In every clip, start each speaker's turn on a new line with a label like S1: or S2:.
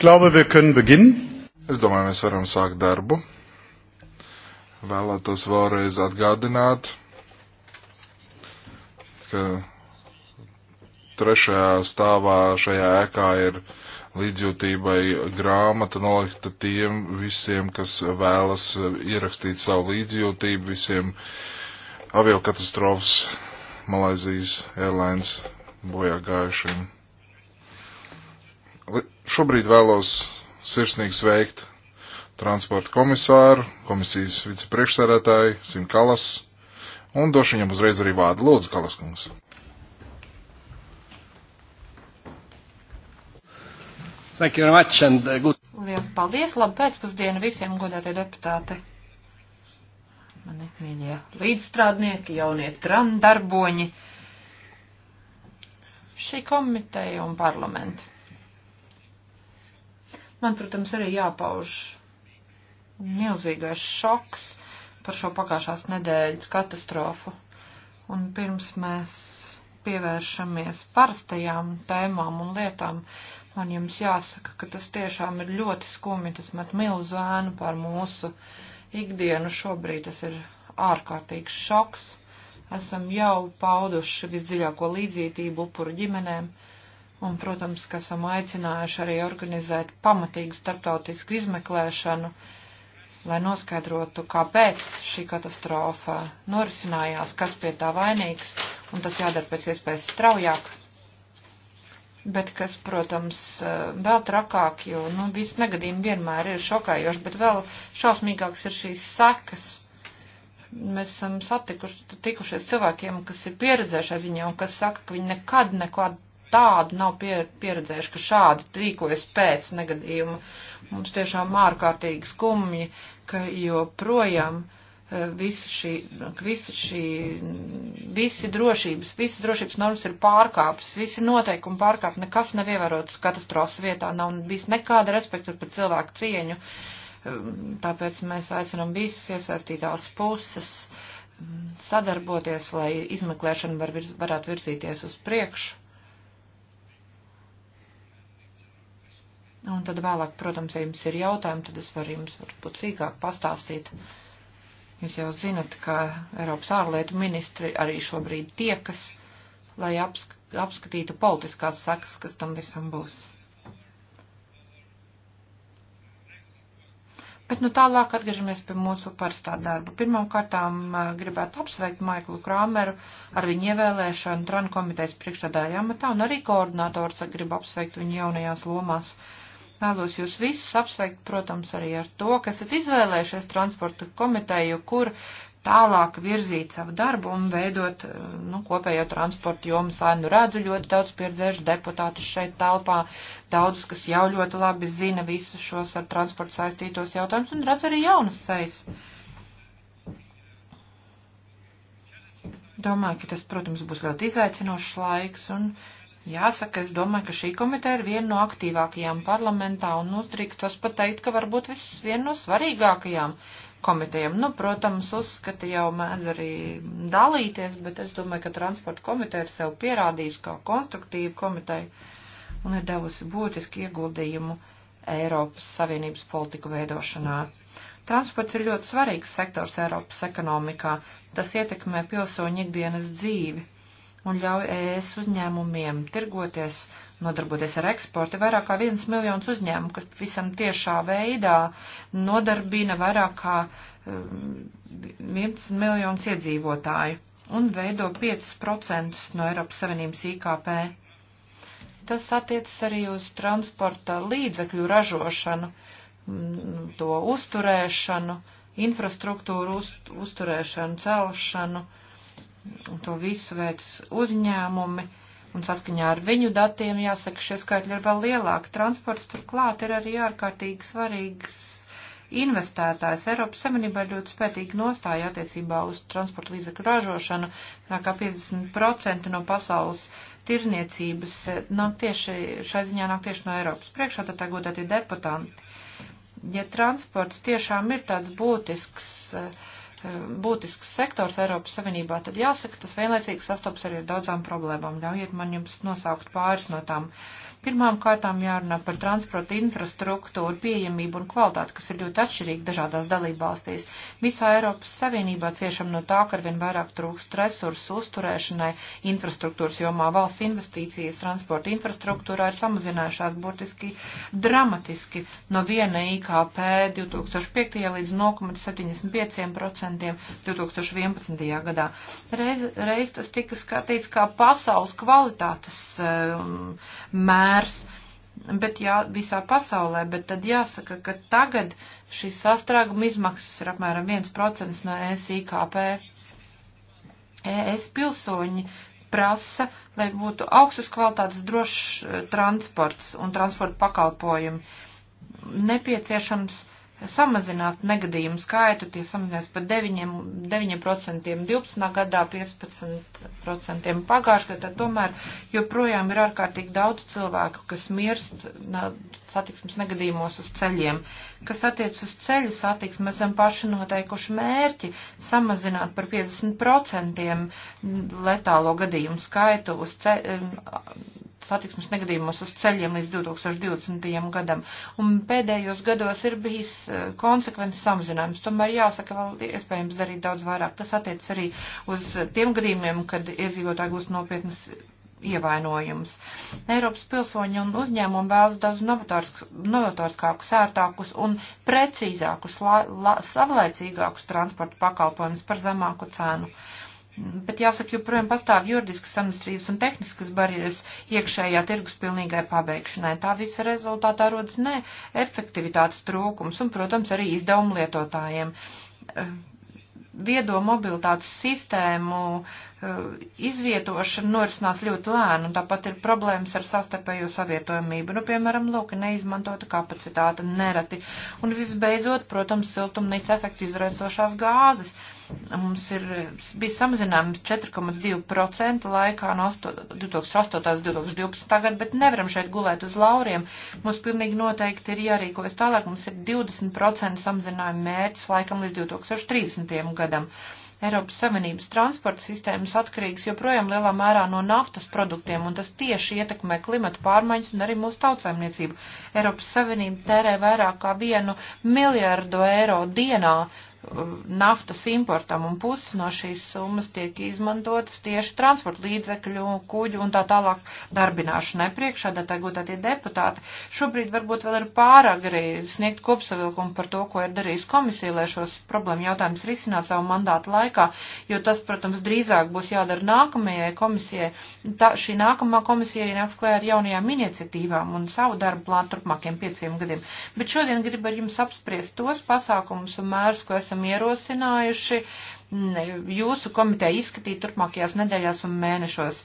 S1: glaube, wir können beginnen. Es domāju, mēs varam sākt darbu. Vēlētos vēlreiz atgādināt, ka trešajā stāvā šajā ēkā ir līdzjūtībai grāmata nolikta tiem visiem, kas vēlas ierakstīt savu līdzjūtību visiem aviokatastrofas Malaisijas Airlines bojā gājušiem. Šobrīd vēlos sirsnīgi sveikt transporta komisāru, komisijas vicepriekšsēdētāju Simkalas un došu viņam uzreiz arī vārdu. Lūdzu, Kalas kungs. Thank you very much and uh, good.
S2: Liels paldies, labu pēcpusdienu visiem godātie deputāti. Mani mīļie līdzstrādnieki, jaunie tran darboņi, šī komiteja un parlamenti. Man, protams, arī jāpauž milzīgais šoks par šo pagājušās nedēļas katastrofu. Un pirms mēs pievēršamies parastajām tēmām un lietām, man jums jāsaka, ka tas tiešām ir ļoti skumji, tas met milzu ēnu par mūsu ikdienu šobrīd, tas ir ārkārtīgs šoks. Esam jau pauduši visdziļāko līdzītību upuru ģimenēm, Un, protams, ka esam aicinājuši arī organizēt pamatīgu starptautisku izmeklēšanu, lai noskaidrotu, kāpēc šī katastrofa norisinājās, kas pie tā vainīgs, un tas jādara pēc iespējas straujāk. Bet kas, protams, eh, vēl trakāk, jo, nu, viss negadījumi vienmēr ir šokējoši, bet vēl šausmīgāks ir šīs sekas mēs esam satikuši, tikušies cilvēkiem, kas ir pieredzējušā ziņā un kas saka, ka viņi nekad nekādu tādu nav pieredzējuši, ka šādi rīkojas pēc negadījuma. Mums tiešām ārkārtīgi skumji, ka joprojām e, visi šī, visi šī, visi drošības, visi drošības normas ir pārkāptas, visi noteikumi pārkāpt, nekas nav ievērots katastrofas vietā, nav bijis nekāda respekta par cilvēku cieņu, e, tāpēc mēs aicinam visas iesaistītās puses sadarboties, lai izmeklēšana var virz, varētu virzīties uz priekšu Un tad vēlāk, protams, ja jums ir jautājumi, tad es varu jums varbūt sīkāk pastāstīt. Jūs jau zinat, ka Eiropas ārlietu ministri arī šobrīd tiekas, lai apsk apskatītu politiskās sekas, kas tam visam būs. Bet nu tālāk atgriežamies pie mūsu parastā darba. Pirmām kārtām eh, gribētu apsveikt Maiklu Krāmeru ar viņu ievēlēšanu Tran komitejas priekšsēdājā amatā un arī koordinātors gribu apsveikt viņu jaunajās lomās. Uh, Vēlos jūs visus apsveikt, protams, arī ar to, ka esat izvēlējušies transporta komiteju, kur tālāk virzīt savu darbu un veidot eh, nu, kopējo transportu jomu sainu. Redzu ļoti daudz pieredzējušu deputātus šeit telpā, daudzus, kas jau ļoti labi zina visus šos ar transportu saistītos jautājumus un redzu arī jaunas sejas. Domāju, ka tas, protams, būs ļoti izaicinošs laiks un. Uh, Jāsaka, es domāju, ka šī komiteja ir viena no aktīvākajām parlamentā un uzdrīkstos nu, pat teikt, ka varbūt viss viena no svarīgākajām komitejām. Nu, protams, uzskati jau mēdz arī dalīties, bet es domāju, ka transporta komiteja ir sev pierādījusi kā konstruktīva komiteja un ir devusi būtiski ieguldījumu Eiropas Savienības politiku veidošanā. Transports ir ļoti svarīgs sektors Eiropas ekonomikā. Tas ietekmē pilsoņu ikdienas dzīvi un ļauj ES uzņēmumiem tirgoties, nodarboties ar eksportu. Vairāk kā viens miljons uzņēmumu, kas visam tiešā veidā nodarbina vairāk kā um, 11 miljonus iedzīvotāju un veido 5% no Eiropas Savienības IKP. Tas attiecas arī uz transporta līdzekļu ražošanu, mm, to uzturēšanu, infrastruktūru uzturēšanu, celšanu Un to visu veids uzņēmumi. Un saskaņā ar viņu datiem jāsaka, šie skaitļi ir vēl lielāki. Transports turklāt ir arī ārkārtīgi svarīgs investētājs. Eiropas Savienībā ir ļoti spētīga nostāja attiecībā uz transporta līdzekļu ražošanu. Nākā 50% no pasaules tirzniecības nāk tieši, šai ziņā nāk tieši no Eiropas. Priekšā tā godātie deputanti. Ja transports tiešām ir tāds būtisks uh, Um, būtisks sektors Eiropas Savienībā, tad jāsaka, tas vienlaicīgi sastops arī ar daudzām problēmām. Ļaujiet man jums nosaukt pāris no tām. Uh, Pirmām kārtām jārunā par transporta infrastruktūru, pieejamību un kvalitāti, kas ir ļoti atšķirīgi dažādās dalībvalstīs. Visā Eiropas Savienībā ciešam no tā, ka arvien vairāk trūkst resursu uzturēšanai infrastruktūras jomā. Valsts investīcijas transporta infrastruktūrā ir samazinājušās burtiski dramatiski no 1 IKP 2005. līdz 0,75% 2011. gadā. Reiz, reiz tas tika skatīts kā pasaules kvalitātes um, mērķis mērs, bet jā, visā pasaulē, bet tad jāsaka, ka tagad šīs sastrēguma izmaksas ir apmēram 1% no ESIKP. ES pilsoņi prasa, lai būtu augstas kvalitātes drošs eh, transports un transporta pakalpojumi. Nepieciešams uh, samazināt negadījumu skaitu, tie samazinās par 9%, 9% 12. gadā, 15% pagājušajā gadā, tomēr joprojām ir ārkārtīgi daudz cilvēku, kas mirst satiksmes negadījumos uz ceļiem. Kas attiec uz ceļu satiksmi, mēs esam paši noteikuši mērķi samazināt par 50% letālo gadījumu skaitu uz ceļu satiksmes negadījumos uz ceļiem līdz 2020. gadam. Un pēdējos gados ir bijis e, konsekvences samazinājums. Tomēr jāsaka, vēl iespējams darīt daudz vairāk. Tas attiec arī uz tiem gadījumiem, kad iedzīvotāji gūst nopietnas ievainojums. Eiropas pilsoņi un uzņēmumi vēlas daudz novatorskākus, ērtākus un precīzākus, la, la, savlaicīgākus transporta pakalpojumus par zemāku cenu. Uh, bet jāsaka, joprojām pastāv juridiskas amnestrijas un tehniskas barjeras iekšējā tirgus pilnīgai pabeigšanai. Tā visa rezultātā rodas ne efektivitātes trūkums un, protams, arī izdevumu lietotājiem. Viedo mobilitātes sistēmu eh, izvietošana norisinās ļoti lēni, un tāpat ir problēmas ar sastarpējo savietojamību. Nu, piemēram, lūk, neizmantota kapacitāte nereti. Un visbeidzot, protams, siltumnīca efektu izraisošās gāzes. Uh, Mums ir bijis samazinājums 4,2% laikā no 2008. līdz 2012. gadu, bet nevaram šeit gulēt uz lauriem. Mums pilnīgi noteikti ir jārīkojas tālāk. Mums ir 20% samazinājuma mērķis laikam līdz 2030. gadam. Eiropas Savienības transporta sistēmas atkarīgs joprojām lielā mērā no naftas produktiem, un tas tieši ietekmē klimatu pārmaiņas un arī mūsu tautsēmniecību. Eiropas Savienība tērē vairāk kā vienu miljardu eiro dienā naftas importam un pusi no šīs summas tiek izmantotas tieši transporta līdzekļu, kuģu un tā tālāk darbināšanai priekšā, tā gūtā tie deputāti. Šobrīd varbūt vēl ir pārāk arī sniegt kopsavilkumu par to, ko ir darījis komisija, lai šos problēmu jautājumus risināt savu mandātu laikā, jo tas, protams, drīzāk būs jādara nākamajai komisijai. Tā, šī nākamā komisija arī nāks klējā ar jaunajām iniciatīvām un savu darbu plānu turpmākiem pieciem gadiem. Bet šodien gribu ar jums apspriest tos pasākumus un mērus, ko es esam ierosinājuši jūsu komiteja izskatīt turpmākajās nedēļās un mēnešos.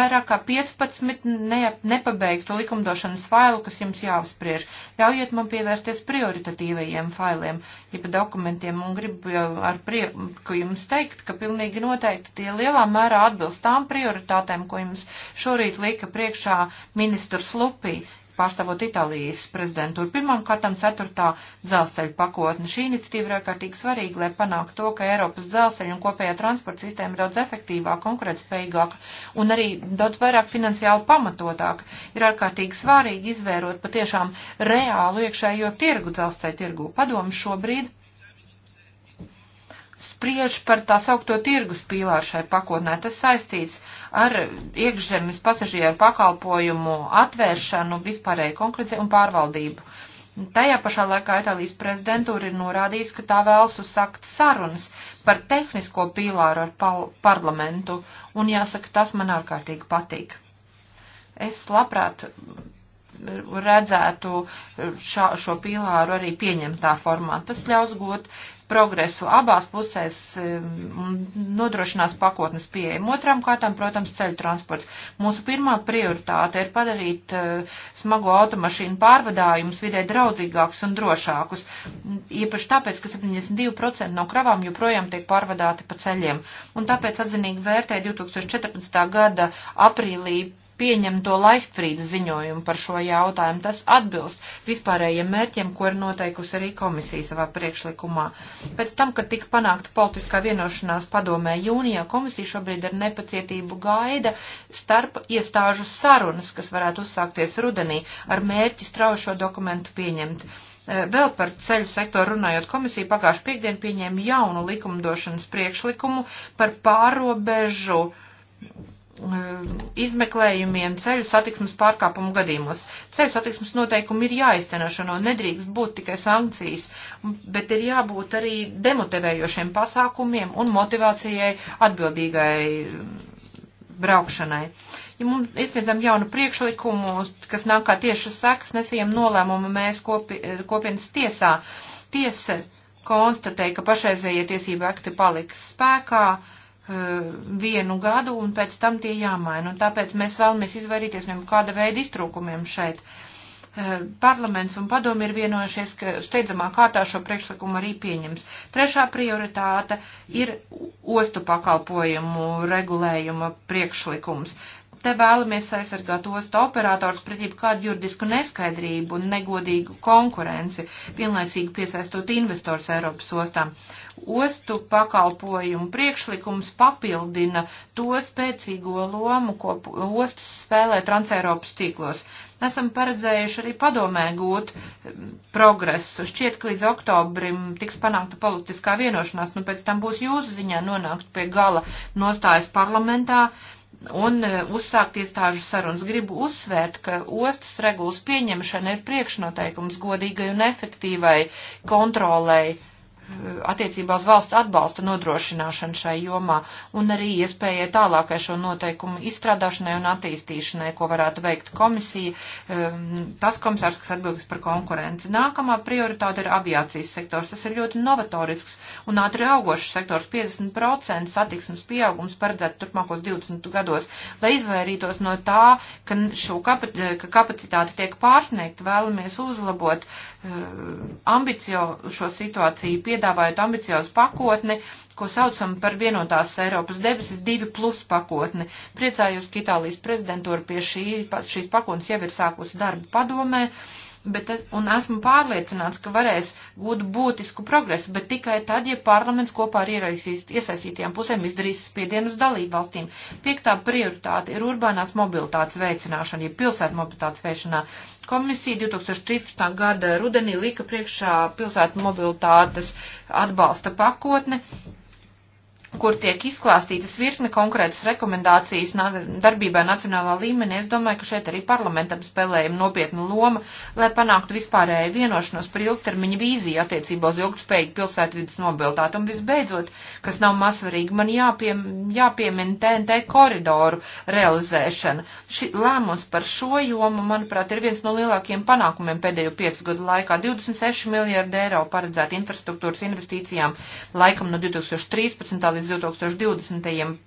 S2: Vairāk kā 15 ne, nepabeigtu likumdošanas failu, kas jums jāapspriež. Ļaujiet man pievērsties prioritatīvajiem failiem, jeb dokumentiem, un gribu ar prieku jums teikt, ka pilnīgi noteikti tie lielā mērā atbilst tām prioritātēm, ko jums šorīt lika priekšā ministrs Lupī pārstāvot Itālijas prezidentūru. Pirmām kārtām ceturtā dzelzceļa pakotne. Šī iniciatīva ir ārkārtīgi svarīga, lai panāktu to, ka Eiropas dzelzceļa un kopējā transporta sistēma ir daudz efektīvāka, konkurētspējīgāka un arī daudz vairāk finansiāli pamatotāka. Ir ārkārtīgi svarīgi izvērot patiešām reālu iekšējo tirgu dzelzceļa tirgu. Padomu šobrīd spriež par tā saukto tirgus pīlāru šai pakotnē. Tas saistīts ar iekšzemes pasažieru pakalpojumu atvēršanu, vispārēju konkurenci un pārvaldību. Tajā pašā laikā Itālijas prezidentūra ir norādījusi, ka tā vēlas uzsākt sarunas par tehnisko pīlāru ar parlamentu, un jāsaka, tas man ārkārtīgi patīk. Es labprāt redzētu šā, šo pīlāru arī pieņemtā formā. Tas ļaus gūt progresu abās pusēs um, un nodrošinās pakotnes pieejamu. Otram kārtām, protams, ceļu transports. Mūsu pirmā prioritāte ir padarīt uh, smago automašīnu pārvadājumus vidē draudzīgākus un drošākus. Īpaši tāpēc, ka 72% no kravām joprojām tiek pārvadāti pa ceļiem. Un tāpēc atzinīgi vērtē 2014. gada aprīlī pieņemto Laichtfrīdas ziņojumu par šo jautājumu. Tas atbilst vispārējiem mērķiem, ko ir noteikusi arī komisija savā priekšlikumā. Pēc tam, kad tika panākta politiskā vienošanās padomē jūnijā, komisija šobrīd ar nepacietību gaida starp iestāžu sarunas, kas varētu uzsākties rudenī, ar mērķi straušo dokumentu pieņemt. Eh, vēl par ceļu sektoru runājot, komisija pagājuši piekdien pieņēma jaunu likumdošanas priekšlikumu par pārobežu Um, izmeklējumiem ceļu satiksmes pārkāpumu gadījumos. Ceļu satiksmes noteikumi ir jāizcenošana un nedrīkst būt tikai sankcijas, bet ir jābūt arī demotivējošiem pasākumiem un motivācijai atbildīgai um, braukšanai. Ja mums izniedzam jaunu priekšlikumu, kas nāk kā tieši seks, nesījam nolēmumu mēs kopi, kopienas tiesā. Tiesa konstatēja, ka pašreizējie tiesība akti paliks spēkā Eh, vienu gadu un pēc tam tie jāmaina. Un tāpēc mēs vēlamies izvairīties no kāda veida iztrūkumiem šeit. Eh, parlaments un padomi ir vienojušies, ka steidzamā kārtā šo priekšlikumu arī pieņems. Trešā prioritāte ir ostu pakalpojumu regulējuma priekšlikums. Te vēlamies aizsargāt ostu operators pret jebkādu juridisku neskaidrību un negodīgu konkurenci, vienlaicīgi piesaistot investors Eiropas ostām. Uh, Ostu pakalpojumu priekšlikums papildina to spēcīgo lomu, ko ostas spēlē Transeiropas tīklos. Esam paredzējuši arī padomē gūt mm, progresu. Šķiet, ka līdz oktobrim tiks panākta politiskā vienošanās, nu pēc tam būs jūsu ziņā nonākt pie gala nostājas parlamentā un e, uzsākt iestāžu sarunas. Gribu uzsvērt, ka ostas regulas pieņemšana ir priekšnoteikums godīgai un efektīvai kontrolei Eh, attiecībā uz valsts atbalsta nodrošināšanu šai jomā un arī iespējai tālākai šo noteikumu izstrādāšanai un attīstīšanai, ko varētu veikt komisija, tas komisārs, kas atbildīgs par konkurenci. Nākamā prioritāte ir aviācijas sektors. Tas ir ļoti novatorisks un ātri augošs sektors. 50% satiksmes pieaugums paredzēts turpmākos 20 gados, lai izvairītos no tā, ka šo kap ka kapacitāti tiek pārsniegt, vēlamies uzlabot eh, ambiciošo situāciju piedāvājot ambiciozu pakotni, ko saucam par vienotās Eiropas debesis 2 plus pakotni. Priecājos, ka Itālijas prezidentūra pie šī, šīs pakotnes jau ir sākusi darbu padomē bet es, un esmu pārliecināts, ka varēs gūt būtisku progresu, bet tikai tad, ja parlaments kopā ar iesaistītajām pusēm izdarīs spiedienu uz dalību valstīm. Piektā prioritāte ir urbānās mobilitātes veicināšana, ja pilsētu mobilitātes veicināšana. Komisija 2013. gada rudenī lika priekšā pilsētu mobilitātes atbalsta pakotne kur tiek izklāstītas virkne konkrētas rekomendācijas darbībai nacionālā līmenī, es domāju, ka šeit arī parlamentam spēlējam nopietnu lomu, lai panāktu vispārēju vienošanos par ilgtermiņa vīziju attiecībā uz ilgspējīgu pilsētvidas mobilitāti. Un visbeidzot, kas nav mazsvarīgi, man jāpiem, jāpiemina TNT koridoru realizēšana. Šī lēmums par šo jomu, manuprāt, ir viens no lielākiem panākumiem pēdējo piecu gadu laikā. 26 miljārdi eiro paredzēti infrastruktūras investīcijām laikam no 2013. līdz līdz 2020.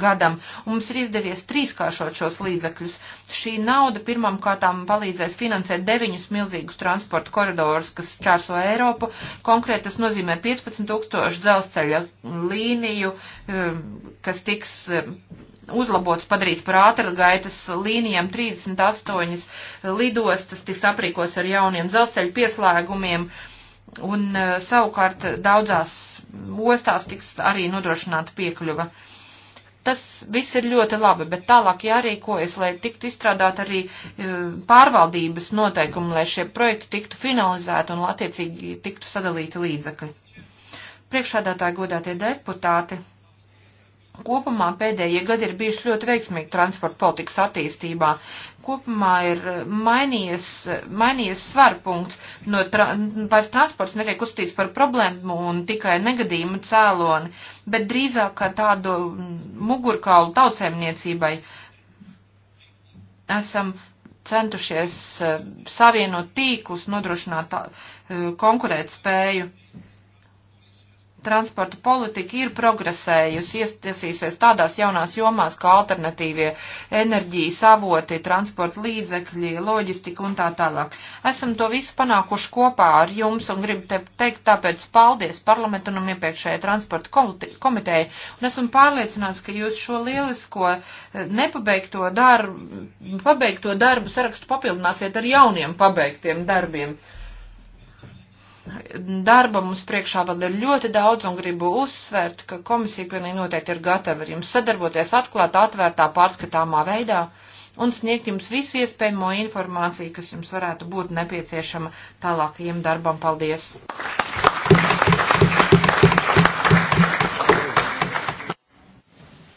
S2: gadam. Mums ir izdevies trīskāršot šos līdzekļus. Šī nauda pirmām kārtām palīdzēs finansēt deviņus milzīgus transporta koridorus, kas čārso Eiropu. Konkrēti tas nozīmē 15 tūkstošu dzelzceļa līniju, um, kas tiks um, uzlabots, padarīts par ātrgaitas līnijām 38 lidostas, tiks aprīkots ar jauniem dzelzceļa pieslēgumiem. Uh, un e, savukārt daudzās ostās tiks arī nodrošināta piekļuva. Tas viss ir ļoti labi, bet tālāk jārīkojas, lai tiktu izstrādāt arī e, pārvaldības noteikumi, lai šie projekti tiktu finalizēti un attiecīgi tiktu sadalīti līdzekļi. Priekšādātāji godātie deputāti. Kopumā pēdējie gadi ir bijuši ļoti veiksmīgi transporta politikas attīstībā. Kopumā ir eh, mainījies, mainījies svarpunkts, no tra vairs transports netiek uzskatīts par problēmu un tikai negadījumu cēloni, bet drīzāk kā tādu mm, mugurkaulu tautsēmniecībai esam centušies eh, savienot tīklus, nodrošināt eh, konkurēt spēju transporta politika ir progresējusi, iestiesīsies tādās jaunās jomās kā alternatīvie enerģijas avoti, transporta līdzekļi, loģistika un tā tālāk. Esam to visu panākuši kopā ar jums un gribu te teikt tāpēc paldies parlamentu un iepriekšējai transporta komitejai. Un esmu pārliecināts, ka jūs šo lielisko eh, nepabeigto darbu, pabeigto darbu sarakstu papildināsiet ar jauniem pabeigtiem darbiem darba mums priekšā vēl ir ļoti daudz un gribu uzsvērt, ka komisija pilnīgi noteikti ir gatava ar jums sadarboties atklāt, atvērtā, pārskatāmā veidā un sniegt jums visu iespējamo informāciju, kas jums varētu būt nepieciešama tālākajiem darbam. Paldies!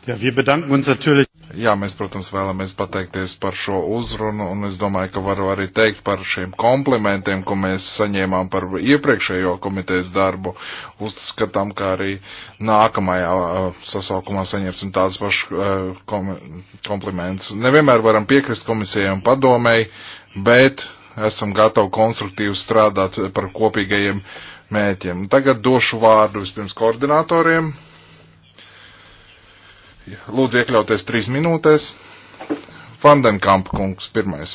S1: Ja, natürlich... Jā, mēs, protams, vēlamies pateikties par šo uzrunu, un es domāju, ka varu arī teikt par šiem komplimentiem, ko mēs saņēmām par iepriekšējo komitejas darbu. Uzskatām, ka arī nākamajā uh, sasaukumā saņemsim tāds pašs uh, kom kompliments. Nevienmēr varam piekrist komisijai un padomēji, bet esam gatavi konstruktīvi strādāt par kopīgajiem mērķiem. Tagad došu vārdu vispirms koordinatoriem. Lūdzu, iekļauties trīs minūtēs. Vandenkamp kungs pirmais.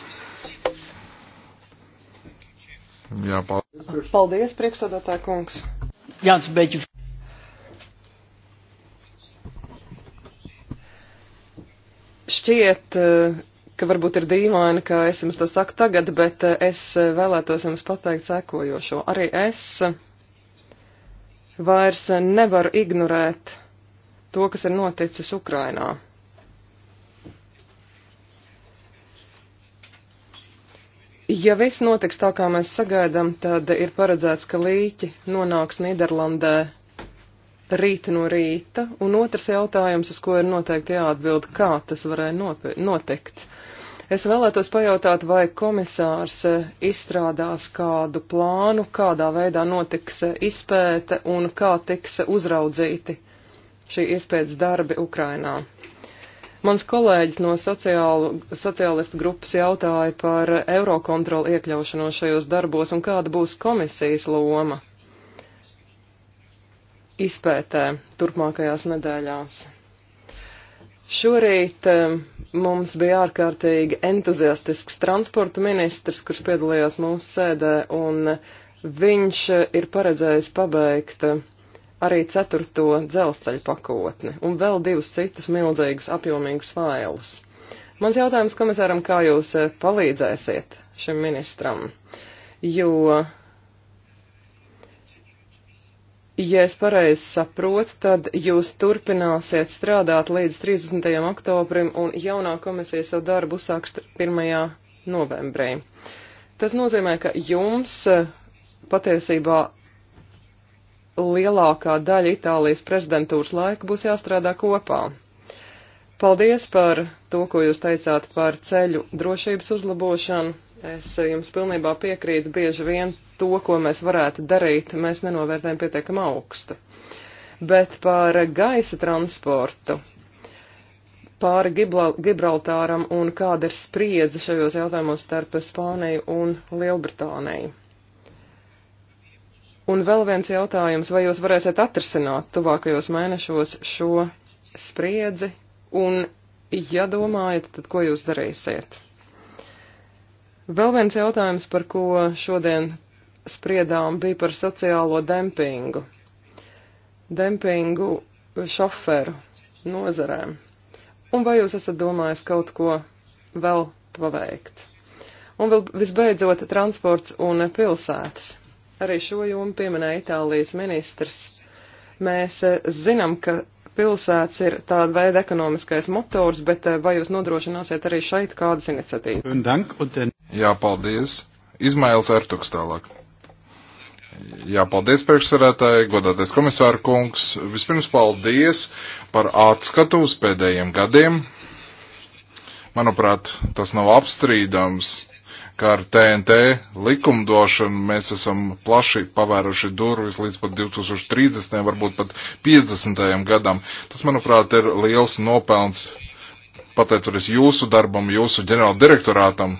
S1: Jā, paldies.
S3: Paldies, priekšsādātā kungs.
S1: Jānis Beģis.
S3: Šķiet, eh, ka varbūt ir dīvaini, ka es jums to saku tagad, bet eh, es eh, vēlētos jums pateikt sekojošo. Arī es vairs nevaru ignorēt to, kas ir noticis Ukrainā. Ja viss notiks tā, kā mēs sagaidām, tad ir paredzēts, ka līķi nonāks Nīderlandē rīta no rīta, un otrs jautājums, uz ko ir noteikti jāatbild, kā tas varēja notikt. Es vēlētos pajautāt, vai komisārs eh, izstrādās kādu plānu, kādā veidā notiks eh, izpēte un kā tiks uzraudzīti šī iespējas darbi Ukrainā. Mans kolēģis no sociālu, sociālistu grupas jautāja par Eurokontrolu iekļaušanos šajos darbos un kāda būs komisijas loma izpētē turpmākajās nedēļās. Šorīt eh, mums bija ārkārtīgi entuziastisks transporta ministrs, kurš piedalījās mūsu sēdē, un viņš eh, ir paredzējis pabeigt eh, arī ceturto dzelzceļa pakotni un vēl divus citus milzīgus apjomīgus failus. Mans jautājums komisāram, kā jūs eh, palīdzēsiet šim ministram, jo, ja es pareizi saprotu, tad jūs turpināsiet strādāt līdz 30. oktobrim un jaunā komisija savu darbu uzsāks 1. novembrī. Tas nozīmē, ka jums eh, patiesībā lielākā daļa Itālijas prezidentūras laika būs jāstrādā kopā. Paldies par to, ko jūs teicāt par ceļu drošības uzlabošanu. Es jums pilnībā piekrītu, bieži vien to, ko mēs varētu darīt, mēs nenovērtējam pietiekam augstu. Bet par gaisa transportu pāri Gibraltāram un kāda ir spriedze šajos jautājumos starp Spāniju un Lielbritāniju. Un vēl viens jautājums, vai jūs varēsiet atrisināt tuvākajos mēnešos šo spriedzi, un ja domājat, tad ko jūs darīsiet? Vēl viens jautājums, par ko šodien spriedām, bija par sociālo dempingu. Dempingu šoferu nozarēm. Un vai jūs esat domājis kaut ko vēl paveikt? Un vēl visbeidzot transports un pilsētas. Arī šo jomu pieminēja Itālijas ministrs. Mēs eh, zinām, ka pilsētas ir tāda veida ekonomiskais motors, bet eh, vai jūs nodrošināsiet arī šeit kādas iniciatīvas?
S1: Jā, paldies. Izmails Ertuks tālāk. Jā, paldies priekšsarētāji, godātais komisāra kungs. Vispirms paldies par atskatu uz pēdējiem gadiem. Manuprāt, tas nav apstrīdams kā ar TNT likumdošanu mēs esam plaši pavēruši durvis līdz pat 2030, varbūt pat 50. gadam. Tas, manuprāt, ir liels nopelns pateicoties jūsu darbam, jūsu ģenerāla direktorātam.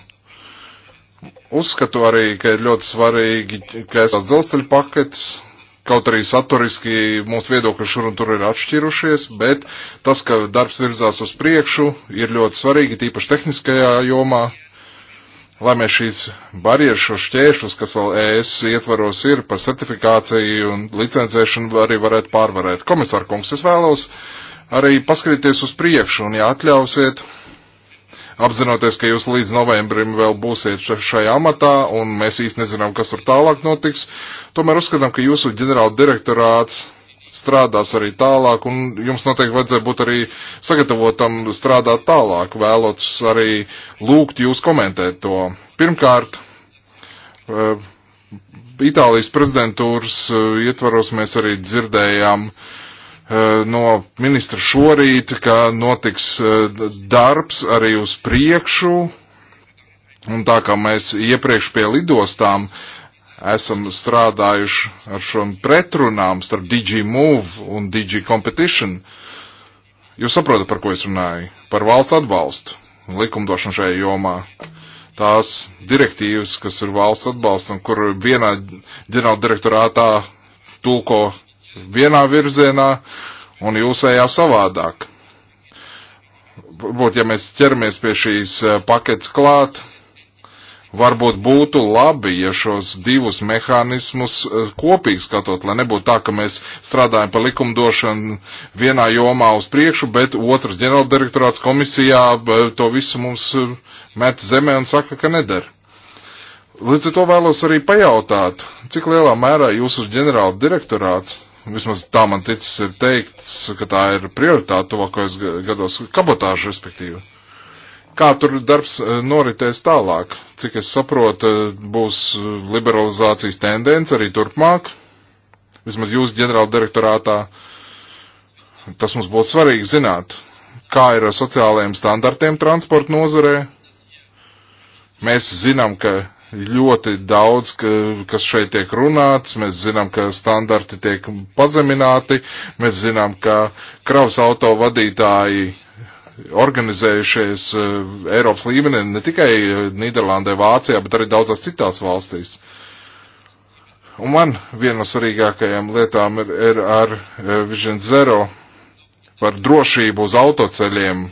S1: Uzskatu arī, ka ir ļoti svarīgi, ka esat dzelzceļa paketes, kaut arī saturiski mūsu viedokļi šur un tur ir atšķirušies, bet tas, ka darbs virzās uz priekšu, ir ļoti svarīgi, tīpaši tehniskajā jomā lai mēs šīs barjeras, šo šķēršus, kas vēl ES ietvaros ir par certifikāciju un licencēšanu, arī varētu pārvarēt. Komisār kungs, es vēlos arī paskatīties uz priekšu un, ja atļausiet, apzinoties, ka jūs līdz novembrim vēl būsiet šajā amatā un mēs īsti nezinām, kas tur tālāk notiks, tomēr uzskatām, ka jūsu ģenerāla direktorāts strādās arī tālāk, un jums noteikti vajadzēja būt arī sagatavotam strādāt tālāk, vēlots arī lūgt jūs komentēt to. Pirmkārt, eh, Itālijas prezidentūras eh, ietvaros mēs arī dzirdējām eh, no ministra šorīt, ka notiks darbs arī uz priekšu, un tā kā mēs iepriekš pie lidostām uh, esam strādājuši ar šiem pretrunām starp DigiMove un DigiCompetition. Jūs saprotat, par ko es runāju? Par valsts atbalstu un likumdošanu šajā jomā. Tās direktīvas, kas ir valsts atbalstam, kur vienā ģenerāla direktorātā tulko vienā virzienā un jūsējā savādāk. Varbūt, ja mēs ķeramies pie šīs eh, paketes klāt, Varbūt būtu labi, ja šos divus mehānismus eh, kopīgi skatot, lai nebūtu tā, ka mēs strādājam pa likumdošanu vienā jomā uz priekšu, bet otrs ģenerāldirektorāts komisijā eh, to visu mums eh, met zemē un saka, ka nedara. Līdz ar to vēlos arī pajautāt, cik lielā mērā jūsu ģenerāla direktorāts, vismaz tā man ticis ir teikts, ka tā ir prioritāte tuvākajos gados, kabotāža respektīvi kā tur darbs eh, noritēs tālāk? Cik es saprotu, eh, būs eh, liberalizācijas tendence arī turpmāk, vismaz jūs ģenerāla direktorātā. Tas mums būtu svarīgi zināt, kā ir ar sociālajiem standartiem transporta nozarē. Mēs zinām, ka ļoti daudz, ka, kas šeit tiek runāts, mēs zinām, ka standarti tiek pazemināti, mēs zinām, ka kravas auto vadītāji organizējušies eh, Eiropas līmenī ne tikai eh, Nīderlandē, Vācijā, bet arī daudzās citās valstīs. Un man viena no svarīgākajām lietām ir, ir ar eh, Vision Zero par drošību uz autoceļiem.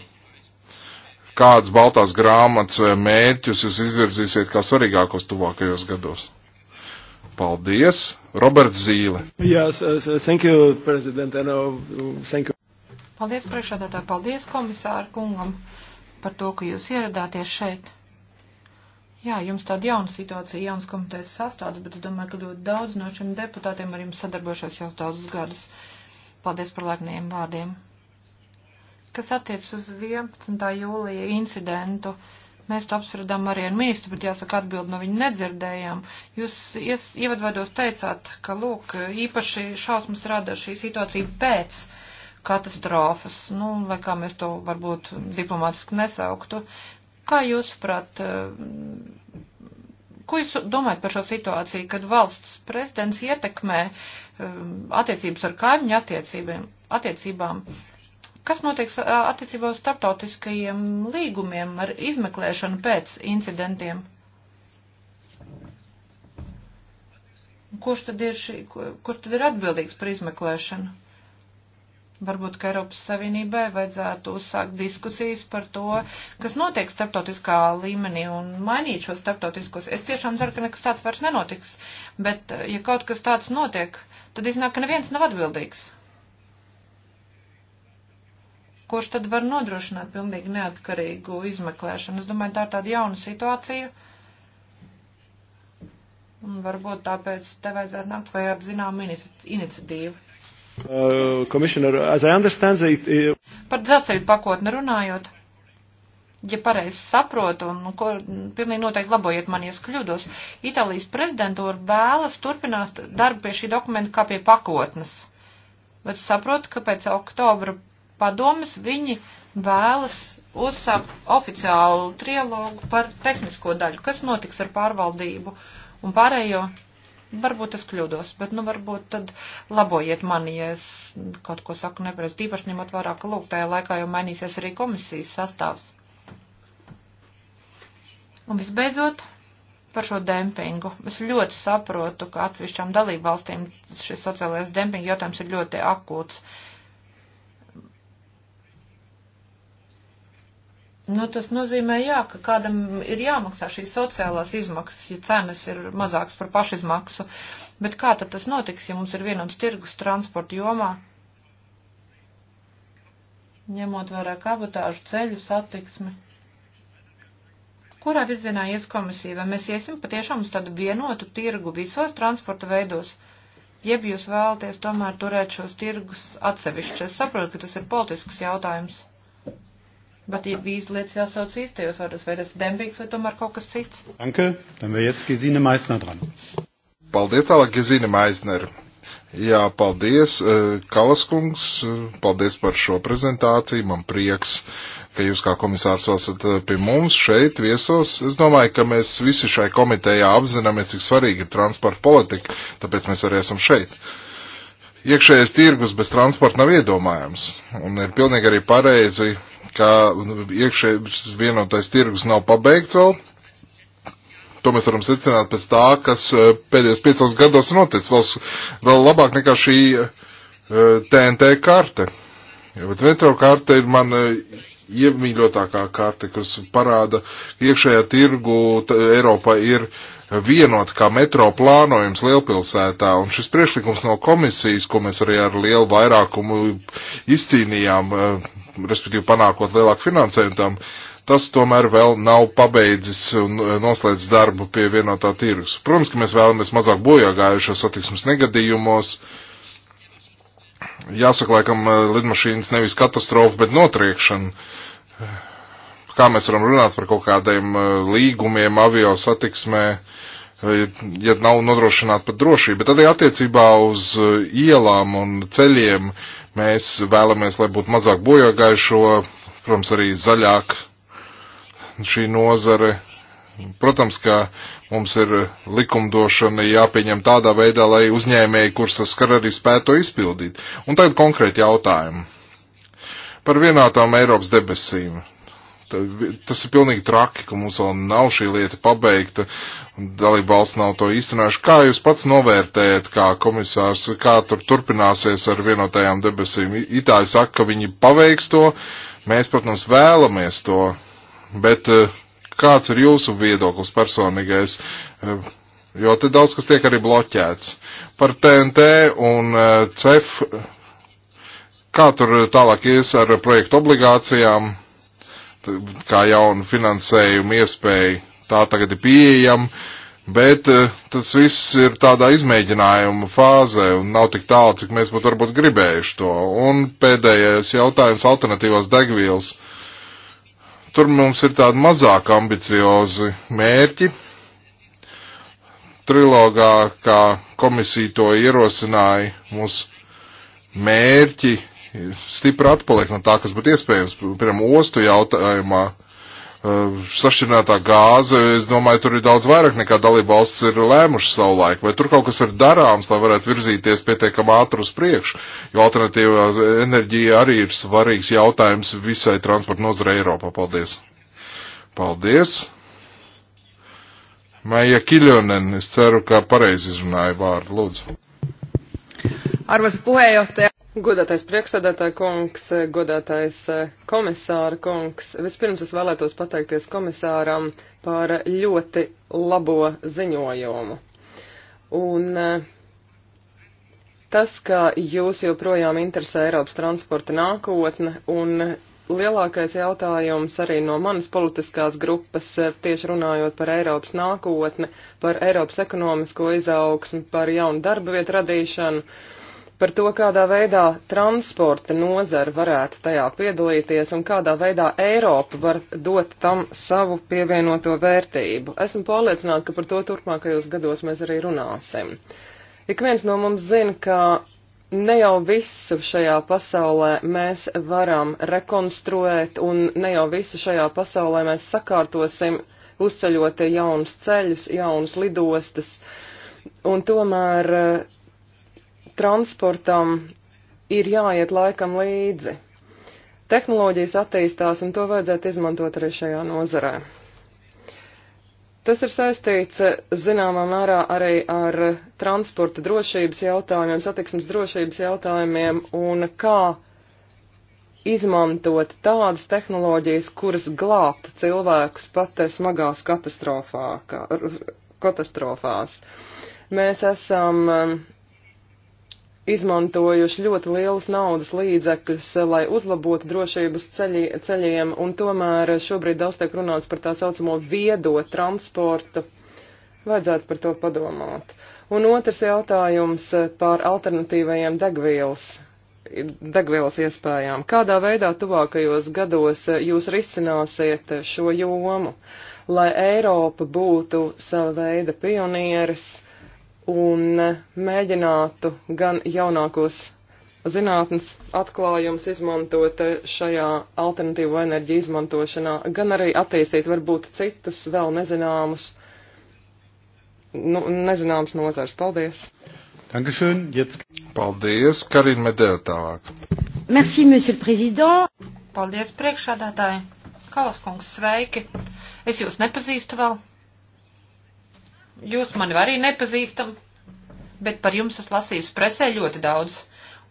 S1: Kādas baltās grāmatas mērķus jūs izvirzīsiet kā svarīgākos tuvākajos gados? Paldies, Roberts Zīle.
S3: Yes, uh, thank you, President, and uh, thank you.
S2: Paldies priekšādātāji, paldies komisāru kungam par to, ka jūs ieradāties šeit. Jā, jums tāda jauna situācija, jauns komitejas sastāvs, bet es domāju, ka ļoti daudz no šiem deputātiem ar jums sadarbošos jau daudzus gadus. Paldies par laipniem vārdiem. Kas attiec uz 11. jūlija incidentu, mēs to apspriedām arī ar ministru, bet jāsaka atbild no viņa nedzirdējām. Jūs ievadvados teicāt, ka, lūk, īpaši šausmas rada šī situācija pēc katastrofas, nu, lai kā mēs to varbūt diplomātiski nesauktu. Kā jūs prāt, eh, ko jūs domājat par šo situāciju, kad valsts prezidents ietekmē eh, attiecības ar kaimiņu attiecībām, attiecībām Kas notiek attiecībā uz starptautiskajiem līgumiem ar izmeklēšanu pēc incidentiem? Kurš tad ir, šī, kurš tad ir atbildīgs par izmeklēšanu? Varbūt, ka Eiropas Savienībai vajadzētu uzsākt diskusijas par to, kas notiek starptautiskā līmenī un mainīt šo starptautiskos. Es tiešām ceru, ka nekas tāds vairs nenotiks, bet eh, ja kaut kas tāds notiek, tad iznāk, ka neviens nav atbildīgs. Kurš tad var nodrošināt pilnīgi neatkarīgu izmeklēšanu? Es domāju, tā ir tāda jauna situācija. Un varbūt tāpēc te vajadzētu nākt klajā ar zināmu iniciatīvu.
S3: Uh, it, it... Par
S2: dzelzceļu pakotni runājot, ja pareizi saprotu, un nu, ko, pilnīgi noteikti labojiet man, ja es kļūdos, Itālijas prezidentūra vēlas turpināt darbu pie šī dokumenta kā pie pakotnes. Bet saprotu, ka pēc oktobra padomas viņi vēlas uzsākt oficiālu trialogu par tehnisko daļu, kas notiks ar pārvaldību un pārējo. Varbūt es kļūdos, bet nu varbūt tad labojiet mani, ja es kaut ko saku nepareizi. Tīpaši ņemot vērā, ka lūk, tajā laikā jau mainīsies arī komisijas sastāvs. Un visbeidzot, par šo dempingu. Es ļoti saprotu, ka atsevišķām dalībvalstīm šis sociālais dempinga jautājums ir ļoti akūts. Uh, Nu, tas nozīmē, jā, ka kādam ir jāmaksā šīs sociālās izmaksas, ja cenas ir mazākas par pašizmaksu. Bet kā tad tas notiks, ja mums ir vienams tirgus transporta jomā? Ņemot vērā kabotāžu ceļu satiksmi. Kurā virzienā ies komisija? Vai mēs iesim patiešām uz tādu vienotu tirgu visos transporta veidos? Jeb jūs vēlaties tomēr turēt šos tirgus atsevišķi? Es saprotu, ka tas ir politisks jautājums. Thank you. Bet ja vīzu lietas jāsauc īstajos vārdos, vai tas dempings vai tomēr kaut kas cits? Danke, dann wäre jetzt Gesine Meisner dran.
S1: Paldies tālāk, Gesine Meisner. Jā, paldies, eh, Kalaskungs, paldies par šo prezentāciju, man prieks, ka jūs kā komisārs vēl esat eh, pie mums šeit viesos. Es domāju, ka mēs visi šai komitejā apzināmies, cik svarīga ir transporta politika, tāpēc mēs arī esam šeit. Uh, Iekšējais tirgus bez transporta nav iedomājams, un ir pilnīgi arī pareizi, ka iekšējais vienotais tirgus nav pabeigts vēl. To mēs varam secināt pēc tā, kas eh, pēdējos piecos gados ir noticis vēl, vēl labāk nekā šī TNT eh, karte. Ja, bet metro karte ir man eh, iemīļotākā karte, kas parāda iekšējā tirgu Eiropā ir uh, vienot kā metro plānojums lielpilsētā, un šis priekšlikums no komisijas, ko mēs arī ar lielu vairākumu izcīnījām, eh, respektīvi panākot lielāku finansējumu tam, tas tomēr vēl nav pabeidzis un eh, noslēdz darbu pie vienotā tirgus. Protams, ka mēs vēlamies mazāk bojāgājušos satiksmes negadījumos. Jāsaka, laikam, eh, lidmašīnas nevis katastrofa, bet notriekšana kā mēs varam runāt par kaut kādiem eh, līgumiem avio satiksmē, eh, ja nav nodrošināta pat drošība. Tad arī attiecībā uz eh, ielām un ceļiem mēs vēlamies, lai būtu mazāk bojāgaišo, protams, arī zaļāk šī nozare. Protams, ka mums ir likumdošana jāpieņem tādā veidā, lai uzņēmēji, kur saskar arī spētu to izpildīt. Un tagad konkrēti jautājumi par vienotām Eiropas debesīm tas ir pilnīgi traki, ka mums vēl nav šī lieta pabeigta, dalība valsts nav to īstenojuši. Kā jūs pats novērtējat, kā komisārs, kā tur turpināsies ar vienotajām debesīm? Itāļi saka, ka viņi paveiks to, mēs, protams, vēlamies to, bet eh, kāds ir jūsu viedoklis personīgais? Eh, jo te daudz kas tiek arī bloķēts. Par TNT un eh, CEF, kā tur tālāk ies ar projektu obligācijām? kā jaunu finansējumu iespēju. Tā tagad ir pieejama, bet eh, tas viss ir tādā izmēģinājuma fāzē un nav tik tālu, cik mēs pat varbūt gribējuši to. Un pēdējais jautājums - alternatīvās degvielas. Tur mums ir tādi mazāk ambiciozi mērķi. Trilogā, kā komisija to ierosināja, mūsu mērķi stipri atpaliek no tā, kas būtu iespējams. Piemēram, ostu jautājumā uh, sašķirinātā gāze, es domāju, tur ir daudz vairāk nekā dalība valsts ir lēmuši savu laiku. Vai tur kaut kas ir darāms, lai varētu virzīties pietiekam ātri uz priekšu? Jo alternatīvā enerģija arī ir svarīgs jautājums visai transporta nozarei Eiropā. Paldies! Paldies! Maija Kiljonen, es ceru, ka pareizi izrunāju vārdu. Lūdzu.
S3: Arvoisa puheenjohtaja, Godātais priekšsēdētāja kungs, godātais eh, komisāra kungs, vispirms es vēlētos pateikties komisāram par ļoti labo ziņojumu. Un eh, tas, ka jūs joprojām interesē Eiropas transporta nākotne un lielākais jautājums arī no manas politiskās grupas, eh, tieši runājot par Eiropas nākotni, par Eiropas ekonomisko izaugsmu, par jaunu darba vietu radīšanu par to, kādā veidā transporta nozara varētu tajā piedalīties un kādā veidā Eiropa var dot tam savu pievienoto vērtību. Esmu pārliecināta, ka par to turpmākajos gados mēs arī runāsim. Ik viens no mums zina, ka ne jau visu šajā pasaulē mēs varam rekonstruēt, un ne jau visu šajā pasaulē mēs sakārtosim, uzceļot jaunus ceļus, jaunas lidostas. Un tomēr transportam ir jāiet laikam līdzi. Tehnoloģijas attīstās, un to vajadzētu izmantot arī šajā nozarē. Tas ir saistīts zināmā mērā arī ar transporta drošības jautājumiem, satiksmes drošības jautājumiem un kā izmantot tādas tehnoloģijas, kuras glābtu cilvēkus pat smagās katastrofās. Mēs esam izmantojuši ļoti lielus naudas līdzekļus, eh, lai uzlabotu drošības ceļi, ceļiem, un tomēr šobrīd daudz tiek runāts par tā saucamo viedo transportu. Vajadzētu par to padomāt. Un otrs jautājums eh, par alternatīvajiem degvielas, degvielas iespējām. Kādā veidā tuvākajos gados eh, jūs risināsiet šo jomu, lai Eiropa būtu sava veida pionieris? un mēģinātu gan jaunākos zinātnes atklājums izmantot šajā alternatīvo enerģiju izmantošanā, gan arī attīstīt varbūt citus vēl nezināmus, nu, nezināmus nozars. Paldies!
S1: Dankeschön, jetzt. Paldies, Karina Medēla tālāk.
S3: Merci, monsieur le président.
S2: Paldies, priekšādātāji. Kalaskungs, sveiki. Es jūs nepazīstu vēl. Jūs mani arī nepazīstam, bet par jums es lasīju presē ļoti daudz,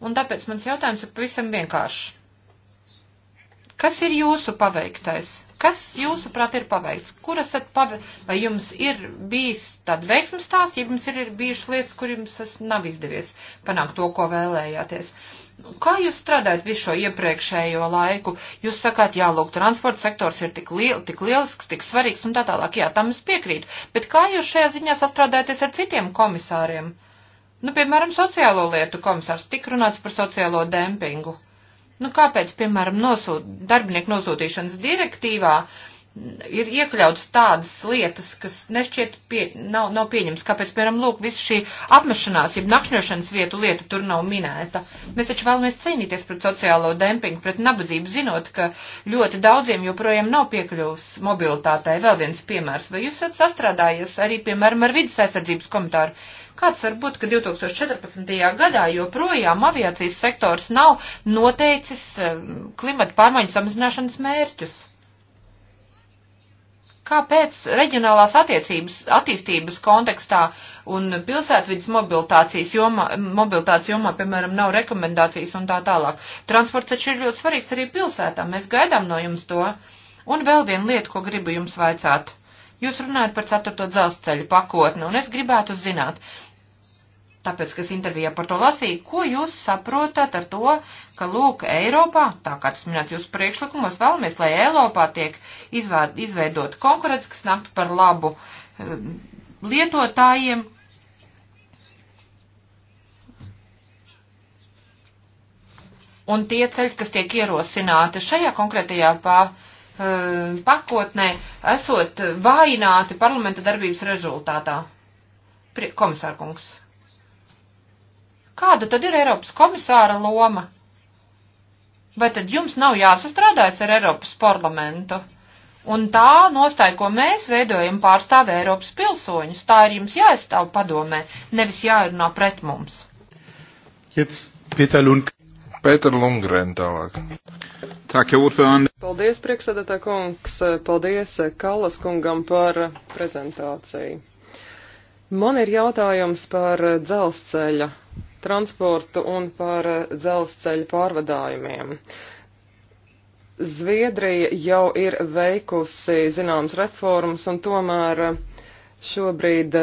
S2: un tāpēc mans jautājums ir pavisam vienkāršs. Kas ir jūsu paveiktais? Kas jūsuprāt ir paveikts? Kur esat paveikts? Vai jums ir bijis tāda veiksmes stāsts, ja jums ir, ir bijušas lietas, kur jums nav izdevies panākt to, ko vēlējāties? Kā jūs strādājat visu šo iepriekšējo laiku? Jūs sakāt, jā, lūk, transporta sektors ir tik, liel, tik lielisks, tik svarīgs un tā tālāk. Jā, tam es piekrītu. Bet kā jūs šajā ziņā sastrādājaties ar citiem komisāriem? Nu, piemēram, sociālo lietu komisārs tik runāts par sociālo dempingu. Nu, kāpēc, piemēram, nosūt, darbinieku nosūtīšanas direktīvā ir iekļauts tādas lietas, kas nešķiet pie, nav, nav pieņems, kāpēc, piemēram, lūk, visu šī apmešanās, jeb nakšņošanas vietu lieta tur nav minēta. Mēs taču vēlamies cīnīties pret sociālo dempingu, pret nabadzību, zinot, ka ļoti daudziem joprojām nav piekļuvs mobilitātei. Vēl viens piemērs, vai jūs esat sastrādājies arī, piemēram, ar vidas aizsardzības komitāru? Kāds var būt, ka 2014. gadā joprojām aviācijas sektors nav noteicis eh, klimata pārmaiņu samazināšanas mērķus? Kāpēc reģionālās attiecības, attīstības kontekstā un pilsētvidas mobilitācijas jomā, mobilitācijas jomā, piemēram, nav rekomendācijas un tā tālāk? Transports taču ir ļoti svarīgs arī pilsētām. Mēs gaidām no jums to. Un vēl viena lieta, ko gribu jums vaicāt. Jūs runājat par ceturto dzelzceļa pakotni, un es gribētu zināt, tāpēc, ka es intervijā par to lasīju, ko jūs saprotat ar to, ka, lūk, Eiropā, tā kā tas minēt jūsu priekšlikumos, vēlamies, lai Eiropā tiek izvēd, izveidot konkurence, kas nāktu par labu um, lietotājiem. Un tie ceļi, kas tiek ierosināti šajā konkrētajā pā, um, pakotnē, esot vājināti parlamenta darbības rezultātā. Komisārkungs. Kāda tad ir Eiropas komisāra loma? Vai tad jums nav jāsastrādājas ar Eiropas parlamentu? Un tā nostāja, ko mēs veidojam, pārstāv Eiropas pilsoņus. Tā ir jums jāizstāv padomē, nevis jārunā pret mums.
S1: Jetzt Peter Lundgren. Peter Lundgren tālāk. Tak, ordförande.
S3: Paldies, priekšsēdētā kungs. Paldies Kalas kungam par prezentāciju. Man ir jautājums par dzelzceļa transportu un par eh, dzelzceļu pārvadājumiem. Zviedrija jau ir veikusi zināmas reformas, un tomēr eh, šobrīd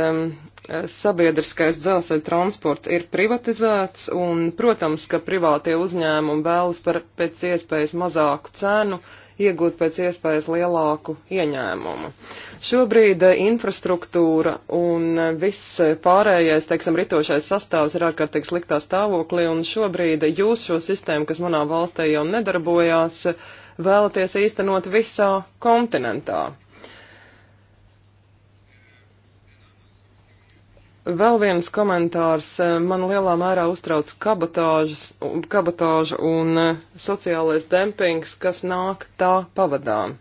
S3: sabiedriskais dzelzceļa transports ir privatizēts, un, protams, ka privātie uzņēmumi vēlas par pēc iespējas mazāku cenu iegūt pēc iespējas lielāku ieņēmumu. Šobrīd eh, infrastruktūra un eh, viss pārējais, teiksim, ritošais sastāvs ir ārkārtīgi sliktā stāvoklī, un šobrīd jūs šo sistēmu, kas manā valstī jau nedarbojās, eh, vēlaties īstenot visā kontinentā. Vēl viens komentārs. Man lielā mērā uztrauc kabatāža un eh, sociālais dempings, kas nāk tā pavadām.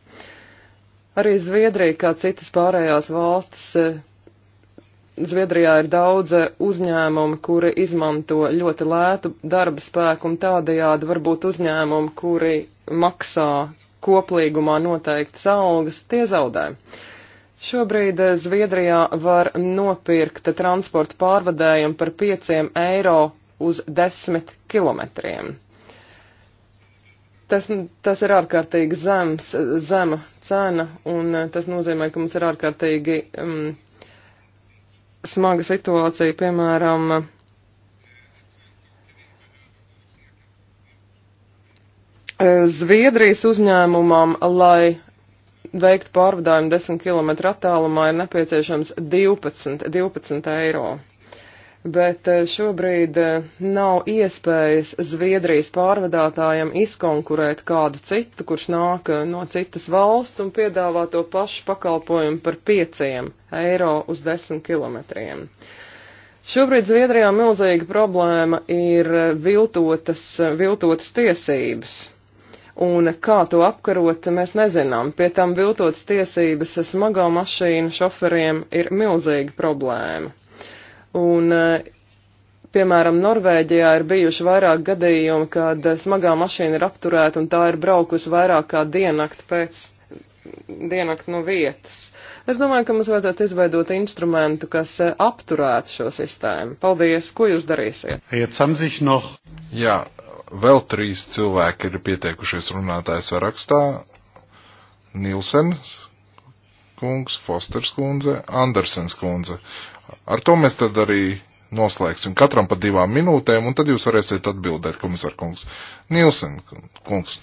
S3: Arī Zviedrija, kā citas pārējās valstis, eh, Zviedrijā ir daudz eh, uzņēmumu, kuri izmanto ļoti lētu darba spēku un tādajādi varbūt uzņēmumi, kuri maksā koplīgumā noteiktas algas, tie zaudē. Uh, Šobrīd eh, Zviedrijā var nopirkt transporta pārvadējumu par 5 eiro uz 10 kilometriem. Tas, tas ir ārkārtīgi zems, zema cena, un eh, tas nozīmē, ka mums ir ārkārtīgi um, smaga situācija, piemēram, eh, Zviedrijas uzņēmumam, lai veikt pārvadājumu 10 km attālumā ir nepieciešams 12, 12 eiro. Bet eh, šobrīd eh, nav iespējas Zviedrijas pārvadātājiem izkonkurēt kādu citu, kurš nāk eh, no citas valsts un piedāvā to pašu pakalpojumu par 5 eiro uz 10 kilometriem. Šobrīd Zviedrijā milzīga problēma ir viltotas, viltotas tiesības un kā to apkarot, mēs nezinām. Pie tam viltotas tiesības smagā mašīna šoferiem ir milzīga problēma. Un, eh, piemēram, Norvēģijā ir bijuši vairāk gadījumi, kad smagā mašīna ir apturēta un tā ir braukusi vairāk kā diennakti pēc diennakti no vietas. Es domāju, ka mums vajadzētu izveidot instrumentu, kas eh, apturētu šo sistēmu. Paldies, ko jūs darīsiet?
S1: Jā, vēl trīs cilvēki ir pieteikušies runātāju sarakstā. Nilsens kungs, Fosters kundze, Andersens kundze. Ar to mēs tad arī noslēgsim katram pa divām minūtēm, un tad jūs varēsiet atbildēt, komisār kungs. Nielsen kungs.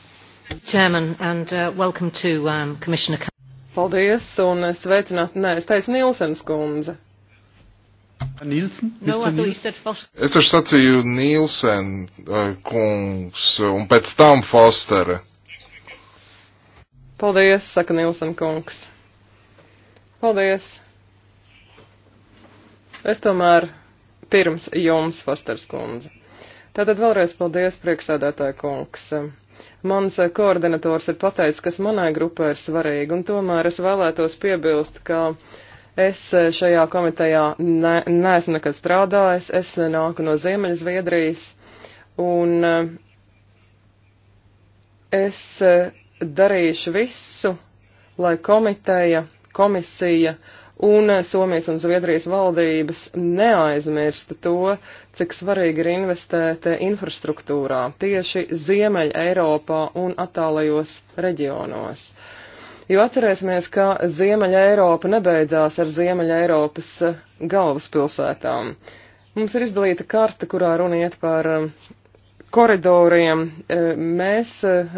S1: Chairman,
S3: and, uh, welcome to, um, Commissioner... Paldies, un sveicināti, nē, es teicu Nielsens kundze.
S1: Nielsen? No, nu, es taču sacīju Nielsen eh, kungs un pēc tam Fostere.
S3: Paldies, saka Nielsen kungs. Paldies. Es tomēr pirms jums, Fosters kundze. Tātad vēlreiz paldies, priekšsēdētāja kungs. Mans koordinators ir pateicis, kas manai grupai ir svarīgi, un tomēr es vēlētos piebilst, ka. Uh, Es e, šajā komitejā ne, neesmu nekad strādājis, es e, nāku no Ziemeļzviedrijas, un e, es darīšu visu, lai komiteja, komisija un Somijas un Zviedrijas valdības neaizmirstu to, cik svarīgi ir investēt infrastruktūrā tieši Ziemeļ Eiropā un attālajos reģionos. Uh, Jo atcerēsimies, ka Ziemeļa Eiropa nebeidzās ar Ziemeļa Eiropas eh, galvaspilsētām. Mums ir izdalīta karta, kurā runa iet par eh, koridoriem. Eh, mēs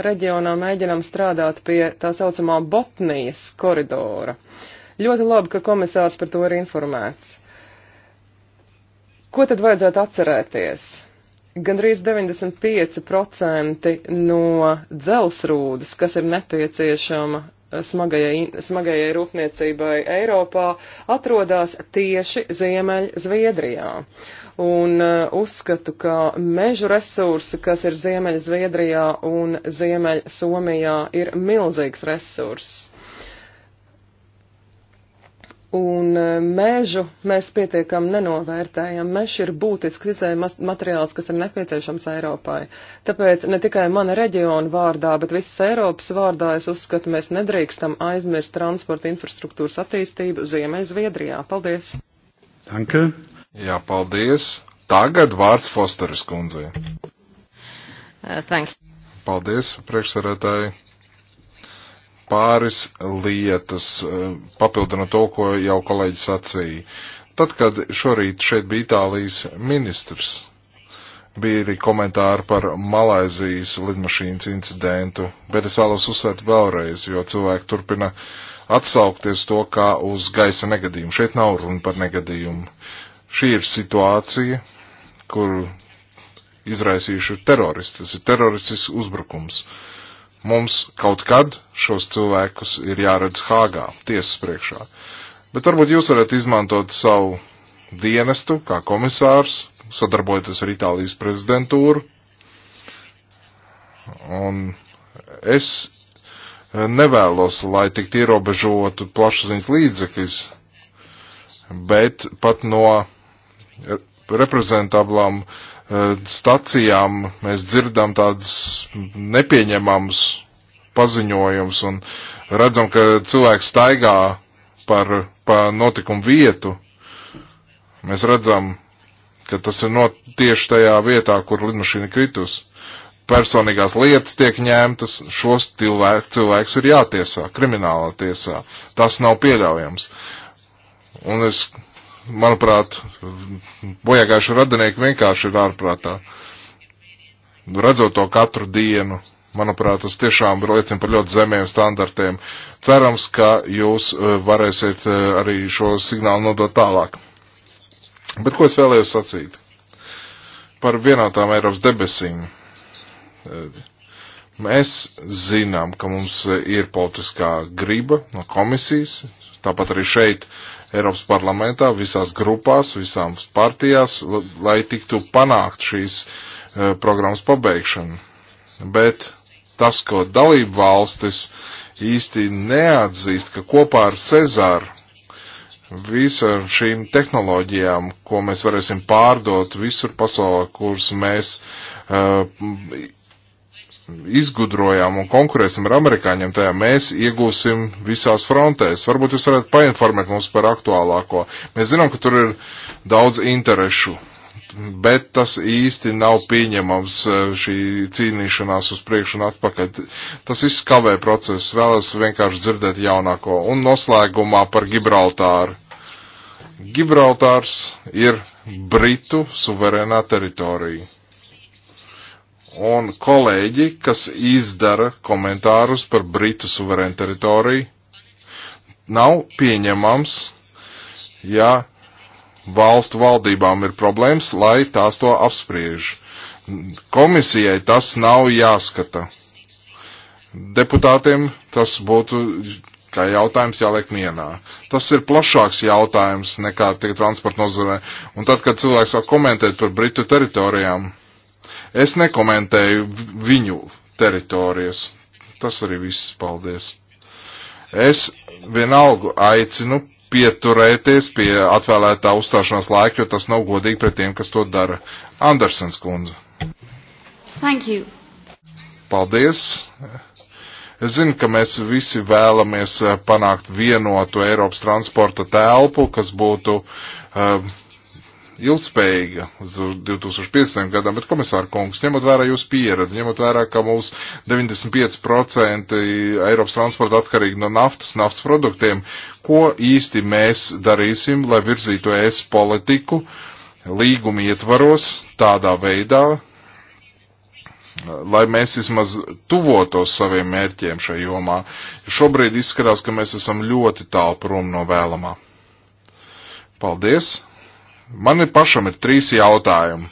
S3: reģionā mēģinām strādāt pie tā saucamā Botnijas koridora. Ļoti labi, ka komisārs par to ir informēts. Ko tad vajadzētu atcerēties? Gandrīz 95% no dzelsrūdas, kas ir nepieciešama smagajai, smagajai rūpniecībai Eiropā atrodas tieši Ziemeļ Zviedrijā. Un uh, uzskatu, ka mežu resursi, kas ir Ziemeļ Zviedrijā un Ziemeļ Somijā, ir milzīgs resurss. Un e, mežu mēs pietiekam nenovērtējam. Mežs ir būtisks izējuma materiāls, kas ir nepieciešams Eiropai. Tāpēc ne tikai mana reģiona vārdā, bet visas Eiropas vārdā es uzskatu, mēs nedrīkstam aizmirst transporta infrastruktūras attīstību Ziemeļzviedrijā. Paldies!
S1: Danke! Jā, paldies! Tagad vārds Fosteris kundzei. Uh, thanks. Paldies, priekšsarētāji! pāris lietas, eh, papildinot to, ko jau kolēģis sacīja. Tad, kad šorīt šeit bija Itālijas ministrs, bija arī komentāri par Malaizijas lidmašīnas incidentu, bet es vēlos uzsvērt vēlreiz, jo cilvēki turpina atsaukties to kā uz gaisa negadījumu. Šeit nav runa par negadījumu. Šī ir situācija, kuru izraisījuši teroristi. Tas ir teroristisks uzbrukums. Uh, Mums kaut kad šos cilvēkus ir jāredz Hāgā, tiesas priekšā. Bet varbūt jūs varat izmantot savu dienestu kā komisārs, sadarbojoties ar Itālijas prezidentūru. Un es nevēlos, lai tikt ierobežotu plašsaziņas līdzekļus, bet pat no reprezentablām uh, Eh, stacijām mēs dzirdam tādas nepieņemamas paziņojums un redzam, ka cilvēks staigā par, par notikumu vietu. Mēs redzam, ka tas ir not, tieši tajā vietā, kur lidmašīna kritus. Personīgās lietas tiek ņemtas, šos cilvēks, cilvēks ir jātiesā, kriminālā tiesā. Tas nav pieļaujams. Un es manuprāt, bojāgājuši radinieki vienkārši ir ārprātā. Redzot to katru dienu, manuprāt, tas tiešām liecina par ļoti zemiem standartiem. Cerams, ka jūs e, varēsiet e, arī šo signālu nodot tālāk. Bet ko es vēlējos sacīt? Par vienotām Eiropas debesīm. E, mēs zinām, ka mums ir politiskā griba no komisijas, tāpat arī šeit uh, Eiropas parlamentā, visās grupās, visām partijās, lai tiktu panākt šīs eh, programmas pabeigšanu. Bet tas, ko dalību valstis īsti neatzīst, ka kopā ar Cezaru visam šīm tehnoloģijām, ko mēs varēsim pārdot visur pasaulē, kuras mēs uh, izgudrojām un konkurēsim ar amerikāņiem, tajā mēs iegūsim visās frontēs. Varbūt jūs varētu painformēt mums par aktuālāko. Mēs zinām, ka tur ir daudz interešu, bet tas īsti nav pieņemams e, šī cīnīšanās uz priekšu un atpakaļ. Tas viss kavē procesu, vēlos vienkārši dzirdēt jaunāko. Un noslēgumā par Gibraltāru. Gibraltārs ir Britu suverēnā teritorija un kolēģi, kas izdara komentārus par Britu suverēnu teritoriju, nav pieņemams, ja valstu valdībām ir problēmas, lai tās to apspriež. Komisijai tas nav jāskata. Deputātiem tas būtu kā jautājums jāliek vienā. Tas ir plašāks jautājums nekā tiek transporta nozarē. Un tad, kad cilvēks sāk komentēt par Britu teritorijām, Es nekomentēju viņu teritorijas. Tas arī viss, paldies. Es vienalga aicinu pieturēties pie atvēlētā uzstāšanās laika, jo tas nav godīgi pret tiem, kas to dara. Andersens kundze. Thank you. Paldies. Es zinu, ka mēs visi vēlamies eh, panākt vienotu Eiropas transporta telpu, kas būtu uh, ilgspējīga uz 2050. gadam, bet komisāra kungs, ņemot vērā jūsu pieredzi, ņemot vērā, ka mūs 95% Eiropas transporta atkarīgi no naftas, naftas produktiem, ko īsti mēs darīsim, lai virzītu ES politiku līguma ietvaros tādā veidā, lai mēs vismaz tuvotos saviem mērķiem šajā jomā. Šobrīd izskatās, ka mēs esam ļoti tālu prom no vēlamā. Paldies! Man ir pašam ir trīs jautājumi.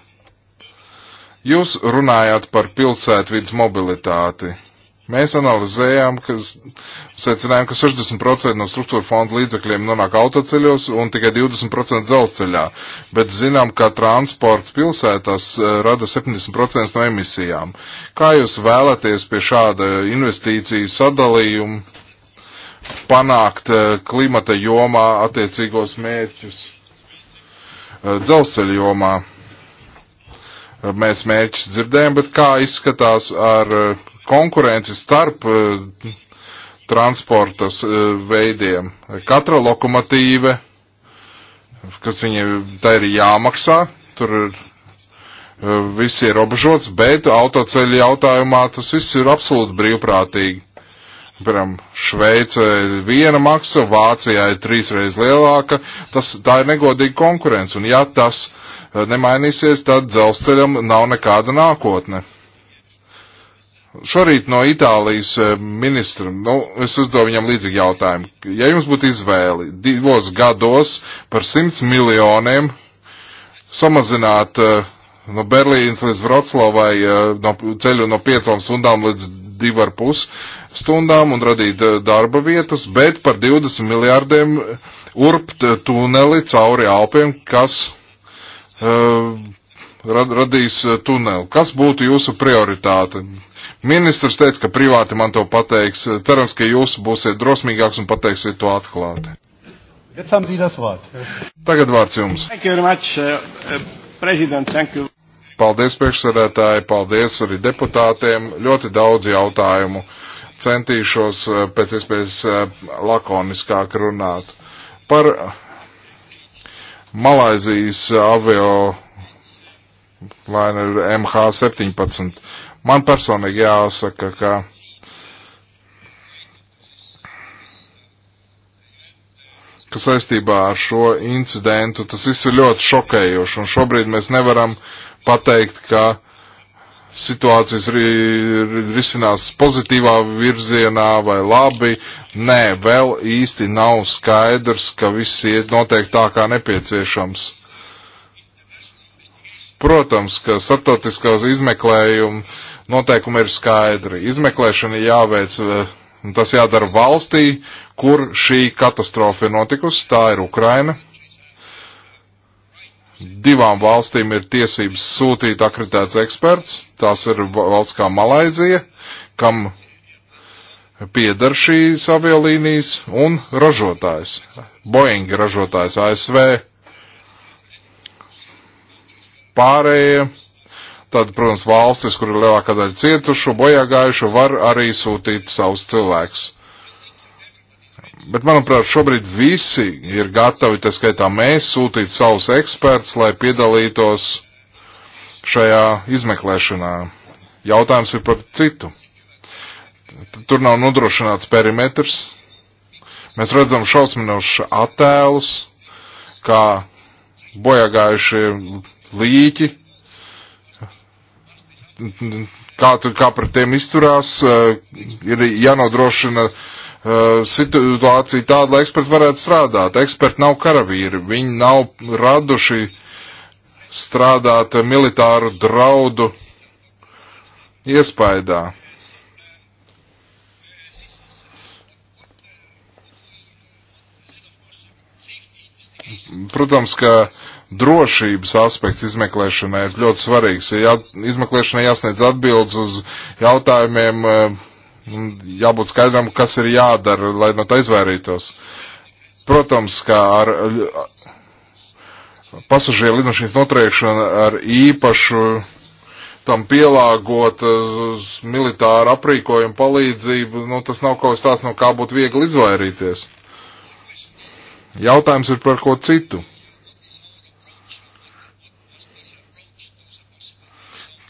S1: Jūs runājāt par pilsētvidas mobilitāti. Mēs analizējām, ka secinājām, ka 60% no struktūra fonda līdzekļiem nonāk autoceļos un tikai 20% dzelzceļā, bet zinām, ka transports pilsētās e, rada 70% no emisijām. Kā jūs vēlaties pie šāda investīciju sadalījuma panākt e, klimata jomā attiecīgos mērķus? Eh, dzelzceļa jomā. Eh, mēs mērķis dzirdējam, bet kā izskatās ar eh, konkurenci starp transporta veidiem? Katra lokomotīve, kas viņiem tā ir jāmaksā, tur ir viss ierobežots, bet autoceļu jautājumā tas viss ir absolūti brīvprātīgi. Piemēram, Šveicē viena maksa, Vācijā ir trīsreiz lielāka. Tas, tā ir negodīga konkurence, un ja tas eh, nemainīsies, tad dzelzceļam nav nekāda nākotne. Šorīt no Itālijas eh, ministra, nu, es uzdevu viņam līdzīgi jautājumu. Ja jums būtu izvēli divos gados par simts miljoniem samazināt uh, no Berlīnas līdz Vroclavai, no ceļu no piecām stundām līdz divar pus, stundām un radīt eh, darba vietas, bet par 20 miljārdiem eh, urbt eh, tuneli cauri Alpiem, kas uh, rad, radīs tuneli. Kas būtu jūsu prioritāte? Ministrs teica, ka privāti man to pateiks. Cerams, ka jūs būsiet drosmīgāks un pateiksiet to atklāti. Tagad vārds jums.
S3: Much, uh, uh
S1: paldies priekšsēdētāji, paldies arī deputātiem. Ļoti daudz jautājumu. Uh, centīšos eh, pēc iespējas eh, lakoniskāk runāt. Par Malaizijas avio laineru MH17. Man personīgi jāsaka, ka ka saistībā ar šo incidentu tas viss ir ļoti šokējoši, un šobrīd mēs nevaram pateikt, ka situācijas risinās pozitīvā virzienā vai labi. Nē, vēl īsti nav skaidrs, ka viss iet noteikti tā kā nepieciešams. Protams, ka starptautiskās izmeklējuma noteikumi ir skaidri. Izmeklēšana jāveic, eh, un tas jādara valstī, kur šī katastrofa ir notikusi, tā ir Ukraina divām valstīm ir tiesības sūtīt akreditēts eksperts. Tās ir valsts kā Malaizija, kam piedar šīs aviolīnijas, un ražotājs, Boeing ražotājs ASV. Pārējie, tad, protams, valstis, kur ir lielākā daļa cietušu, bojā gājušu, var arī sūtīt savus cilvēkus. Bet, manuprāt, šobrīd visi ir gatavi, tā skaitā mēs, sūtīt savus ekspertus, lai piedalītos šajā izmeklēšanā. Jautājums ir par citu. Tur nav nodrošināts perimetrs. Mēs redzam šausminošu attēlus, kā bojāgājušie līķi, kā, kā pret tiem izturās, eh, ir jānodrošina Eh, situācija tāda, lai eksperti varētu strādāt. Eksperti nav karavīri, viņi nav raduši strādāt militāru draudu iespaidā. Protams, ka drošības aspekts izmeklēšanai ir ļoti svarīgs. Ja jā, izmeklēšanai jāsniedz atbildes uz jautājumiem, eh, Jābūt skaidram, kas ir jādara, lai no tā izvairītos. Protams, kā ar pasažieru lidmašīnas notriekšanu ar īpašu tam pielāgot militāru aprīkojumu palīdzību, nu, tas nav kaut kas tāds, no kā būtu viegli izvairīties. Jautājums ir par ko citu.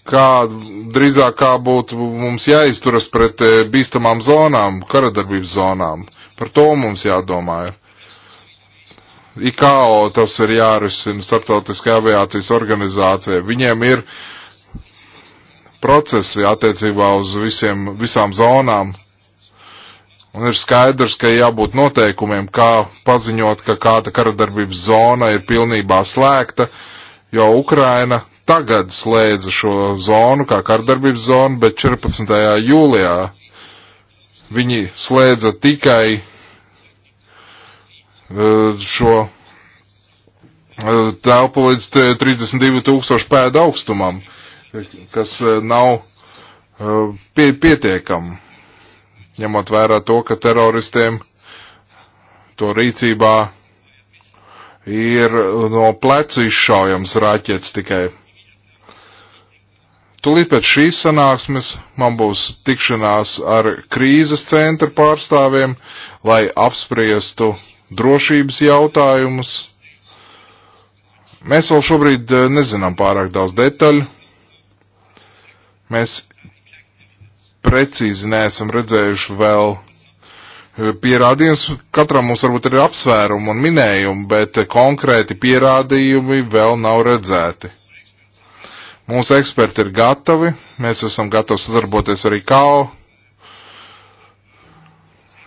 S1: kā drīzāk kā būtu mums jāizturas pret eh, bīstamām zonām, karadarbības zonām. Par to mums jādomā. Ir. IKO tas ir jārisina starptautiskā aviācijas organizācija. Viņiem ir procesi attiecībā uz visiem, visām zonām. Un ir skaidrs, ka jābūt noteikumiem, kā paziņot, ka kāda karadarbības zona ir pilnībā slēgta, jo Ukraina tagad slēdza šo zonu kā kārdarbības zonu, bet 14. jūlijā viņi slēdza tikai eh, šo eh, telpu līdz 32 tūkstošu pēdu augstumam, kas eh, nav pie, pietiekam, ņemot vērā to, ka teroristiem to rīcībā ir no plecu izšaujams raķets tikai Tūlīt pēc šīs sanāksmes man būs tikšanās ar krīzes centra pārstāvjiem, lai apspriestu drošības jautājumus. Mēs vēl šobrīd eh, nezinām pārāk daudz detaļu. Mēs precīzi neesam redzējuši vēl eh, pierādījums. Katram mums varbūt ir apsvērumi un minējumi, bet eh, konkrēti pierādījumi vēl nav redzēti. Mūsu eksperti ir gatavi, mēs esam gatavi sadarboties arī KAU.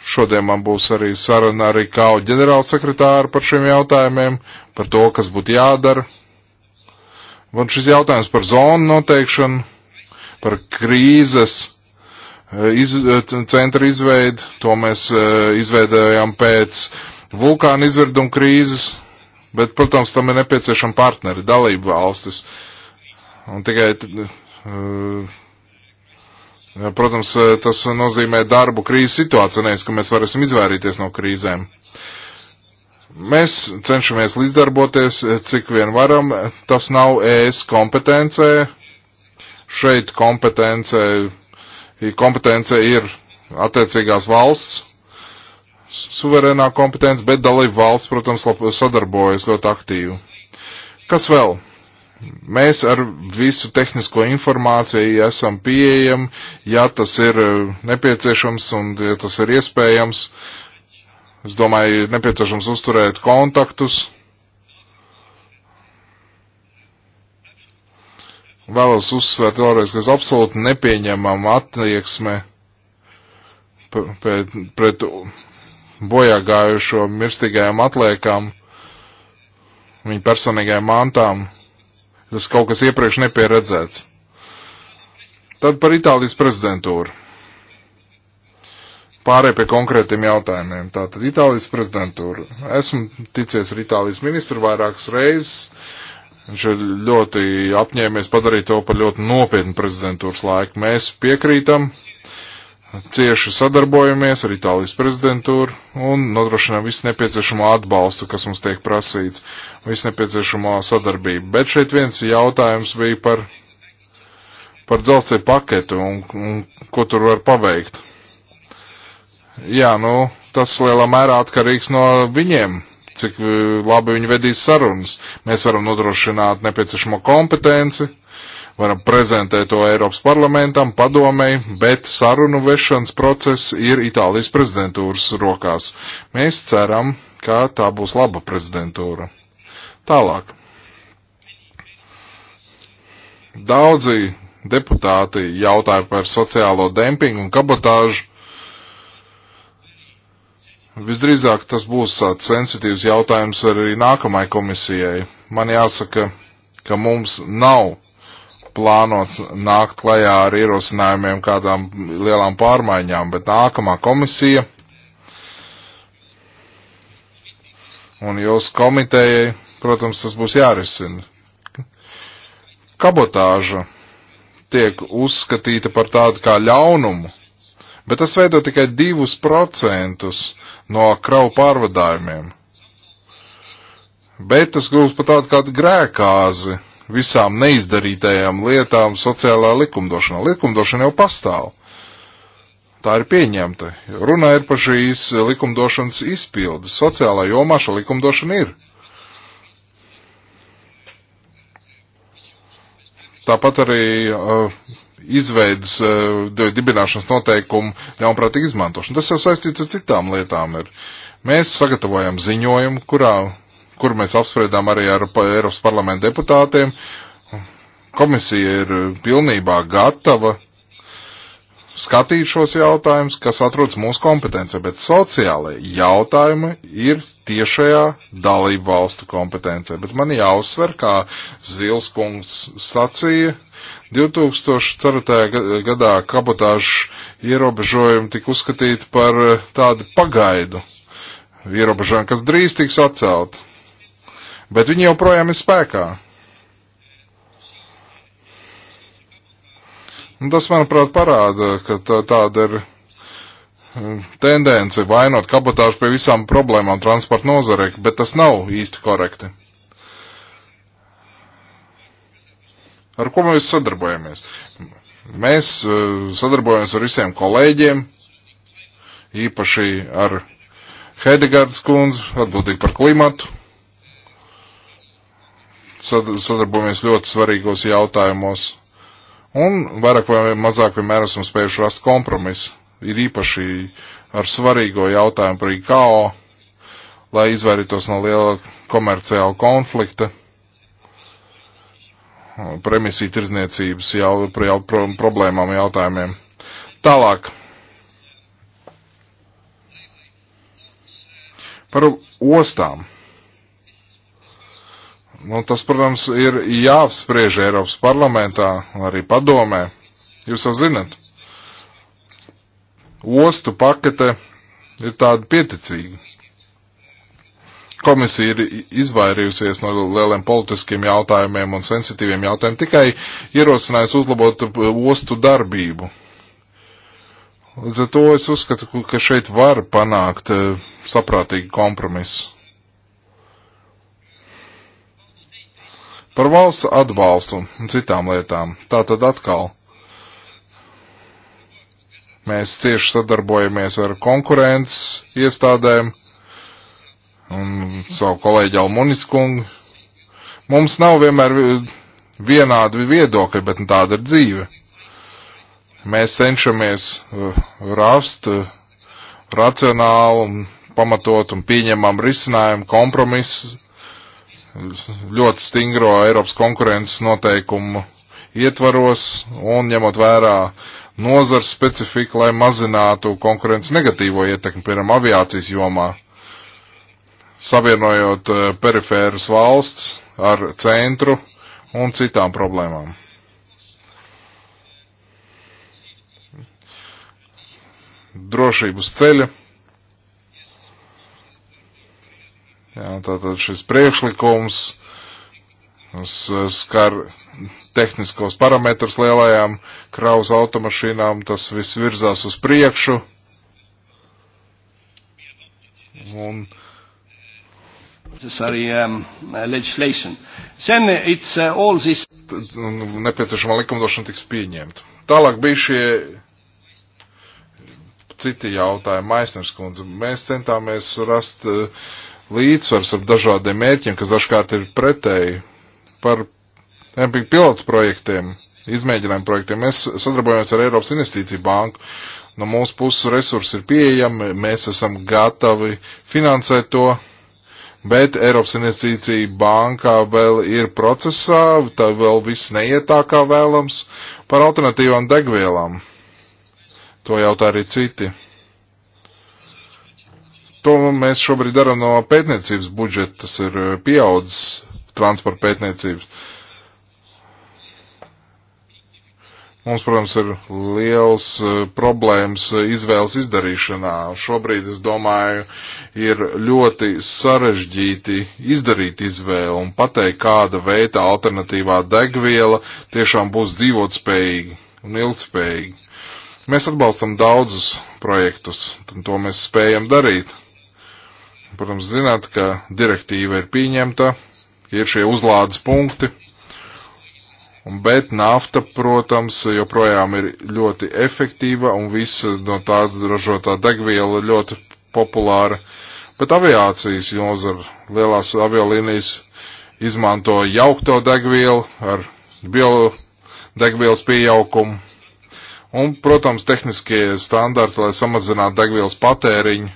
S1: Šodien man būs arī saruna arī KAU ģenerālsekretāru par šiem jautājumiem, par to, kas būtu jādara. Un šis jautājums par zonu noteikšanu, par krīzes e, iz, e, centra izveidu, to mēs e, izveidojām pēc vulkāna izvirduma krīzes, bet, protams, tam ir nepieciešama partneri, dalība valstis. Uh, Un tikai, eh, protams, eh, tas nozīmē darbu krīzes situācijā, nevis, ka mēs varēsim izvairīties no krīzēm. Mēs cenšamies līdzdarboties, eh, cik vien varam. Tas nav ES kompetencē. Šeit kompetence, kompetence ir attiecīgās valsts suverēnā kompetence, bet dalība valsts, protams, sadarbojas ļoti aktīvi. Kas vēl? Mēs ar visu tehnisko informāciju esam pieejami, ja tas ir eh, nepieciešams un ja tas ir iespējams. Es domāju, ir nepieciešams uzturēt kontaktus. Vēlos uzsvērt vēlreiz, ka es absolūti nepieņemam attieksme pret, pret bojā gājušo mirstīgajām atliekām, viņu personīgajām mantām Tas kaut kas iepriekš nepieredzēts. Tad par Itālijas prezidentūru. Pārēj pie konkrētiem jautājumiem. Tātad Itālijas prezidentūra. Esmu ticies ar Itālijas ministru vairākas reizes. Viņš ir ļoti apņēmies padarīt to par ļoti nopietnu prezidentūras laiku. Mēs piekrītam, cieši sadarbojamies ar Itālijas prezidentūru un nodrošinām visu nepieciešamo atbalstu, kas mums tiek prasīts, visu nepieciešamo sadarbību. Bet šeit viens jautājums bija par, par dzelzceļa paketu un, un ko tur var paveikt. Jā, nu, tas lielā mērā atkarīgs no viņiem, cik eh, labi viņi vedīs sarunas. Mēs varam nodrošināt nepieciešamo kompetenci varam prezentēt to Eiropas parlamentam, padomei, bet sarunu vešanas process ir Itālijas prezidentūras rokās. Mēs ceram, ka tā būs laba prezidentūra. Tālāk. Daudzi deputāti jautāja par sociālo dempingu un kabotāžu. Visdrīzāk tas būs tāds sensitīvs jautājums arī nākamai komisijai. Man jāsaka, ka mums nav plānots nākt klajā ar ierosinājumiem kādām lielām pārmaiņām, bet nākamā komisija un jūsu komitejai, protams, tas būs jārisina. Kabotāža tiek uzskatīta par tādu kā ļaunumu, bet tas veido tikai 2% no kravu pārvadājumiem. Bet tas kļūst par tādu kā grēkāzi visām neizdarītajām lietām sociālā likumdošanā. Likumdošana jau pastāv. Tā ir pieņemta. Runa ir par šīs likumdošanas izpildi. Sociālā jomā šī likumdošana ir. Tāpat arī uh, izveidas uh, dibināšanas noteikumu ļaunprātīgu izmantošanu. Tas jau saistīts ar citām lietām. Ir. Mēs sagatavojam ziņojumu, kurā kur mēs apspriedām arī ar Eiropas parlamenta deputātiem. Komisija ir eh, pilnībā gatava skatīt šos jautājumus, kas atrodas mūsu kompetencijā, bet sociālajie jautājumi ir tiešajā dalību valstu kompetencijā. Bet man jāuzsver, kā Zils kungs sacīja, 2004. gadā kabotāžu ierobežojumi tika uzskatīti par eh, tādu pagaidu ierobežojumu, kas drīz tiks atcelt bet viņi joprojām ir spēkā. Un tas, manuprāt, parāda, ka tā, tāda ir um, tendence vainot kabotāžu pie visām problēmām transporta nozarē, bet tas nav īsti korekti. Ar ko mēs sadarbojamies? Mēs uh, sadarbojamies ar visiem kolēģiem, īpaši ar Hedegards kundzi, atbildīgi par klimatu, sadarbojamies ļoti svarīgos jautājumos. Un vairāk vai mazāk vienmēr esam spējuši rast kompromisu. Ir īpaši ar svarīgo jautājumu par IKO, lai izvairītos no liela komerciāla konflikta, par emisiju tirzniecības jau, par jau, pro, problēmām jautājumiem. Tālāk. Par ostām Un nu, tas, protams, ir jāapspriež Eiropas parlamentā, arī padomē. Jūs jau zinat, ostu pakete ir tāda pieticīga. Komisija ir izvairījusies no lieliem politiskiem jautājumiem un sensitīviem jautājumiem, tikai ierosinājusi uzlabot ostu darbību. Līdz ar to es uzskatu, ka šeit var panākt eh, saprātīgu kompromisu. Par valsts atbalstu un citām lietām. Tā tad atkal. Mēs cieši sadarbojamies ar konkurences iestādēm un savu kolēģi Almuniskungu. Mums nav vienmēr vienādi viedokļi, bet tāda ir dzīve. Mēs cenšamies uh, rast uh, racionālu un pamatot un pieņemam risinājumu kompromisu ļoti stingro Eiropas konkurences noteikumu ietvaros un ņemot vērā nozars specifiku, lai mazinātu konkurences negatīvo ietekmi, piemēram, aviācijas jomā, savienojot eh, perifērus valsts ar centru un citām problēmām. Drošības ceļa Jā, tātad šis priekšlikums eh, skar tehniskos parametrus lielajām kraus automašīnām, tas viss virzās uz priekšu. Un necessary um, legislation. Then it's uh, all this. Nepieciešama likumdošana tiks pieņemta. Tālāk bija šie citi jautājumi. Maisners kundze, mēs centāmies rast uh, līdzsvars ar dažādiem mērķiem, kas dažkārt ir pretēji. Par MPG pilotu projektiem, izmēģinājumu projektiem, mēs sadarbojamies ar Eiropas Investīciju banku. No mūsu puses resursi ir pieejami, mēs esam gatavi finansēt to, bet Eiropas Investīcija bankā vēl ir procesā, tā vēl viss neiet tā kā vēlams par alternatīvām degvielām. To jautā arī citi To mēs šobrīd darām no pētniecības budžeta, tas ir eh, pieaudzis transporta pētniecības. Mums, protams, ir liels eh, problēmas eh, izvēles izdarīšanā. Šobrīd, es domāju, ir ļoti sarežģīti izdarīt izvēli un pateikt, kāda veida alternatīvā degviela tiešām būs dzīvotspējīga un ilgspējīga. Mēs atbalstam daudzus projektus, un to mēs spējam darīt protams, zināt, ka direktīva ir pieņemta, ir šie uzlādes punkti, bet nafta, protams, joprojām ir ļoti efektīva un visa no tā ražotā degviela ļoti populāra. Bet aviācijas nozara, lielās aviolīnijas izmanto jaukto degvielu ar biodegvielas pieaugumu. Un, protams, tehniskie standarti, lai samazinātu degvielas patēriņu,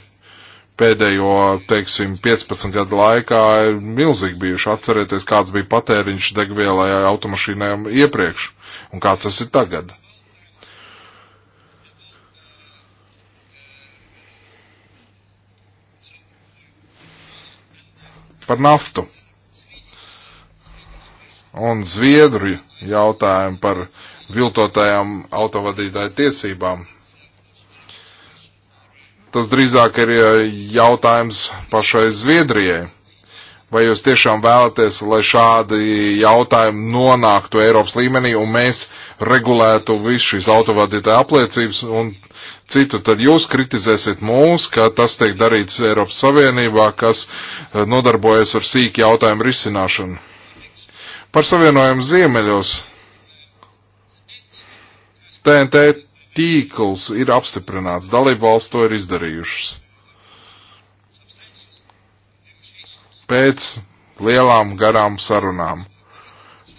S1: pēdējo, teiksim, 15 gadu laikā ir milzīgi bijuši. Atcerieties, kāds bija patēriņš degvielai automašīnām iepriekš un kāds tas ir tagad. Par naftu un Zviedru jautājumu par viltotajām autovadītāju tiesībām Tas drīzāk ir eh, jautājums pašai Zviedrijai. Vai jūs tiešām vēlaties, lai šādi jautājumi nonāktu Eiropas līmenī un mēs regulētu visu šīs autovadītāja apliecības un citu, tad jūs kritizēsiet mūs, ka tas tiek darīts Eiropas Savienībā, kas eh, nodarbojas ar sīku jautājumu risināšanu. Par savienojumu ziemeļos. TNT tīkls ir apstiprināts. Dalībvalsts to ir izdarījušas. Pēc lielām garām sarunām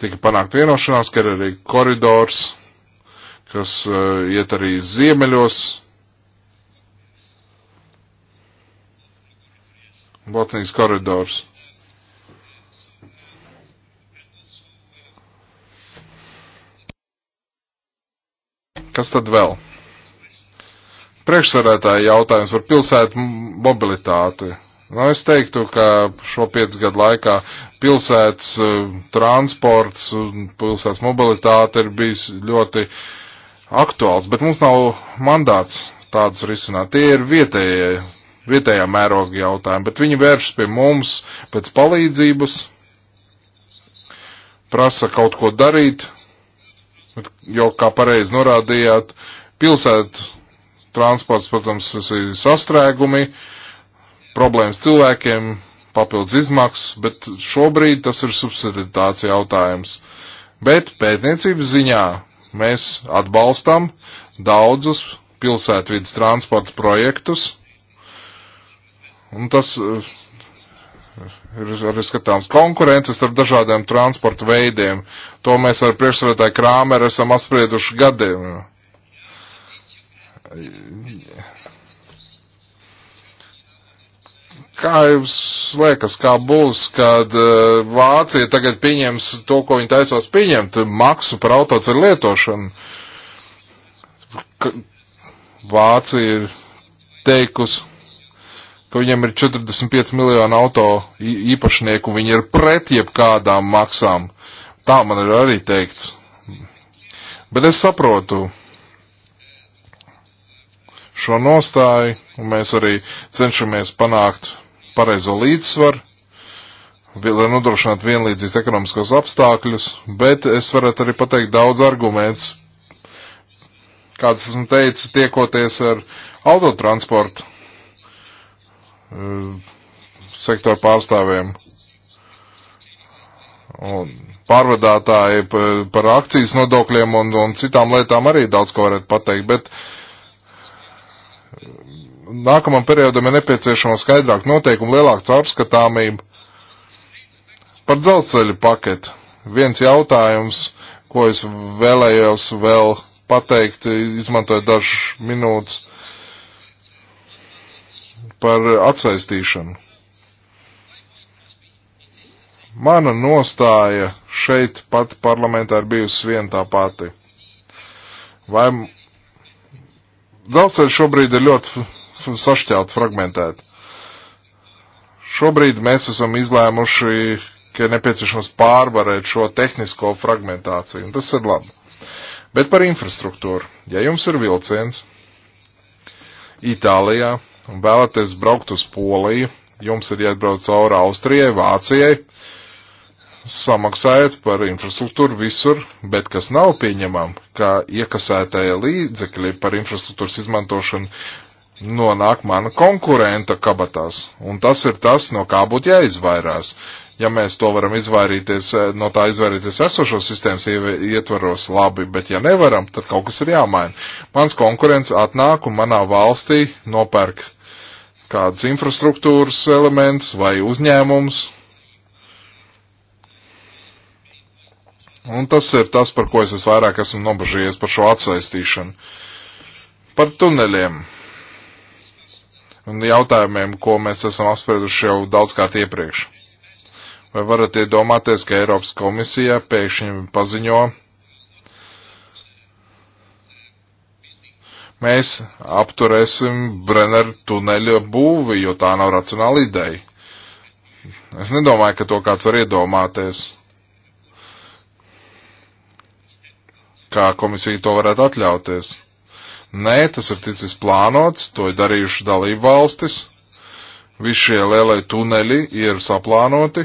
S1: tika panākt vienošanās, ka ir arī koridors, kas uh, iet arī ziemeļos. Botnijas koridors. Kas tad vēl? Priekšsarētāji jautājums par pilsētu mobilitāti. Nu, es teiktu, ka šo piecu gadu laikā pilsētas eh, transports, pilsētas mobilitāte ir bijis ļoti aktuāls, bet mums nav mandāts tāds risināt. Tie ir vietējie, vietējā mēroga jautājumi, bet viņi vēršas pie mums pēc palīdzības, prasa kaut ko darīt, jo, kā pareizi norādījāt, pilsētu transports, protams, ir sastrēgumi, problēmas cilvēkiem, papildus izmaksas, bet šobrīd tas ir subsiditācija jautājums. Bet pētniecības ziņā mēs atbalstam daudzus pilsētvidas transporta projektus, un tas ir arī skatāms konkurences starp dažādiem transporta veidiem. To mēs ar priekšsarētāju Krāmeru esam apsprieduši gadiem. Kā jums liekas, kā būs, kad uh, Vācija tagad pieņems to, ko viņi taisās pieņemt, maksu par autoceļu lietošanu? K Vācija ir teikusi ka viņiem ir 45 miljonu auto īpašnieku, viņi ir pret jebkādām maksām. Tā man ir arī teikts. Bet es saprotu šo nostāju, un mēs arī cenšamies panākt pareizo līdzsvaru, lai nodrošinātu vienlīdzīgas ekonomiskos apstākļus, bet es varētu arī pateikt daudz arguments, kādas esmu teicis, tiekoties ar autotransportu sektoru pārstāvjiem. Un pārvadātāji par akcijas nodokļiem un, un citām lietām arī daudz ko varētu pateikt, bet nākamam periodam ir nepieciešama skaidrāk noteikumi, lielāka caurskatāmība par dzelzceļu paketu. Viens jautājums, ko es vēlējos vēl pateikt, izmantojot dažas minūtes par atsaistīšanu. Mana nostāja šeit pat parlamentā ir bijusi vien tā pati. Vai dzelzceļš šobrīd ir ļoti sašķelt, fragmentēt. Šobrīd mēs esam izlēmuši, ka ir nepieciešams pārvarēt šo tehnisko fragmentāciju, un tas ir labi. Bet par infrastruktūru. Ja jums ir vilciens Itālijā, un vēlaties braukt uz Poliju, jums ir jāatbrauc cauri Austrijai, Vācijai, samaksājat par infrastruktūru visur, bet kas nav pieņemam, kā iekasētāja līdzekļi par infrastruktūras izmantošanu nonāk mana konkurenta kabatās. Un tas ir tas, no kā būtu jāizvairās ja mēs to varam izvairīties, eh, no tā izvairīties esošo sistēmas ietvaros labi, bet ja nevaram, tad kaut kas ir jāmaina. Mans konkurents atnāk un manā valstī nopērk kādas infrastruktūras elements vai uzņēmums. Un tas ir tas, par ko es vairāk esmu nobažījies par šo atsaistīšanu. Par tuneļiem un jautājumiem, ko mēs esam apsprieduši jau daudzkārt iepriekš. Vai varat iedomāties, ka Eiropas komisija pēkšņi paziņo, mēs apturēsim Brenner tuneļa būvi, jo tā nav racionāla ideja. Es nedomāju, ka to kāds var iedomāties. Kā komisija to varētu atļauties? Nē, tas ir ticis plānots, to ir darījuši dalību valstis. Visi šie lielie tuneļi ir saplānoti,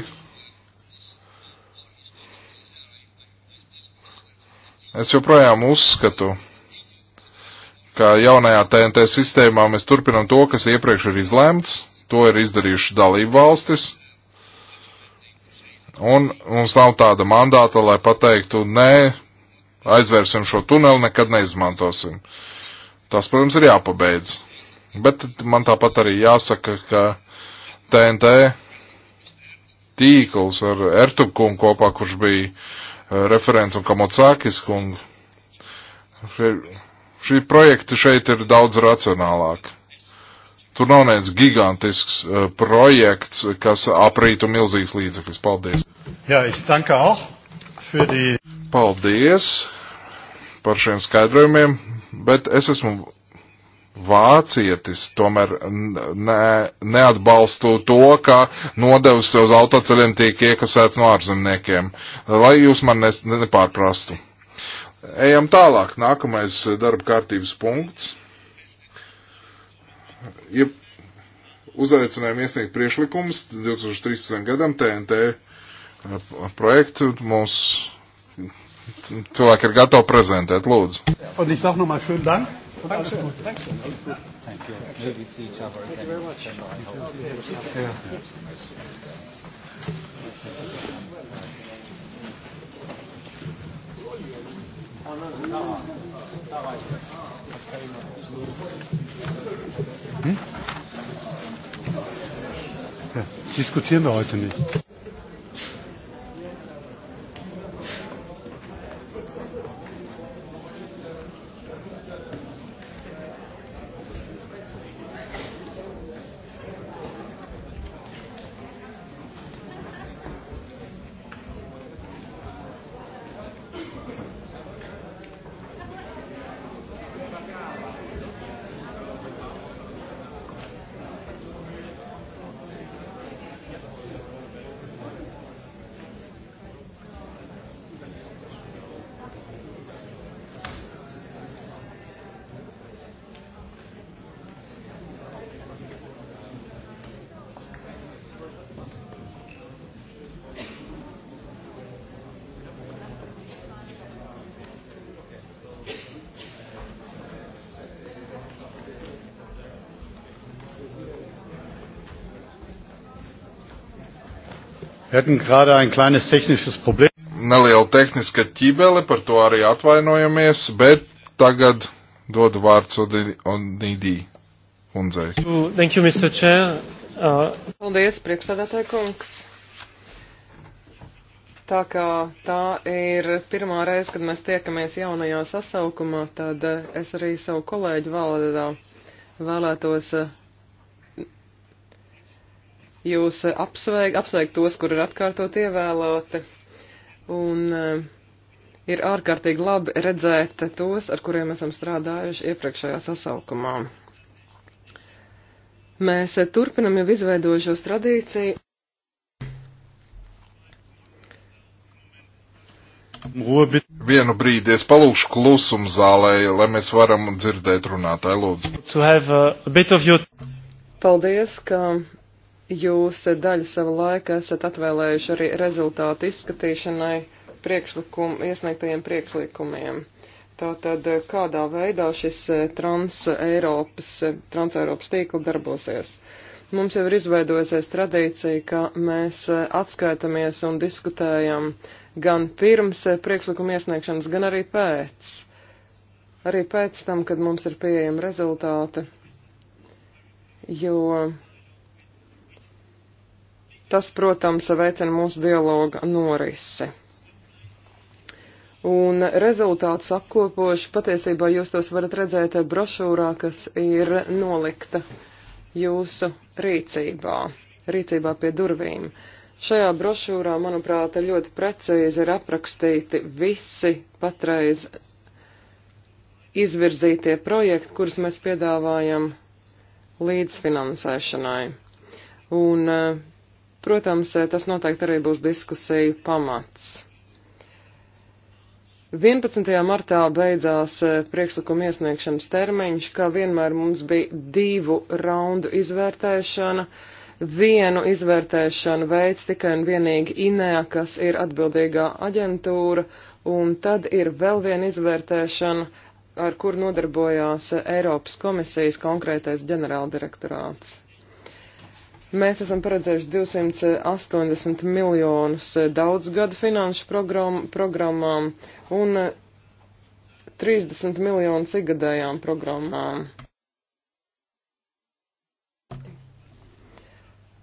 S1: Es joprojām uzskatu, ka jaunajā TNT sistēmā mēs turpinam to, kas iepriekš ir izlēmts, to ir izdarījuši dalību valstis, un mums nav tāda mandāta, lai pateiktu, nē, aizvērsim šo tuneli, nekad neizmantosim. Tas, protams, ir jāpabeidz. Bet man tāpat arī jāsaka, ka TNT tīkls ar Ertukumu kopā, kurš bija referents un Kamocākis kungu. Šie, šī projekta šeit ir daudz racionālāka. Tur nav neviens gigantisks uh, projekts, kas aprītu milzīgs līdzekļus. Paldies!
S3: Jā, es tanka auch
S1: für die... Paldies par šiem skaidrojumiem, bet es esmu vācietis tomēr ne, neatbalstu to, ka nodevs uz autoceļiem tiek iekasēts no ārzemniekiem, lai jūs man ne, nepārprastu. Ejam tālāk. Nākamais darba kārtības punkts. Ja uzaicinājumu iesniegt priešlikums 2013. gadam TNT eh, projektu mums cilvēki ir gatavi prezentēt. Lūdzu.
S2: Un es saku nomā šodien. Thanks, Alles Gute. Thanks. Alles
S1: Gute. Thank you. Maybe see each other again. Thank you very much. I hope. Yeah. Oh, no, no, no. Hm?
S2: Ja, diskutieren wir heute nicht.
S1: Neliela tehniska ķībele, par to arī atvainojamies, bet tagad dodu vārds Onidī kundzei.
S3: Thank you, Mr. Chair. Uh... Paldies, priekšsēdētāji kungs. Tā kā tā ir pirmā reize, kad mēs tiekamies jaunajā sasaukumā, tad es arī savu kolēģu valodā vēlētos uh, jūs eh, apsveik, apsveik tos, kur ir atkārtot ievēlēti. Un eh, ir ārkārtīgi labi redzēt tos, ar kuriem esam strādājuši iepriekšējā sasaukumā. Mēs eh, turpinam jau izveidojušos tradīciju.
S1: Robi. Vienu brīdi es palūkšu klusumu zālē, lai mēs varam dzirdēt runātāju lūdzu.
S2: Uh,
S3: Paldies, ka Jūs daļu sava laika esat atvēlējuši arī rezultātu izskatīšanai priekšlikum, iesniegtajiem priekšlikumiem. Tātad, kādā veidā šis eh, trans-Eiropas, eh, trans-Eiropas tīkla darbosies? Mums jau ir izveidojusies tradīcija, ka mēs eh, atskaitamies un diskutējam gan pirms priekšlikuma iesniegšanas, gan arī pēc. Arī pēc tam, kad mums ir pieejami rezultāti, jo Tas, protams, veicina mūsu dialoga norisi. Un rezultāts apkopoši patiesībā jūs tos varat redzēt brošūrā, kas ir nolikta jūsu rīcībā, rīcībā pie durvīm. Šajā brošūrā, manuprāt, ļoti precīzi ir aprakstīti visi patreiz izvirzītie projekti, kurus mēs piedāvājam līdzfinansēšanai. Un Protams, eh, tas noteikti arī būs diskusiju pamats. 11. martā beidzās eh, priekšlikuma iesniegšanas termiņš, kā vienmēr mums bija divu raundu izvērtēšana. Vienu izvērtēšanu veids tikai un vienīgi INEA, kas ir atbildīgā aģentūra, un tad ir vēl viena izvērtēšana, ar kur nodarbojās Eiropas komisijas konkrētais ģenerāldirektorāts. Mēs esam paredzējuši 280 miljonus eh, daudzgada finanšu program, programmām un 30 eh, miljonus igadējām programmām.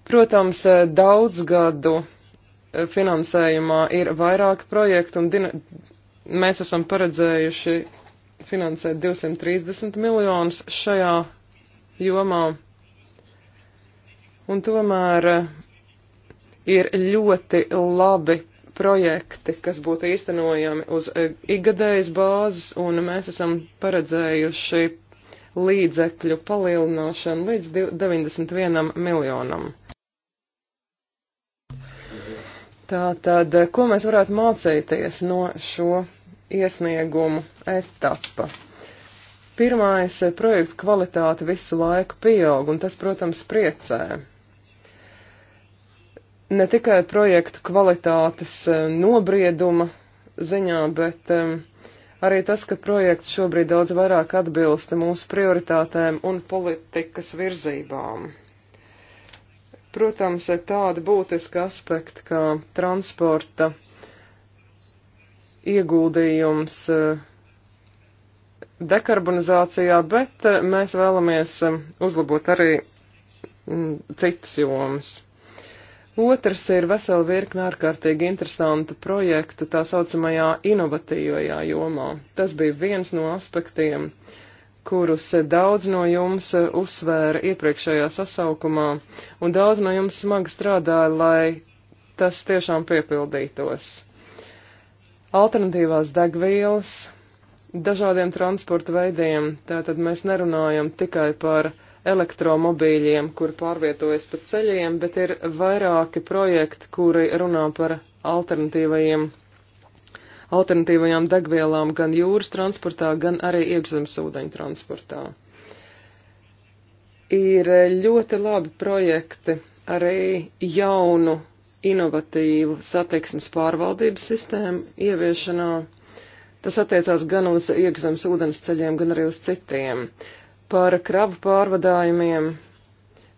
S3: Protams, eh, daudzgadu finansējumā ir vairāki projekti un dina... mēs esam paredzējuši finansēt 230 miljonus šajā jomā. Un tomēr eh, ir ļoti labi projekti, kas būtu īstenojami uz eh, igadējas bāzes, un mēs esam paredzējuši līdzekļu palielināšanu līdz 91 miljonam. Tātad, eh, ko mēs varētu mācīties no šo iesniegumu etapa? Pirmais, projekta kvalitāte visu laiku pieaug, un tas, protams, priecē ne tikai projektu kvalitātes eh, nobrieduma ziņā, bet um, arī tas, ka projekts šobrīd daudz vairāk atbilsta mūsu prioritātēm un politikas virzībām. Protams, ir tādi būtiski aspekti kā transporta ieguldījums eh, dekarbonizācijā, bet mēs vēlamies uzlabot arī mm, citas jomas. Otrs ir vesela virkne ārkārtīgi interesantu projektu tā saucamajā inovatīvajā jomā. Tas bija viens no aspektiem, kurus daudz no jums uzsvēra iepriekšējā sasaukumā, un daudz no jums smagi strādāja, lai tas tiešām piepildītos. Alternatīvās degvielas, dažādiem transporta veidiem, tātad mēs nerunājam tikai par elektromobīļiem, kuri pārvietojas pa ceļiem, bet ir vairāki projekti, kuri runā par alternatīvajiem, alternatīvajām degvielām gan jūras transportā, gan arī iekšzemes ūdeņu transportā. Ir ļoti labi projekti arī jaunu, inovatīvu satiksmes pārvaldības sistēmu ieviešanā. Tas attiecās gan uz iekšzemes ūdens ceļiem, gan arī uz citiem par kravu pārvadājumiem,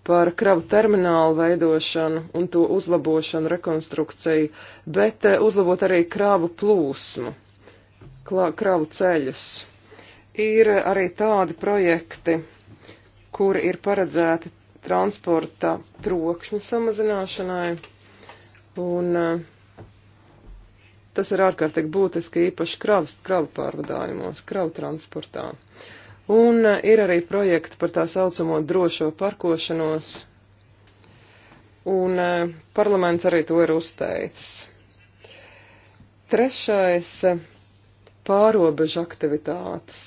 S3: par kravu terminālu veidošanu un to uzlabošanu, rekonstrukciju, bet eh, uzlabot arī kravu plūsmu, kravu ceļus. Ir arī tādi projekti, kuri ir paredzēti transporta trokšņu samazināšanai, un eh, tas ir ārkārtīgi būtiski īpaši kravas, kravu pārvadājumos, kravu transportā. Uh, Un eh, ir arī projekti par tā saucamo drošo parkošanos, un eh, parlaments arī to ir uzteicis. Trešais eh, - pārobežu aktivitātes.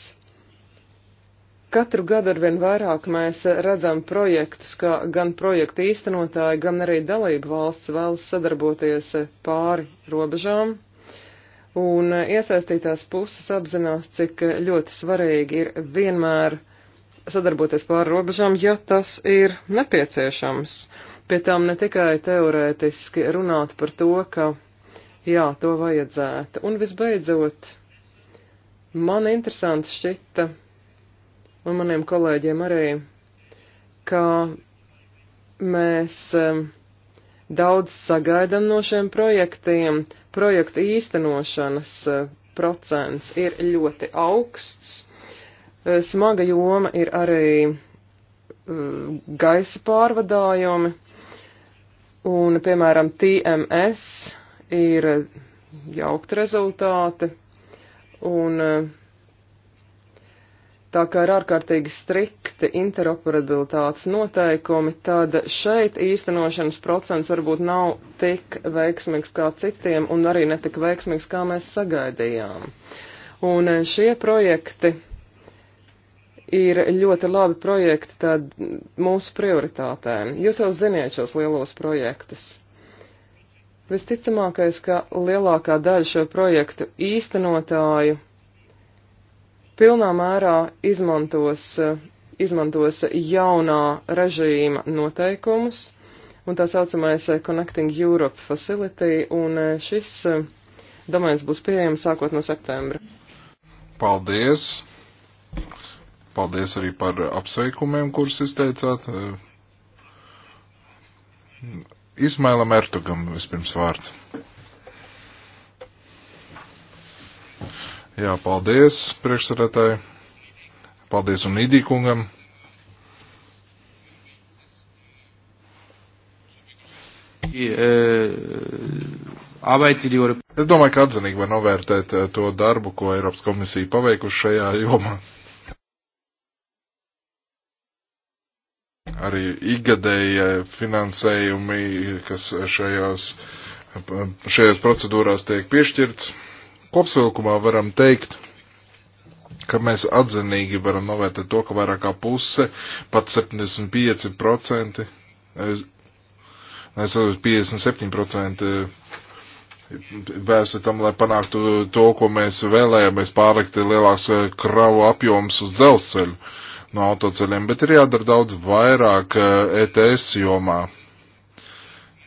S3: Katru gadu arvien vairāk mēs redzam projektus, kā gan projekta īstenotāji, gan arī dalību valsts vēlas sadarboties pāri robežām un uh, iesaistītās puses apzinās, cik uh, ļoti svarīgi ir vienmēr sadarboties pāri robežām, ja tas ir nepieciešams. Pie tām ne tikai teorētiski runāt par to, ka jā, to vajadzētu. Un visbeidzot, man interesanti šķita, un maniem kolēģiem arī, ka mēs um, Daudz sagaidam no šiem projektiem. Projektu īstenošanas e, procents ir ļoti augsts. E, smaga joma ir arī e, gaisa pārvadājumi. Un, piemēram, TMS ir jaukti rezultāti. Un uh, tā kā ir ārkārtīgi strikti interoperabilitātes noteikumi, tad šeit īstenošanas procents varbūt nav tik veiksmīgs kā citiem un arī netik veiksmīgs, kā mēs sagaidījām. Un e, šie projekti ir ļoti labi projekti tad mūsu prioritātēm. Jūs jau ziniet šos lielos projektus. Visticamākais, ka lielākā daļa šo projektu īstenotāju pilnā mērā izmantos, izmantos jaunā režīma noteikumus un tā saucamais Connecting Europe Facility, un e, šis e, domēns būs pieejams sākot no septembra.
S1: Paldies! Paldies arī par apsveikumiem, kurus izteicāt. E, Ismailam Ertugam vispirms vārds. Jā, paldies priekšsarētāji. Paldies un Idīkungam. Es domāju, ka atzinīgi var novērtēt eh, to darbu, ko Eiropas komisija paveikuši šajā jomā. Arī igadēja finansējumi, kas šajās, šajās procedūrās tiek piešķirts. Kopsvilkumā varam teikt, ka mēs atzinīgi varam novērtēt to, ka vairāk kā puse, pat 75%, nevis 57% vērsta tam, lai panāktu to, ko mēs vēlējāmies pārlikt lielāks eh, kravu apjoms uz dzelzceļu no autoceļiem, bet ir jādara daudz vairāk ETS eh, e jomā.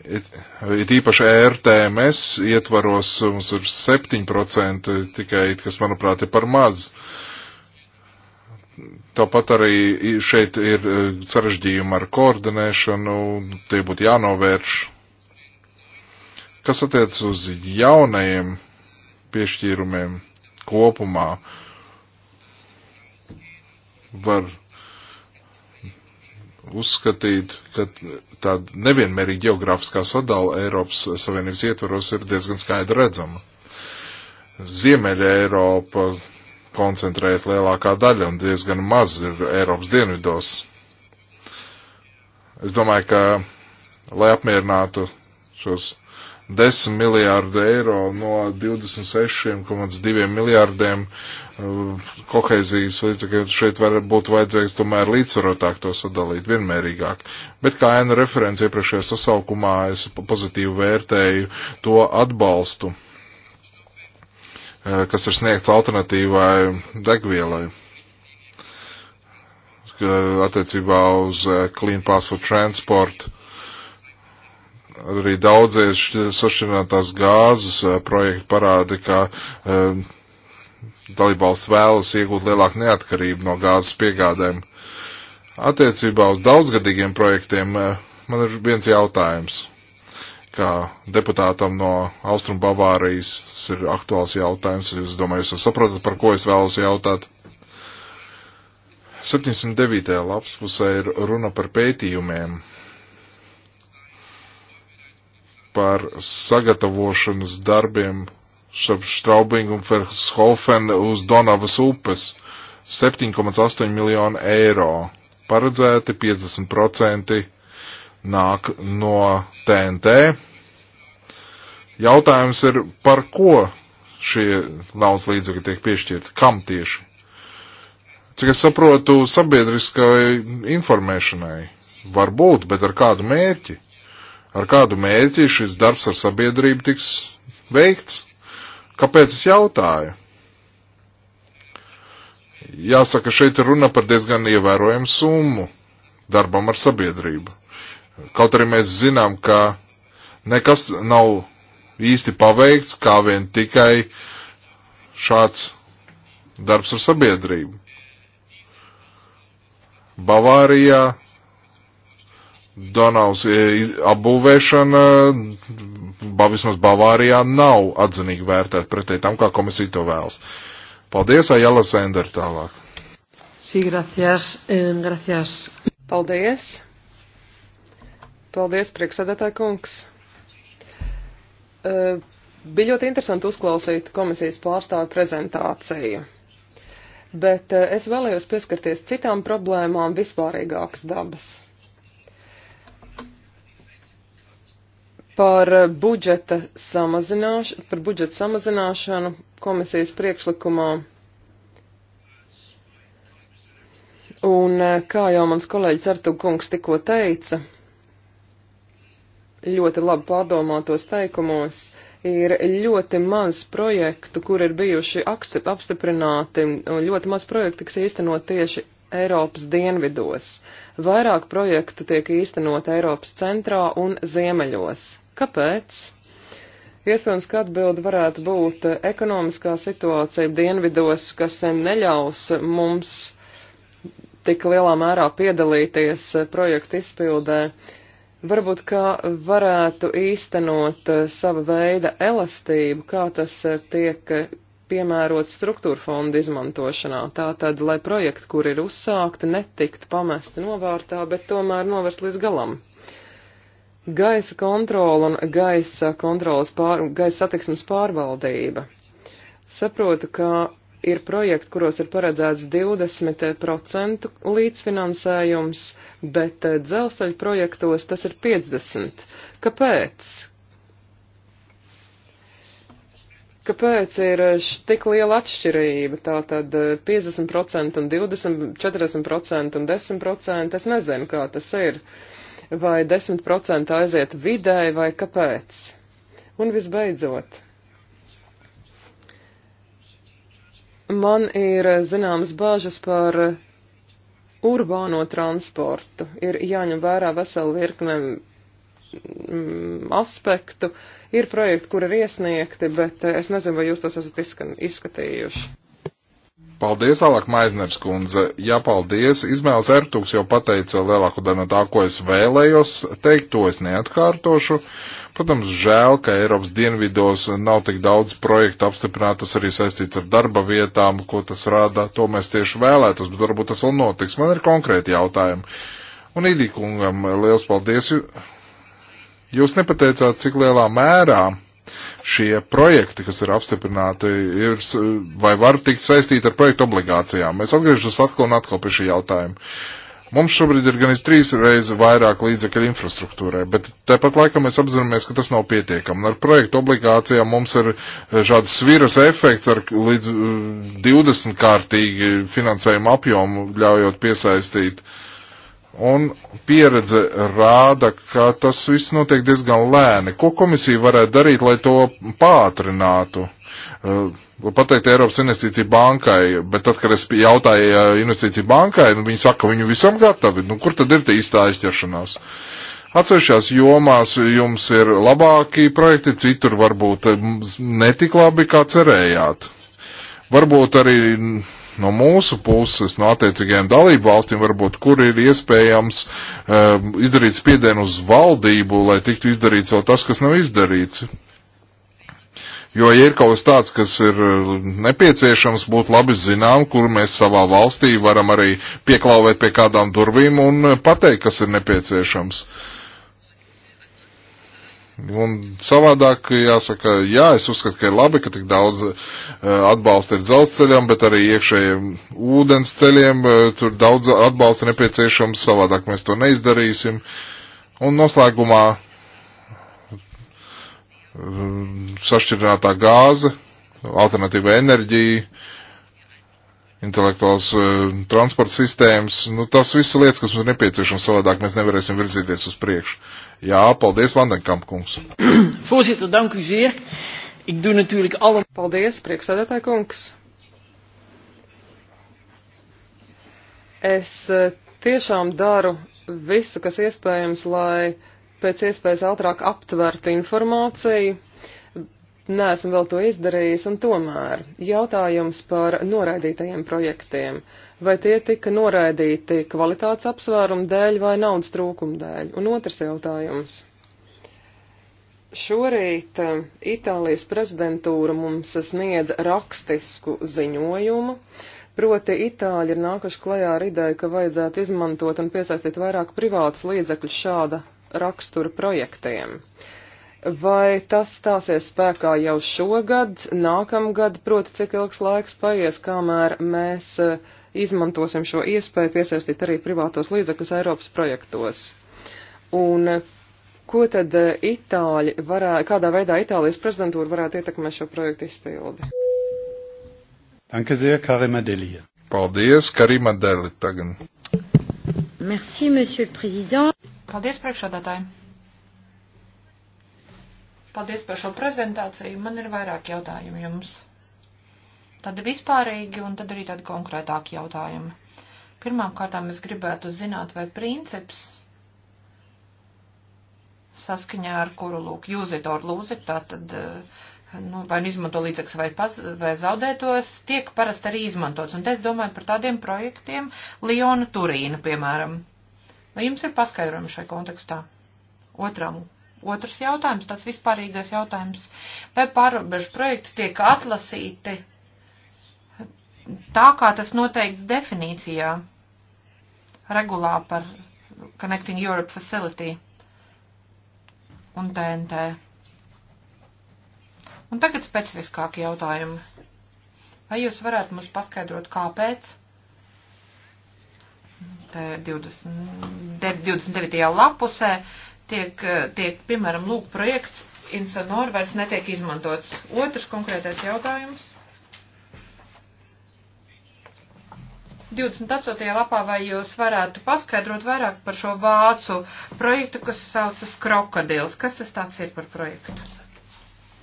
S1: Ir īpaši RTMS ietvaros mums ir 7% tikai, kas manuprāt ir par maz. Tāpat arī šeit ir e, sarežģījumi ar koordinēšanu, tie būtu jānovērš. Kas attiec uz jaunajiem piešķīrumiem kopumā, var uzskatīt, ka tāda nevienmērīga geogrāfiskā sadala Eiropas Savienības ietvaros ir diezgan skaidra redzama. Ziemeļa Eiropa koncentrējas lielākā daļa un diezgan maz ir Eiropas dienvidos. Es domāju, ka, lai apmierinātu šos 10 miljārdu eiro no 26,2 miljārdiem eh, koheizijas līdzekļiem. Šeit var būt vajadzīgs tomēr līdzsvarotāk to sadalīt, vienmērīgāk. Bet kā ēna referents iepriekšējā sasaukumā es pozitīvi vērtēju to atbalstu, eh, kas ir sniegts alternatīvai degvielai eh, attiecībā uz Clean Pass for Transport arī daudzies sašķirinātās gāzes eh, projekti parāda, ka um, dalībvalsts vēlas iegūt lielāku neatkarību no gāzes piegādēm. Attiecībā uz daudzgadīgiem projektiem eh, man ir viens jautājums, kā deputātam no Austrum Bavārijas tas ir aktuāls jautājums. Es domāju, jūs saprotat, par ko es vēlos jautāt. 79. lapspusē ir runa par pētījumiem par sagatavošanas darbiem Straubinga un Fershofena uz Donavas upes 7,8 miljonu eiro. Paredzēti 50% nāk no TNT. Jautājums ir, par ko šie naudas līdzekļi tiek piešķirti? Kam tieši? Cik es saprotu, sabiedriskai informēšanai var būt, bet ar kādu mērķi? Ar kādu mērķi šis darbs ar sabiedrību tiks veikts? Kāpēc es jautāju? Jāsaka, šeit ir runa par diezgan ievērojumu summu darbam ar sabiedrību. Kaut arī mēs zinām, ka nekas nav īsti paveikts, kā vien tikai šāds darbs ar sabiedrību. Bavārijā Donavas e, apbūvēšana, vismaz Bavārijā, nav atzinīgi vērtēt pretēji tam, kā komisija to vēlas. Paldies, Ajala Sender tālāk.
S3: Sí, gracias, eh, gracias. Paldies. Paldies, priekšsēdētāji kungs. Eh, bija ļoti interesanti uzklausīt komisijas pārstāvu prezentāciju, bet eh, es vēlējos pieskarties citām problēmām vispārīgākas dabas. Par budžeta, par budžeta samazināšanu komisijas priekšlikumā. Un eh, kā jau mans kolēģis Artugungs tikko teica, ļoti labi pārdomātos teikumos, ir ļoti maz projektu, kur ir bijuši apstiprināti, un ļoti maz projektu, kas īstenot tieši Eiropas dienvidos. Vairāk projektu tiek īstenot Eiropas centrā un ziemeļos. Kāpēc? Iespējams, ka atbildi varētu būt eh, ekonomiskā situācija dienvidos, kas neļaus mums tik lielā mērā piedalīties eh, projektu izpildē. Varbūt, ka varētu īstenot eh, sava veida elastību, kā tas tiek piemērots struktūra fonda izmantošanā. Tātad, lai projekti, kur ir uzsākti, netikt pamesti novārtā, bet tomēr novest līdz galam. Gaisa kontrola un gaisa, kontrolas pār, gaisa satiksmes pārvaldība. Saprotu, ka ir projekti, kuros ir paredzēts 20% līdzfinansējums, bet eh, dzelzceļa projektos tas ir 50%. Kāpēc? Kāpēc ir eh, tik liela atšķirība? Tātad 50% eh, un 20%, 40% un 10%. Es nezinu, kā tas ir. Vai 10% aiziet vidēji vai kāpēc? Un visbeidzot. Man ir eh, zināmas bāžas par urbāno transportu. Ir jāņem vērā vesela virkne Mm, aspektu. Ir projekti, kur ir iesniegti, bet eh, es nezinu, vai jūs tos esat izskatījuši.
S1: Paldies, tālāk Maizners kundze. Jā, paldies. Izmēls Ertuks jau pateica lielāko daļu no tā, ko es vēlējos teikt, to es neatkārtošu. Protams, žēl, ka Eiropas dienvidos nav tik daudz projektu apstiprināt, tas arī saistīts ar darba vietām, ko tas rāda, to mēs tieši vēlētos, bet varbūt tas vēl notiks. Man ir konkrēti jautājumi. Un Idī kungam liels paldies Jūs nepateicāt, cik lielā mērā šie projekti, kas ir apstiprināti, ir, vai var tikt saistīti ar projektu obligācijām. Mēs atgriežamies atkal un atkal pie šī jautājuma. Mums šobrīd ir gan iz trīs reizes vairāk līdzekļu infrastruktūrai, bet tāpat laikā mēs apzināmies, ka tas nav pietiekami. Ar projektu obligācijām mums ir eh, šāds sviras efekts ar līdz 20 mm, kārtīgi finansējumu apjomu, ļaujot piesaistīt uh, Un pieredze rāda, ka tas viss notiek diezgan lēni. Ko komisija varētu darīt, lai to pātrinātu? Uh, pateikt Eiropas investīcija bankai, bet tad, kad es jautāju investīcija bankai, nu, viņi saka, viņu visam gatavi. Nu, kur tad ir tā īstā aizķeršanās? Atsevišķās jomās jums ir labāki projekti, citur varbūt mm, netik labi, kā cerējāt. Varbūt arī no mūsu puses, no attiecīgajiem dalību valstīm, varbūt, kur ir iespējams um, izdarīt spiedienu uz valdību, lai tiktu izdarīts vēl tas, kas nav izdarīts. Jo, ja ir kaut kas tāds, kas ir eh, nepieciešams, būtu labi zinām, kur mēs savā valstī varam arī pieklauvēt pie kādām durvīm un eh, pateikt, kas ir nepieciešams. Uh, Un savādāk jāsaka, jā, es uzskatu, ka ir labi, ka tik daudz uh, atbalsta ir dzelzceļam, bet arī iekšējiem ūdens ceļiem uh, tur daudz atbalsta nepieciešams, savādāk mēs to neizdarīsim. Un noslēgumā uh, sašķirinātā gāze, alternatīva enerģija, intelektuāls transporta sistēmas, nu tas viss lietas, kas mums ir nepieciešams, savādāk mēs nevarēsim virzīties uz priekšu. Jā, paldies, Vandenkamp kungs. Voorzitter, dank u zeer.
S3: Ik doe natuurlijk alle... Paldies, priekšsēdētāj kungs. Es eh, tiešām daru visu, kas iespējams, lai pēc iespējas ātrāk aptvertu informāciju. Neesmu vēl to izdarījis, un tomēr jautājums par noraidītajiem projektiem. Uh, vai tie tika noraidīti kvalitātes apsvērumu dēļ vai naudas trūkuma dēļ. Un otrs jautājums. Šorīt eh, Itālijas prezidentūra mums sniedz rakstisku ziņojumu, proti Itāļi ir nākuši klajā ar ideju, ka vajadzētu izmantot un piesaistīt vairāk privātas līdzekļu šāda rakstura projektiem. Vai tas stāsies spēkā jau šogad, nākamgad, proti cik ilgs laiks paies, kamēr mēs uh, izmantosim šo iespēju piesaistīt arī privātos līdzekļus Eiropas projektos. Un eh, ko tad eh, Itāļi varētu, kādā veidā Itālijas prezidentūra varētu ietekmēt šo projektu izpildi?
S1: Danke sehr, Karima Deli. Paldies, Karima Deli tagad.
S3: Merci,
S2: monsieur le président. Paldies, priekšādātāji. Paldies par šo prezentāciju. Man ir vairāk jautājumu jums. Tad vispārīgi un tad arī tādi konkrētāki jautājumi. Pirmām kārtām es gribētu zināt, vai princips, saskaņā ar kuru, lūk, jūzit or lūzit, tā tad, eh, nu, vai nu izmanto līdzekļus vai, paz, vai zaudētos, tiek parasti arī izmantots. Un te es domāju par tādiem projektiem Liona Turīna, piemēram. Vai jums ir paskaidrojumi šai kontekstā? Otram Otrs jautājums, tāds vispārīgais jautājums, vai pārobežu projekti tiek atlasīti tā, kā tas noteikts definīcijā regulā par Connecting Europe Facility un TNT. Un tagad specifiskāki jautājumi. Vai jūs varētu mums paskaidrot, kāpēc? Te 20, 29. lapusē tiek, tiek, piemēram, lūk projekts Insonor vairs netiek izmantots. Otrs konkrētais jautājums. 28. lapā, vai jūs varētu paskaidrot vairāk par šo vācu projektu, kas saucas Krokodils. Kas tas tāds ir par projektu?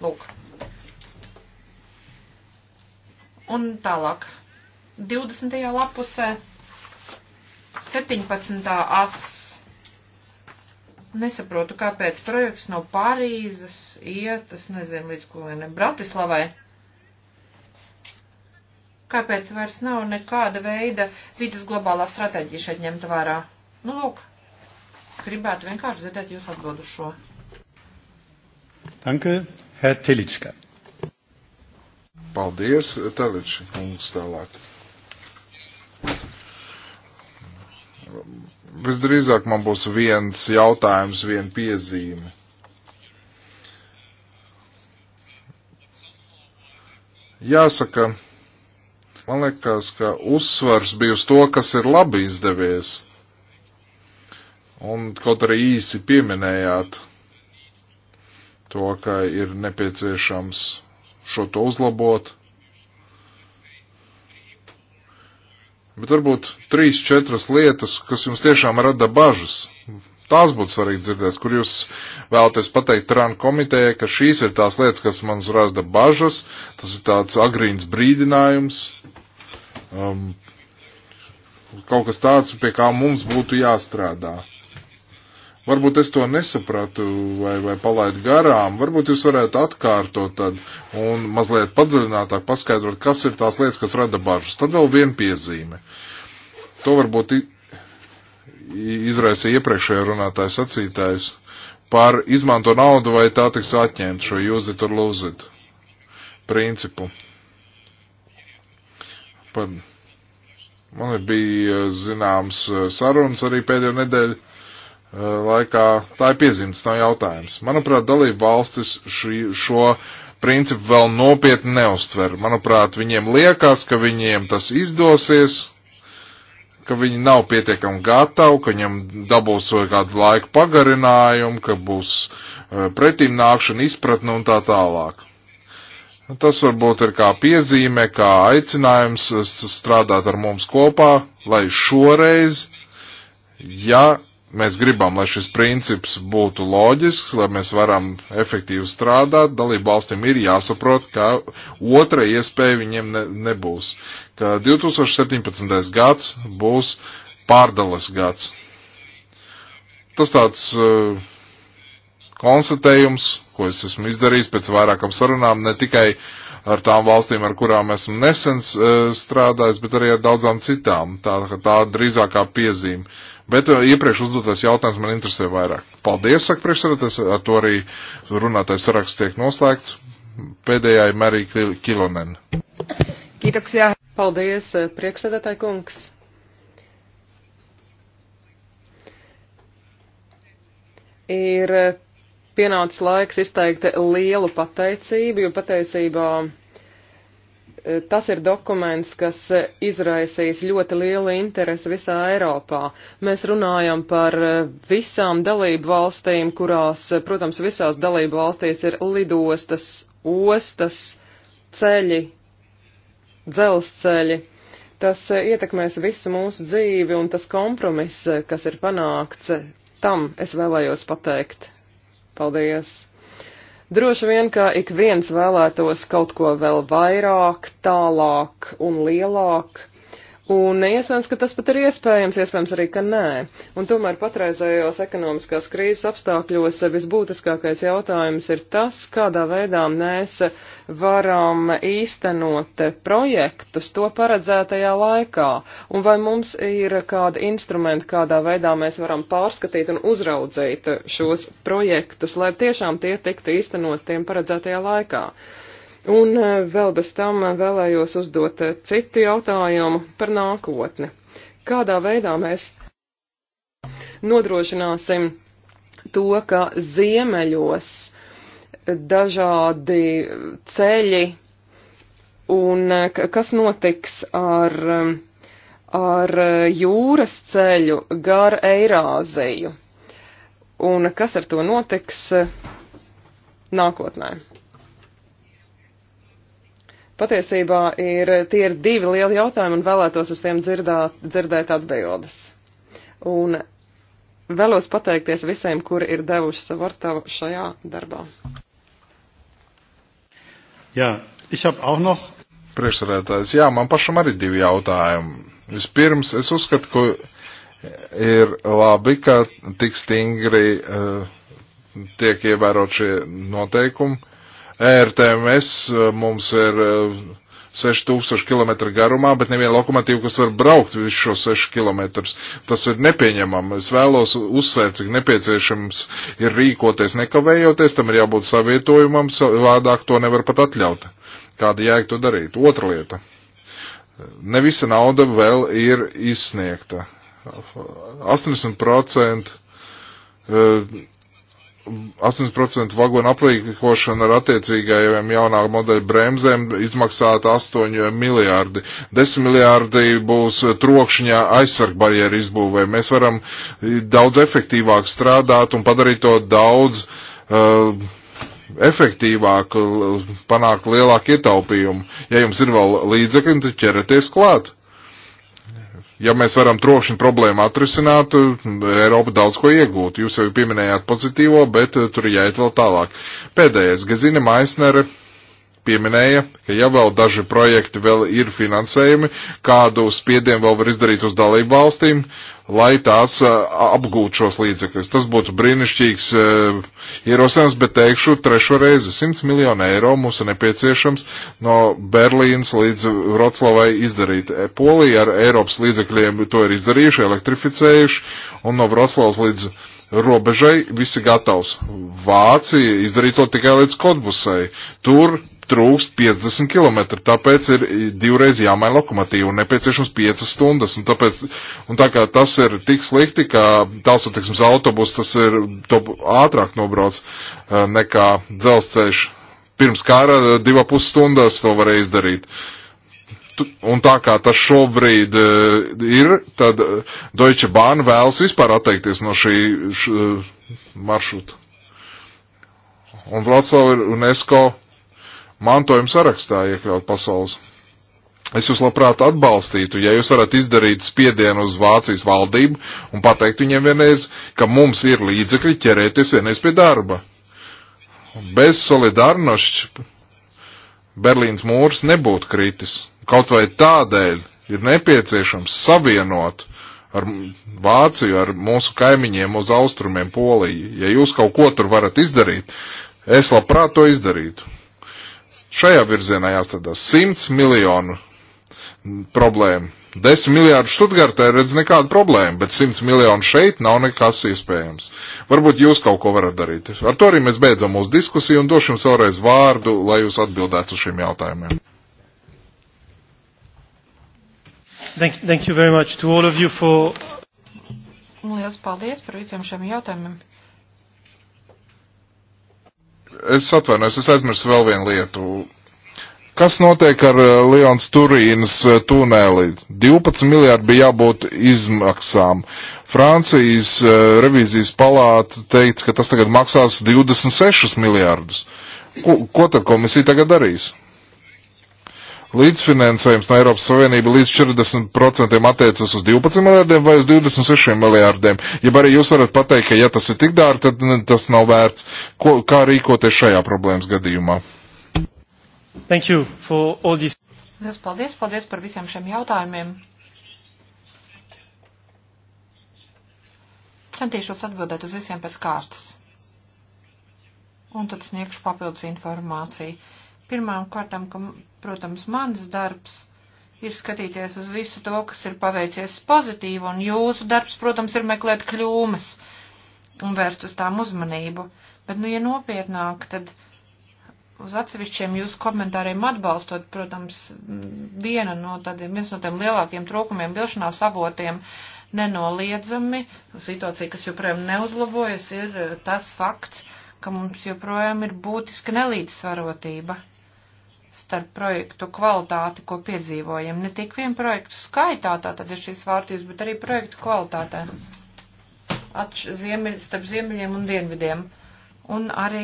S2: Lūk. Un tālāk. 20. lapusē 17. as. Nesaprotu, kāpēc projekts no Parīzes iet, es nezinu, līdz ko vien Bratislavai. Kāpēc vairs nav nekāda veida vidas globālā stratēģija šeit ņemt vērā? Nu, lūk, gribētu vienkārši dzirdēt jūs atbildu šo. Danke,
S1: Herr Telička. Paldies, Teliča, mums tālāk. Visdrīzāk man būs viens jautājums, viena piezīme. Jāsaka, Man liekas, ka uzsvars bija uz to, kas ir labi izdevies. Un kaut arī īsi pieminējāt to, ka ir nepieciešams šo to uzlabot. Bet varbūt trīs, četras lietas, kas jums tiešām rada bažas. Tās būtu svarīgi dzirdēt, kur jūs vēlaties pateikt Trānu komitejai, ka šīs ir tās lietas, kas man rada bažas, tas ir tāds agrīns brīdinājums um, kaut kas tāds, pie kā mums būtu jāstrādā. Varbūt es to nesapratu vai, vai palaidu garām, varbūt jūs varētu atkārtot tad un mazliet padziļinātāk paskaidrot, kas ir tās lietas, kas rada bažas. Tad vēl viena piezīme. To varbūt izraisīja iepriekšējā runātāja sacītājs par izmanto naudu vai tā tiks atņemt šo use it or lose it principu. Par... Man ir bija eh, zināms eh, sarunas arī pēdējo nedēļu eh, laikā. Tā ir piezīmes, nav jautājums. Manuprāt, dalība valstis šī, šo principu vēl nopietni neustver. Manuprāt, viņiem liekas, ka viņiem tas izdosies, ka viņi nav pietiekami gatavi, ka viņam dabūs kādu laiku pagarinājumu, ka būs pretim nākšana, izpratne un tā tālāk. Nu, tas varbūt ir kā piezīme, kā aicinājums eh, strādāt ar mums kopā, lai šoreiz, ja mēs gribam, lai šis princips būtu loģisks, lai mēs varam efektīvi strādāt, dalību valstīm ir jāsaprot, ka otra iespēja viņiem ne, nebūs, ka 2017. gads būs pārdales gads. Tas tāds uh, konstatējums, ko es esmu izdarījis pēc vairākam sarunām, ne tikai ar tām valstīm, ar kurām esmu nesen e, strādājis, bet arī ar daudzām citām. Tā, tā drīzākā piezīme. Bet e, iepriekš uzdotais jautājums man interesē vairāk. Paldies, saka priekšsēdētājs, ar to arī runātais saraksts tiek noslēgts. Pēdējai Marija Kilonen.
S3: Kiitoksia. Paldies, e, priekšsēdētāji kungs. ir pienācis laiks izteikt lielu pateicību, jo pateicībā e, tas ir dokuments, kas izraisīs ļoti lielu interesi visā Eiropā. Mēs runājam par e, visām dalību valstīm, kurās, e, protams, visās dalību valstīs ir lidostas, ostas, ceļi, dzelzceļi. Tas ietekmēs visu mūsu dzīvi un tas kompromiss, kas ir panākts, tam es vēlējos pateikt Paldies! Droši vien, ka ik viens vēlētos kaut ko vēl vairāk, tālāk un lielāk, Un iespējams, ka tas pat ir iespējams, iespējams arī, ka nē. Un tomēr patreizējos ekonomiskās krīzes apstākļos visbūtiskākais jautājums ir tas, kādā veidā mēs varam īstenot projektus to paredzētajā laikā. Un vai mums ir kādi instrumenti, kādā veidā mēs varam pārskatīt un uzraudzīt šos projektus, lai tiešām tie tiktu īstenot tiem paredzētajā laikā. Un eh, vēl bez tam vēlējos uzdot eh, citu jautājumu par nākotni. Kādā veidā mēs nodrošināsim to, ka ziemeļos dažādi ceļi un eh, kas notiks ar, ar jūras ceļu gar Eirāziju un kas ar to notiks nākotnē. Patiesībā ir, tie ir divi lieli jautājumi un vēlētos uz tiem dzirdāt, dzirdēt atbildes. Un vēlos pateikties visiem, kuri ir devuši savu artavu šajā darbā.
S1: Jā, ich hab auch noch. Priekšsarētājs, jā, man pašam arī divi jautājumi. Vispirms, es uzskatu, ka ir labi, ka tik stingri uh, tiek ievērot šie noteikumi. Uh, ERTMS eh, mums ir 6000 eh, km garumā, bet neviena lokomotīva, kas var braukt visu šo 6 km. Tas ir nepieņemami. Es vēlos uzsvērt, cik nepieciešams ir rīkoties nekavējoties, tam ir jābūt savietojumam, savādāk to nevar pat atļaut. Kāda jēga to darīt? Otra lieta. Ne visa nauda vēl ir izsniegta. 80% 80% vagonu aprīkošana ar attiecīgajiem jaunā modeļa bremzēm izmaksāta 8 miljārdi. 10 miljārdi būs trokšņā aizsargbarjeru izbūvē. Mēs varam daudz efektīvāk strādāt un padarīt to daudz uh, efektīvāk, panākt lielāku ietaupījumu. Ja jums ir vēl līdzekļi, tad ķeraties klāt ja mēs varam trokšņu problēmu atrisināt, Eiropa daudz ko iegūtu. Jūs jau pieminējāt pozitīvo, bet eh, tur jāiet vēl tālāk. Pēdējais, Gazina Maisnere pieminēja, ka ja vēl daži projekti vēl ir finansējumi, kādu spiedienu vēl var izdarīt uz dalību valstīm, lai tās apgūtu šos līdzekļus. Tas būtu brīnišķīgs ierosinājums, bet teikšu trešo reizi 100 miljonu eiro mums ir nepieciešams no Berlīnas līdz Vroclavai izdarīt. Polija ar Eiropas līdzekļiem to ir izdarījuši, elektrificējuši, un no Vroclavas līdz Vroclavai robežai, visi gatavs. Vācija izdarīja to tikai līdz kodbusai. Tur trūkst 50 km, tāpēc ir divreiz jāmaina lokomotīva un nepieciešams 5 stundas. Un, tāpēc, un tā kā tas ir tik slikti, ka tālsatiksmes autobus tas ir to ātrāk nobrauc eh, nekā dzelzceļš. Pirms kara divā pusstundas to varēja izdarīt. Uh, un tā kā tas šobrīd uh, ir, tad eh, Deutsche Bahn vēlas vispār atteikties no šī š, eh, maršruta. Un Vroclav ir UNESCO mantojuma sarakstā iekļaut pasaules. Es jūs labprāt atbalstītu, ja jūs varat izdarīt spiedienu uz Vācijas valdību un pateikt viņiem vienreiz, ka mums ir līdzekļi ķerēties vienreiz pie darba. Bez solidarnošķi Berlīns mūrs nebūtu kritis. Kaut vai tādēļ ir nepieciešams savienot ar Vāciju, ar mūsu kaimiņiem uz austrumiem Poliju. Ja jūs kaut ko tur varat izdarīt, es labprāt to izdarītu. Šajā virzienā jāstādās 100 miljonu problēmu. 10 miljārdu Štutgartē redz nekādu problēmu, bet 100 miljonu šeit nav nekas iespējams. Varbūt jūs kaut ko varat darīt. Ar to arī mēs beidzam mūsu diskusiju un došam savreiz vārdu, lai jūs atbildētu uz šiem jautājumiem. Thank, thank you very much
S2: to all of you for. Un liels paldies par visiem šiem jautājumiem.
S1: Es atvainojos, es aizmirsu vēl vienu lietu. Kas notiek ar eh, Lions Turīnas eh, tuneli? 12 miljārdi bija jābūt izmaksām. Francijas eh, revīzijas palāta teica, ka tas tagad maksās 26 miljārdus. Ko, ko tad komisija tagad darīs? līdzfinansējums no Eiropas Savienība līdz 40% attiecas uz 12 miljārdiem vai uz 26 miljārdiem. Ja arī jūs varat pateikt, ka ja tas ir tik dārgi, tad tas nav vērts. Ko, kā rīkoties šajā problēmas gadījumā?
S3: Thank you for all this.
S2: Liels paldies, paldies par visiem šiem jautājumiem. Centīšos atbildēt uz visiem pēc kārtas. Un tad sniegšu papildus informāciju Pirmām kārtām, ka, protams, mans darbs ir skatīties uz visu to, kas ir paveicies pozitīvi, un jūsu darbs, protams, ir meklēt kļūmes un vērst uz tām uzmanību. Bet, nu, ja nopietnāk, tad uz atsevišķiem jūsu komentāriem atbalstot, protams, viena no tādiem, viens no tiem lielākiem trūkumiem, bilšanās avotiem nenoliedzami, situācija, kas joprojām neuzlabojas, ir tas fakts, ka mums joprojām ir būtiska nelīdzsvarotība starp projektu kvalitāti, ko piedzīvojam. Ne tik vien projektu skaitā, tātad ir šīs vārtības, bet arī projektu kvalitātē. Atš, ziemeļ, starp ziemeļiem un dienvidiem. Un arī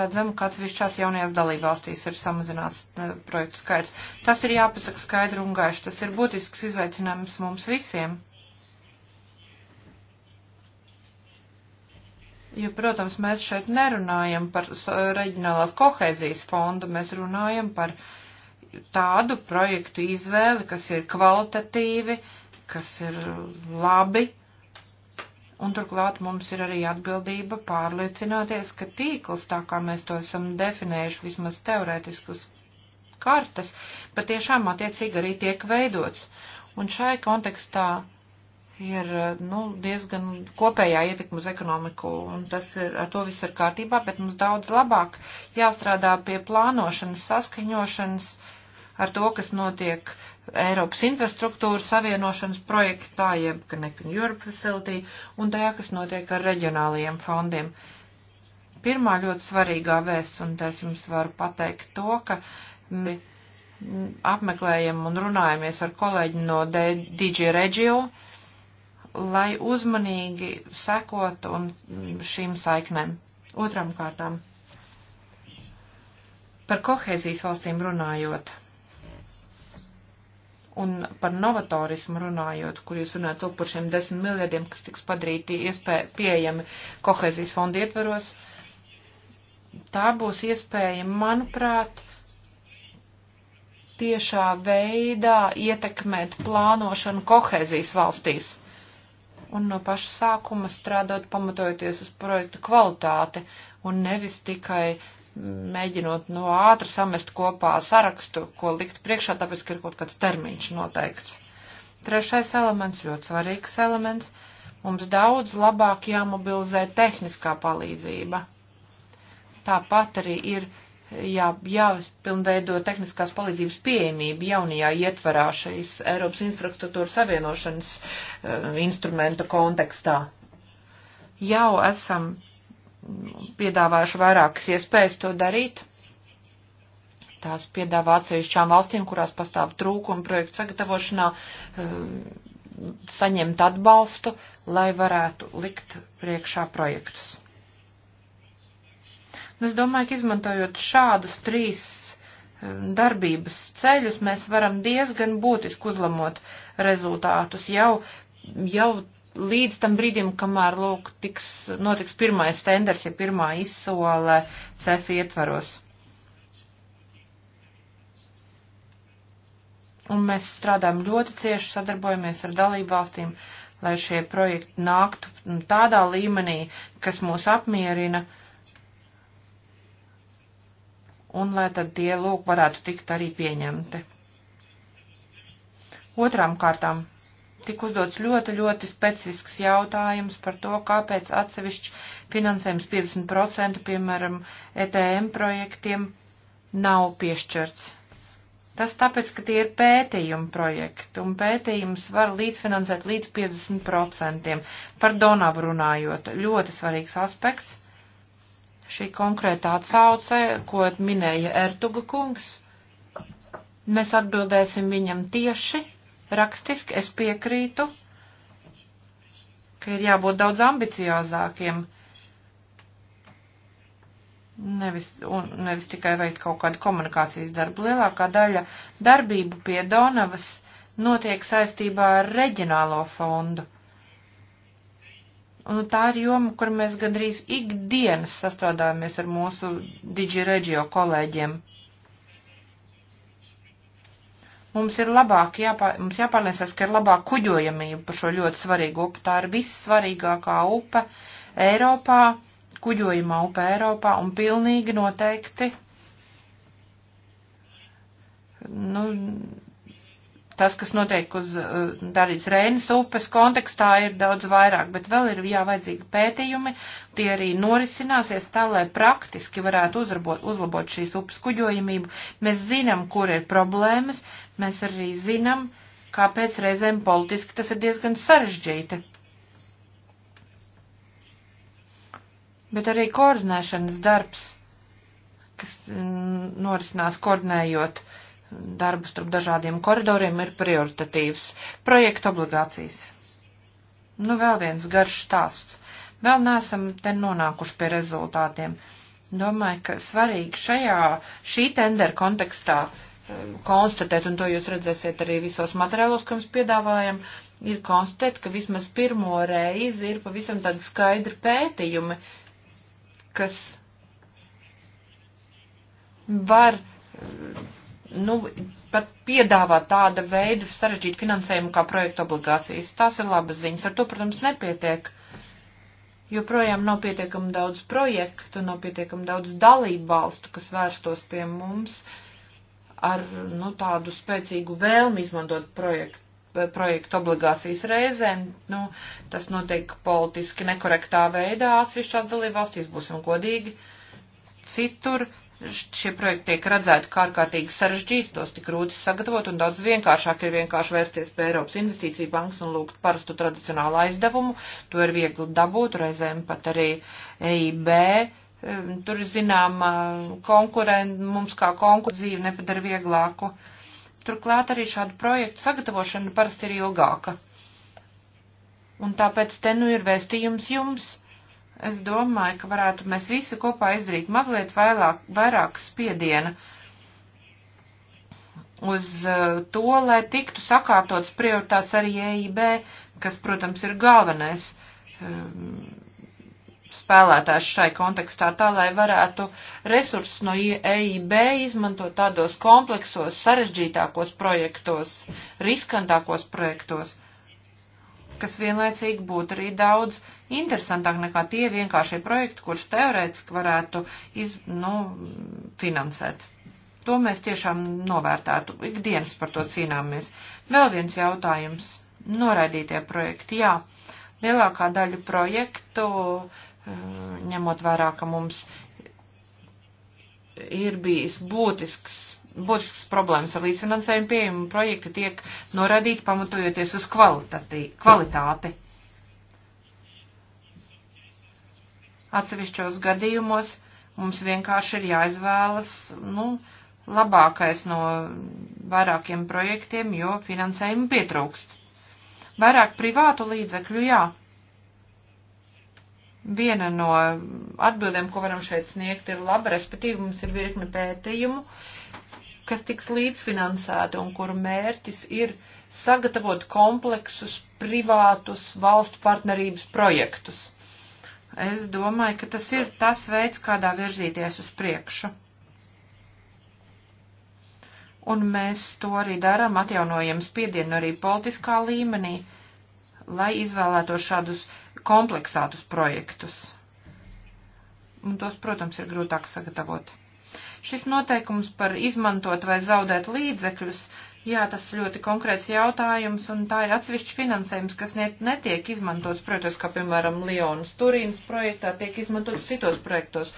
S2: redzam, ka atsevišķās jaunajās dalībvalstīs ir samazināts ne, eh, projektu skaits. Tas ir jāpasaka skaidri un gaiši. Tas ir būtisks izaicinājums mums visiem. Jo, protams, mēs šeit nerunājam par reģionālās kohēzijas fondu, mēs runājam par tādu projektu izvēli, kas ir kvalitatīvi, kas ir labi, un turklāt mums ir arī atbildība pārliecināties, ka tīkls, tā kā mēs to esam definējuši vismaz teorētiski uz kartes, patiešām attiecīgi arī tiek veidots. Un šai kontekstā ir eh, nu, diezgan kopējā ietekme uz ekonomiku, un tas ir, ar to viss ir kārtībā, bet mums daudz labāk jāstrādā pie plānošanas, saskaņošanas ar to, kas notiek Eiropas infrastruktūras savienošanas projektā, jeb Connecting Europe Facility, un tajā, kas notiek ar reģionālajiem fondiem. Pirmā ļoti svarīgā vēsts, un es jums varu pateikt to, ka apmeklējam un runājamies ar kolēģi no DJ Regio, uh, lai uzmanīgi sekot un šīm saiknēm. Otram kārtām. Par kohēzijas valstīm runājot un par novatorismu runājot, kur jūs runājat par šiem desmit miljardiem, kas tiks padarīti iespēja, pieejami kohēzijas fonda ietveros, tā būs iespēja, manuprāt, tiešā veidā ietekmēt plānošanu kohēzijas valstīs un no paša sākuma strādot pamatojoties uz projektu kvalitāti un nevis tikai mēģinot no ātri samest kopā sarakstu, ko likt priekšā, tāpēc, ka ir kaut kāds termiņš noteikts. Trešais elements, ļoti svarīgs elements, mums daudz labāk jāmobilizē tehniskā palīdzība. Tāpat arī ir jā, jāpilnveido tehniskās palīdzības pieejamība jaunajā ietvarā šīs Eiropas infrastruktūras savienošanas uh, eh, instrumenta kontekstā. Jau esam piedāvājuši vairākas iespējas to darīt. Tās piedāvā atsevišķām valstīm, kurās pastāv trūkumi projektu sagatavošanā, uh, saņemt atbalstu, lai varētu likt priekšā projektus. Nu, es domāju, ka izmantojot šādus trīs darbības ceļus, mēs varam diezgan būtiski uzlamot rezultātus jau, jau līdz tam brīdim, kamēr, lūk, tiks, notiks pirmais tenders, ja pirmā izsole CEF ietvaros. Un mēs strādājam ļoti cieši, sadarbojamies ar dalību valstīm, lai šie projekti nāktu tādā līmenī, kas mūs apmierina un lai tad tie lūk varētu tikt arī pieņemti. Otrām kārtām tik uzdots ļoti, ļoti specifisks jautājums par to, kāpēc atsevišķi finansējums 50%, piemēram, ETM projektiem nav piešķirts. Tas tāpēc, ka tie ir pētījuma projekti, un pētījums var līdzfinansēt līdz 50%. Par donavu runājot, ļoti svarīgs aspekts šī konkrētā atsauce, ko minēja Ertuga kungs. Mēs atbildēsim viņam tieši, rakstiski, es piekrītu, ka ir jābūt daudz ambiciozākiem. Nevis, un, nevis tikai veikt kaut kādu komunikācijas darbu. Lielākā daļa darbību pie Donavas notiek saistībā ar reģionālo fondu. Un tā ir joma, kur mēs gandrīz ikdienas sastrādājamies ar mūsu DigiRegio kolēģiem. Mums ir labāk, jāpār, mums jāpārliecās, ka ir labāk kuģojamība par šo ļoti svarīgu upi. Tā ir vissvarīgākā upe Eiropā, kuģojumā upe Eiropā un pilnīgi noteikti. Nu, Tas, kas notiek uz eh, Darijas Reinas upes kontekstā, ir daudz vairāk, bet vēl ir jāvajadzīgi pētījumi. Tie arī norisināsies tā, lai praktiski varētu uzrabot, uzlabot šīs upes kuģojamību. Mēs zinām, kur ir problēmas, mēs arī zinām, kāpēc reizēm politiski tas ir diezgan sarežģīti. Bet arī koordinēšanas darbs, kas mm, norisinās koordinējot uh, darbu starp dažādiem koridoriem ir prioritatīvs. Projekta obligācijas. Nu, vēl viens garš stāsts. Vēl neesam te nonākuši pie rezultātiem. Domāju, ka svarīgi šajā, šī tendera kontekstā um, konstatēt, un to jūs redzēsiet arī visos materiālos, ko jums piedāvājam, ir konstatēt, ka vismaz pirmo reizi ir pavisam tādi skaidri pētījumi, kas var um, nu, pat piedāvā tāda veida sarežģītu finansējumu kā projektu obligācijas. Tās ir labas ziņas. Ar to, protams, nepietiek. Joprojām nav pietiekami daudz projektu, nav pietiekami daudz dalību valstu, kas vērstos pie mums ar nu, tādu spēcīgu vēlmi izmantot projektu projektu obligācijas reizēm, nu, tas notiek politiski nekorektā veidā atsevišķās dalībvalstīs, būsim godīgi. Citur šie projekti tiek redzēti kā ārkārtīgi sarežģīti, tos tik grūti sagatavot un daudz vienkāršāk ir vienkārši vērsties pie Eiropas investīcija bankas un lūgt parastu tradicionālu aizdevumu. To ir viegli dabūt, reizēm pat arī EIB. Tur, zinām, konkurenti mums kā konkurentu dzīvi nepadara vieglāku. Turklāt arī šādu projektu sagatavošana parasti ir ilgāka. Un tāpēc te nu ir vēstījums jums Es domāju, ka varētu mēs visi kopā izdarīt mazliet vairāk, vairāk spiediena uz eh, to, lai tiktu sakārtotas prioritātes arī EIB, kas, protams, ir galvenais eh, spēlētājs šai kontekstā, tā lai varētu resursus no EIB izmantot tādos kompleksos, sarežģītākos projektos, riskantākos projektos kas vienlaicīgi būtu arī daudz interesantāk nekā tie vienkāršie projekti, kurus teorētiski varētu iz, nu, finansēt. To mēs tiešām novērtētu, ikdienas par to cīnāmies. Vēl viens jautājums - noraidītie projekti. Jā, lielākā daļa projektu, eh, ņemot vērā, ka mums ir bijis būtisks būtisks problēmas ar līdzfinansējumu pieejumu projekti tiek noradīti pamatojoties uz kvalitāti. Atsevišķos gadījumos mums vienkārši ir jāizvēlas, nu, labākais no vairākiem projektiem, jo finansējumu pietrūkst. Vairāk privātu līdzekļu, jā. Viena no atbildēm, ko varam šeit sniegt, ir laba, respektīvi mums ir virkne pētījumu, uh, kas tiks līdzfinansēta un kuru mērķis ir sagatavot kompleksus privātus valstu partnerības projektus. Es domāju, ka tas ir tas veids, kādā virzīties uz priekšu. Un mēs to arī darām, atjaunojam spiedienu arī politiskā līmenī, lai izvēlētos šādus kompleksātus projektus. Un tos, protams, ir grūtāk sagatavot. Šis noteikums par izmantot vai zaudēt līdzekļus, jā, tas ļoti konkrēts jautājums, un tā ir atsevišķi finansējums, kas net, netiek izmantots projektos, kā piemēram Lionas Turīnas projektā, tiek izmantots citos projektos,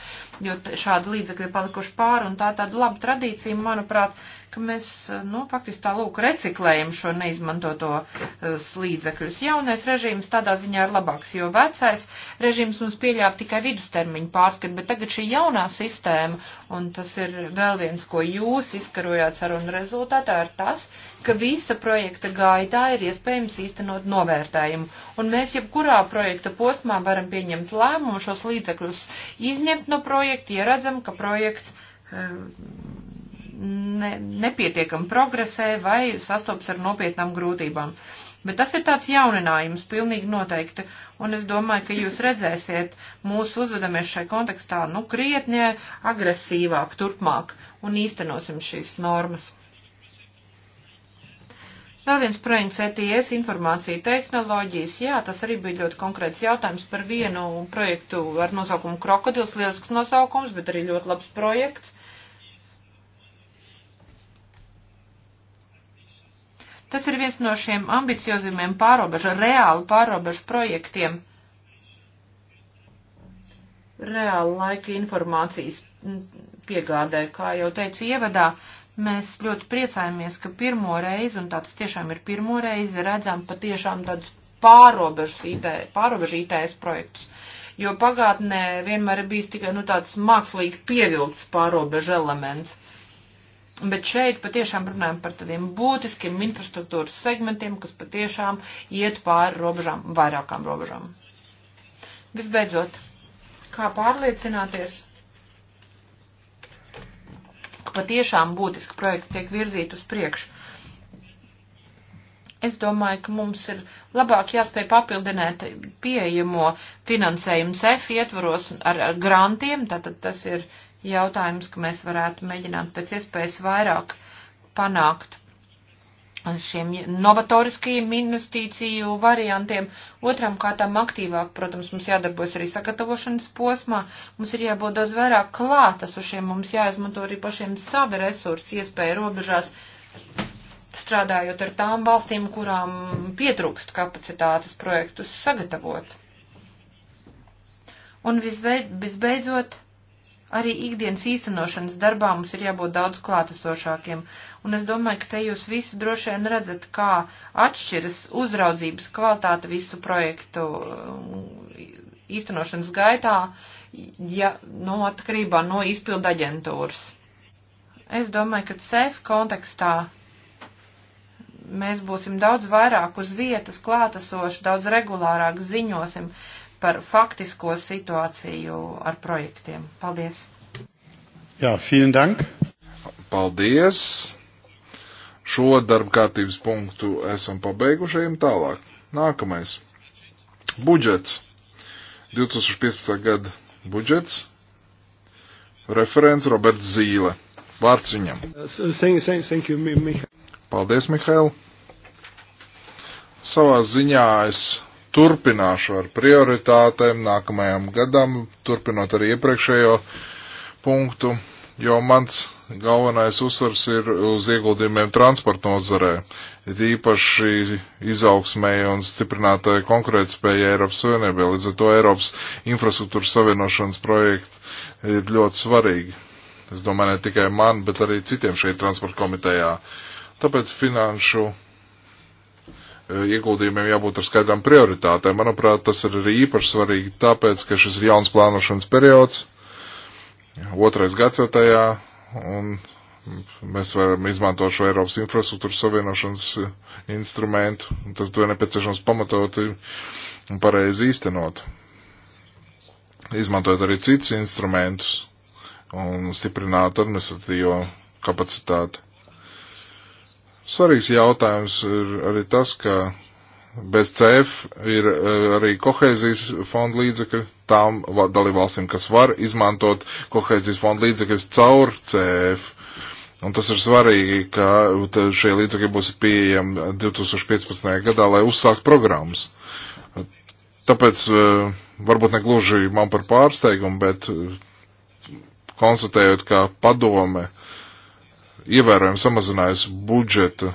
S2: jo šādi līdzekļi palikuši pāri, un tā tāda laba tradīcija, manuprāt, ka mēs, eh, nu, faktiski tā lūk, reciklējam šo neizmantoto eh, līdzekļus. Jaunais režīms tādā ziņā ir labāks, jo vecais režīms mums pieļāva tikai vidustermiņu pārskatu, bet tagad šī jaunā sistēma, un tas ir vēl viens, ko jūs izkarojāt sarunu rezultātā, ir tas, ka visa projekta gaitā ir iespējams īstenot novērtējumu, un mēs jebkurā projekta posmā varam pieņemt lēmumu šos līdzekļus izņemt no projekta, ja redzam, ka projekts eh, ne, nepietiekam progresē vai sastops ar nopietnām grūtībām. Bet tas ir tāds jauninājums, pilnīgi noteikti, un es domāju, ka jūs redzēsiet mūsu uzvedamies šai kontekstā, nu, krietnie agresīvāk turpmāk un īstenosim šīs normas. Vēl viens projekts ETS informācija tehnoloģijas. Jā, tas arī bija ļoti konkrēts jautājums par vienu projektu ar nosaukumu Krokodils, lielisks nosaukums, bet arī ļoti labs projekts. Tas ir viens no šiem ambiciozumiem pārobežu, reālu pārobežu projektiem. Reāla laika informācijas piegādē, kā jau teicu ievadā, mēs ļoti priecājamies, ka pirmo reizi, un tāds tiešām ir pirmo reizi, redzam patiešām tādus pārobežu IT, pārobežu ITS projektus. Jo pagātnē vienmēr ir bijis tikai, nu, tāds mākslīgi pievilkts pārobežu elements. Bet šeit patiešām runājam par tādiem būtiskiem infrastruktūras segmentiem, kas patiešām iet pāri robežām, vairākām robežām. Visbeidzot, kā pārliecināties, ka patiešām būtiski projekti tiek virzīti uz priekšu? Es domāju, ka mums ir labāk jāspēj papildināt pieejamo finansējumu CEF ietvaros ar, ar grantiem, tātad tas ir jautājums, ka mēs varētu mēģināt pēc iespējas vairāk panākt ar šiem novatoriskajiem investīciju variantiem. Otram kārtām aktīvāk, protams, mums jādarbojas arī sagatavošanas posmā. Mums ir jābūt daudz vairāk klātesošiem, mums jāizmanto arī pašiem savi resursi, iespēja robežās, strādājot ar tām valstīm, kurām pietrūkst kapacitātes projektus sagatavot. Un visbeidzot, Arī ikdienas īstenošanas darbā mums ir jābūt daudz klātesošākiem, un es domāju, ka te jūs visu droši vien redzat, kā atšķiras uzraudzības kvalitāte visu projektu um, īstenošanas gaitā, ja, no nu, atkarībā no izpilda aģentūras. Es domāju, ka CEF kontekstā mēs būsim daudz vairāk uz vietas klātesoši, daudz regulārāk ziņosim par faktisko situāciju ar projektiem. Paldies!
S1: Jā, vielen dank! Paldies! Šo darba kārtības punktu esam pabeiguši, ejam tālāk. Nākamais. Budžets. 2015. gada budžets. Referents Roberts Zīle. Vārds viņam.
S3: Thank you, Mihail.
S1: Paldies, Mihail. Savā ziņā es turpināšu ar prioritātēm nākamajam gadam, turpinot arī iepriekšējo punktu, jo mans galvenais uzsvars ir uz ieguldījumiem transporta nozarē, it īpaši izaugsmēji un stiprinātai konkurētspēja Eiropas Savienībā. Līdz ar to Eiropas infrastruktūras savienošanas projekts ir ļoti svarīgi. Es domāju, ne tikai man, bet arī citiem šeit transporta komitejā. Tāpēc finanšu ieguldījumiem jābūt ar skaidrām prioritātēm. Manuprāt, tas ir arī īpaši svarīgi tāpēc, ka šis ir jauns plānošanas periods, otrais gads jau tajā, un mēs varam izmantot šo Eiropas infrastruktūras savienošanas instrumentu, un tas to ir nepieciešams pamatot un pareizi īstenot. Izmantojot arī citus instrumentus un stiprināt administratīvo kapacitāti. Svarīgs jautājums ir arī tas, ka bez CF ir eh, arī kohēzijas fonda līdzekļi tām dalībvalstīm, kas var izmantot kohēzijas fonda līdzekļus caur CF. Un tas ir svarīgi, ka šie līdzekļi būs pieejami 2015. gadā, lai uzsākt programmas. Tāpēc eh, varbūt negluži man par pārsteigumu, bet eh, konstatējot, ka padome uh, ievērojami samazinājusi budžetu,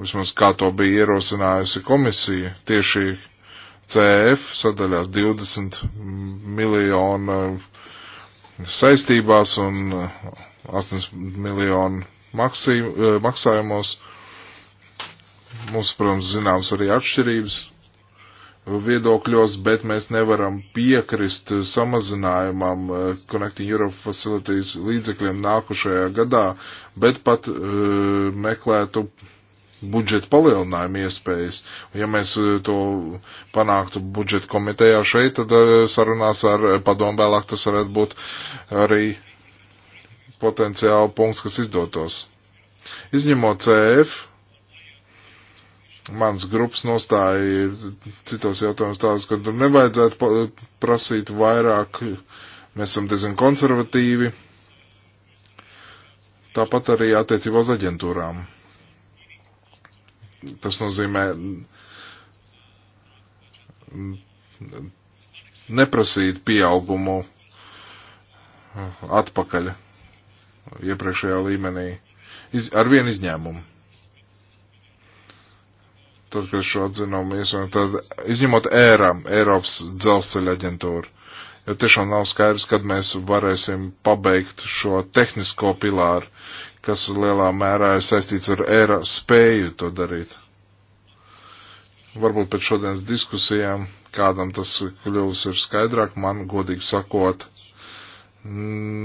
S1: vismaz kā to bija ierosinājusi komisija, tieši CF sadaļās 20 miljonu saistībās un 80 miljonu maksī, eh, maksājumos. Mums, protams, zināms arī atšķirības viedokļos, bet mēs nevaram piekrist samazinājumam eh, Connecting Europe Facilities līdzekļiem nākušajā gadā, bet pat uh, meklētu budžeta palielinājumu iespējas. Ja mēs eh, to panāktu budžeta komitejā šeit, tad sarunās ar padomu vēlāk tas varētu būt arī potenciāli punkts, kas izdotos. Izņemot CF, mans grupas nostāja citos jautājumus tādus, ka tur nevajadzētu prasīt vairāk. Mēs esam diezgan konservatīvi. Tāpat arī attiecībā uz aģentūrām. Tas nozīmē neprasīt pieaugumu atpakaļ iepriekšējā līmenī. Iz, ar vienu izņēmumu tad, kad šo atzinumu iesauņu, tad izņemot ēram Eiropas dzelzceļa aģentūru. Jo tiešām nav skaidrs, kad mēs varēsim pabeigt šo tehnisko pilāru, kas lielā mērā ir saistīts ar ēra spēju to darīt. Varbūt pēc šodienas diskusijām kādam tas kļūs ir skaidrāk, man godīgi sakot,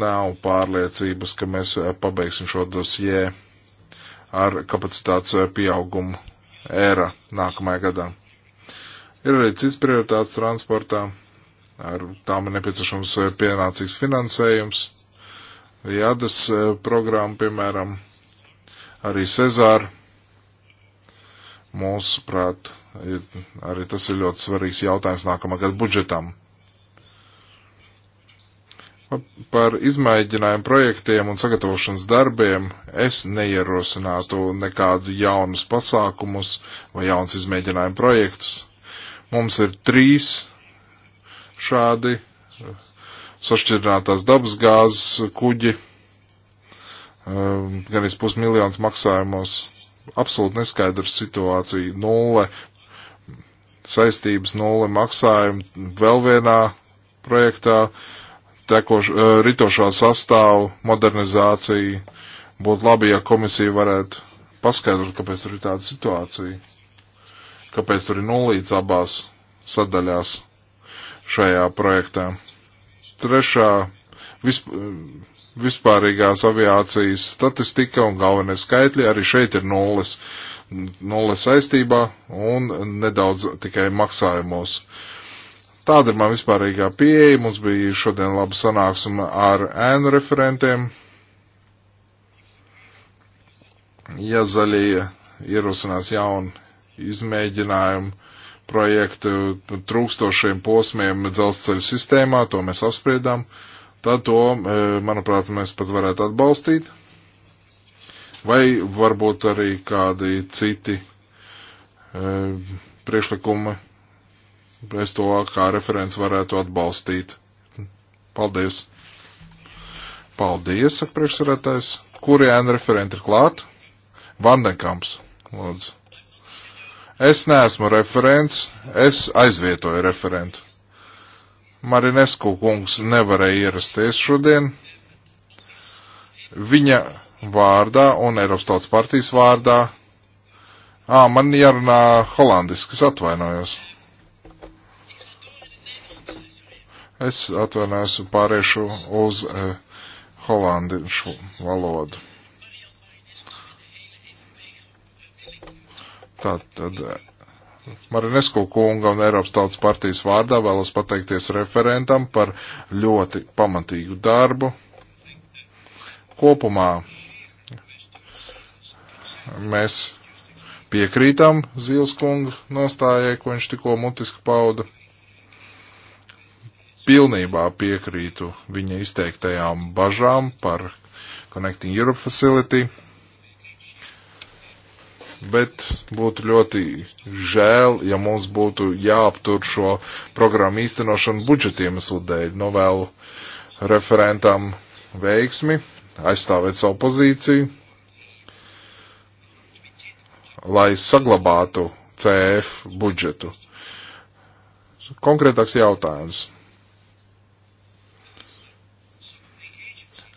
S1: nav pārliecības, ka mēs pabeigsim šo dosjē ar kapacitātes pieaugumu ēra nākamajā gadā. Ir arī cits prioritāts transportā, ar tām ir nepieciešams eh, pienācīgs finansējums, jādas eh, programma, piemēram, arī Cezāra. Mūsuprāt, arī tas ir ļoti svarīgs jautājums nākamā gada budžetam. Par izmēģinājumu projektiem un sagatavošanas darbiem es neierosinātu nekādus jaunus pasākumus vai jaunus izmēģinājumu projektus. Mums ir trīs šādi sašķirinātās dabas gāzes kuģi, ehm, gan arī pusmiljons maksājumos. Absolūti neskaidrs situācija, nulle saistības, nulle maksājumi vēl vienā projektā. Uh, tekoš, eh, ritošā sastāvu modernizāciju. Būtu labi, ja komisija varētu paskaidrot, kāpēc tur ir tāda situācija, kāpēc tur ir nulīts abās sadaļās šajā projektā. Trešā visp vispārīgās aviācijas statistika un galvenie skaitļi arī šeit ir nulles, nulles saistībā un nedaudz tikai maksājumos. Uh, Tāda ir man vispārīgā pieeja. Mums bija šodien laba sanāksme ar ēnu referentiem. Ja zaļie ierosinās jaunu izmēģinājumu projektu trūkstošiem posmiem dzelzceļa sistēmā, to mēs apspriedām, tad to, e, manuprāt, mēs pat varētu atbalstīt. Vai varbūt arī kādi citi e, priekšlikumi es to kā referents varētu atbalstīt. Paldies! Paldies, saka priekšsarētājs. Kuri ēna referenti ir klāt? Vandenkamps, lūdzu. Es neesmu referents, es aizvietoju referentu. Marinesku kungs nevarēja ierasties šodien. Viņa vārdā un Eiropas tautas partijas vārdā. Ā, man jārunā holandiski, es atvainojos. Es atvainojos un pāriešu uz uh, e, holandiešu valodu. Tātad e, Marinesko kunga un Eiropas Tautas partijas vārdā vēlas pateikties referentam par ļoti pamatīgu darbu. Kopumā mēs piekrītam Zīles kunga nostājai, ko viņš tikko mutiski pauda pilnībā piekrītu viņa izteiktajām bažām par Connecting Europe Facility, bet būtu ļoti žēl, ja mums būtu jāaptur šo programmu īstenošanu budžetiem sludēļ. Novēlu referentam veiksmi, aizstāvēt savu pozīciju, lai saglabātu CF budžetu. Konkrētāks jautājums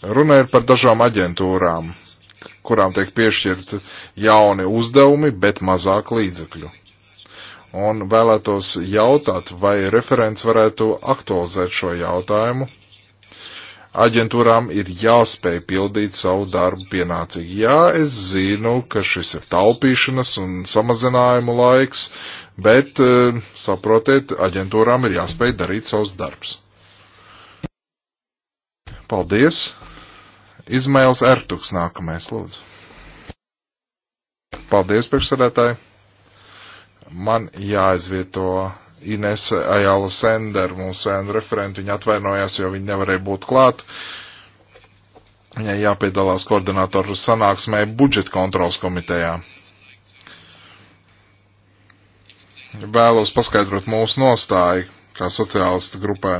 S1: Runa ir par dažām aģentūrām, kurām tiek piešķirt jauni uzdevumi, bet mazāk līdzekļu. Un vēlētos jautāt, vai referents varētu aktualizēt šo jautājumu. Aģentūrām ir jāspēj pildīt savu darbu pienācīgi. Jā, es zinu, ka šis ir taupīšanas un samazinājumu laiks, bet, eh, saprotiet, aģentūrām ir jāspēj darīt savus darbs. Paldies! Izmails Ertuks nākamais, lūdzu. Paldies, priekšsarētāji. Man jāizvieto Ines Ajala Sender, mūsu sēnu referenti. Viņa atvainojās, jo viņa nevarēja būt klāt. Viņai jāpiedalās koordinatoru sanāksmē budžeta kontrols komitejā. Vēlos paskaidrot mūsu nostāju kā sociālistu grupai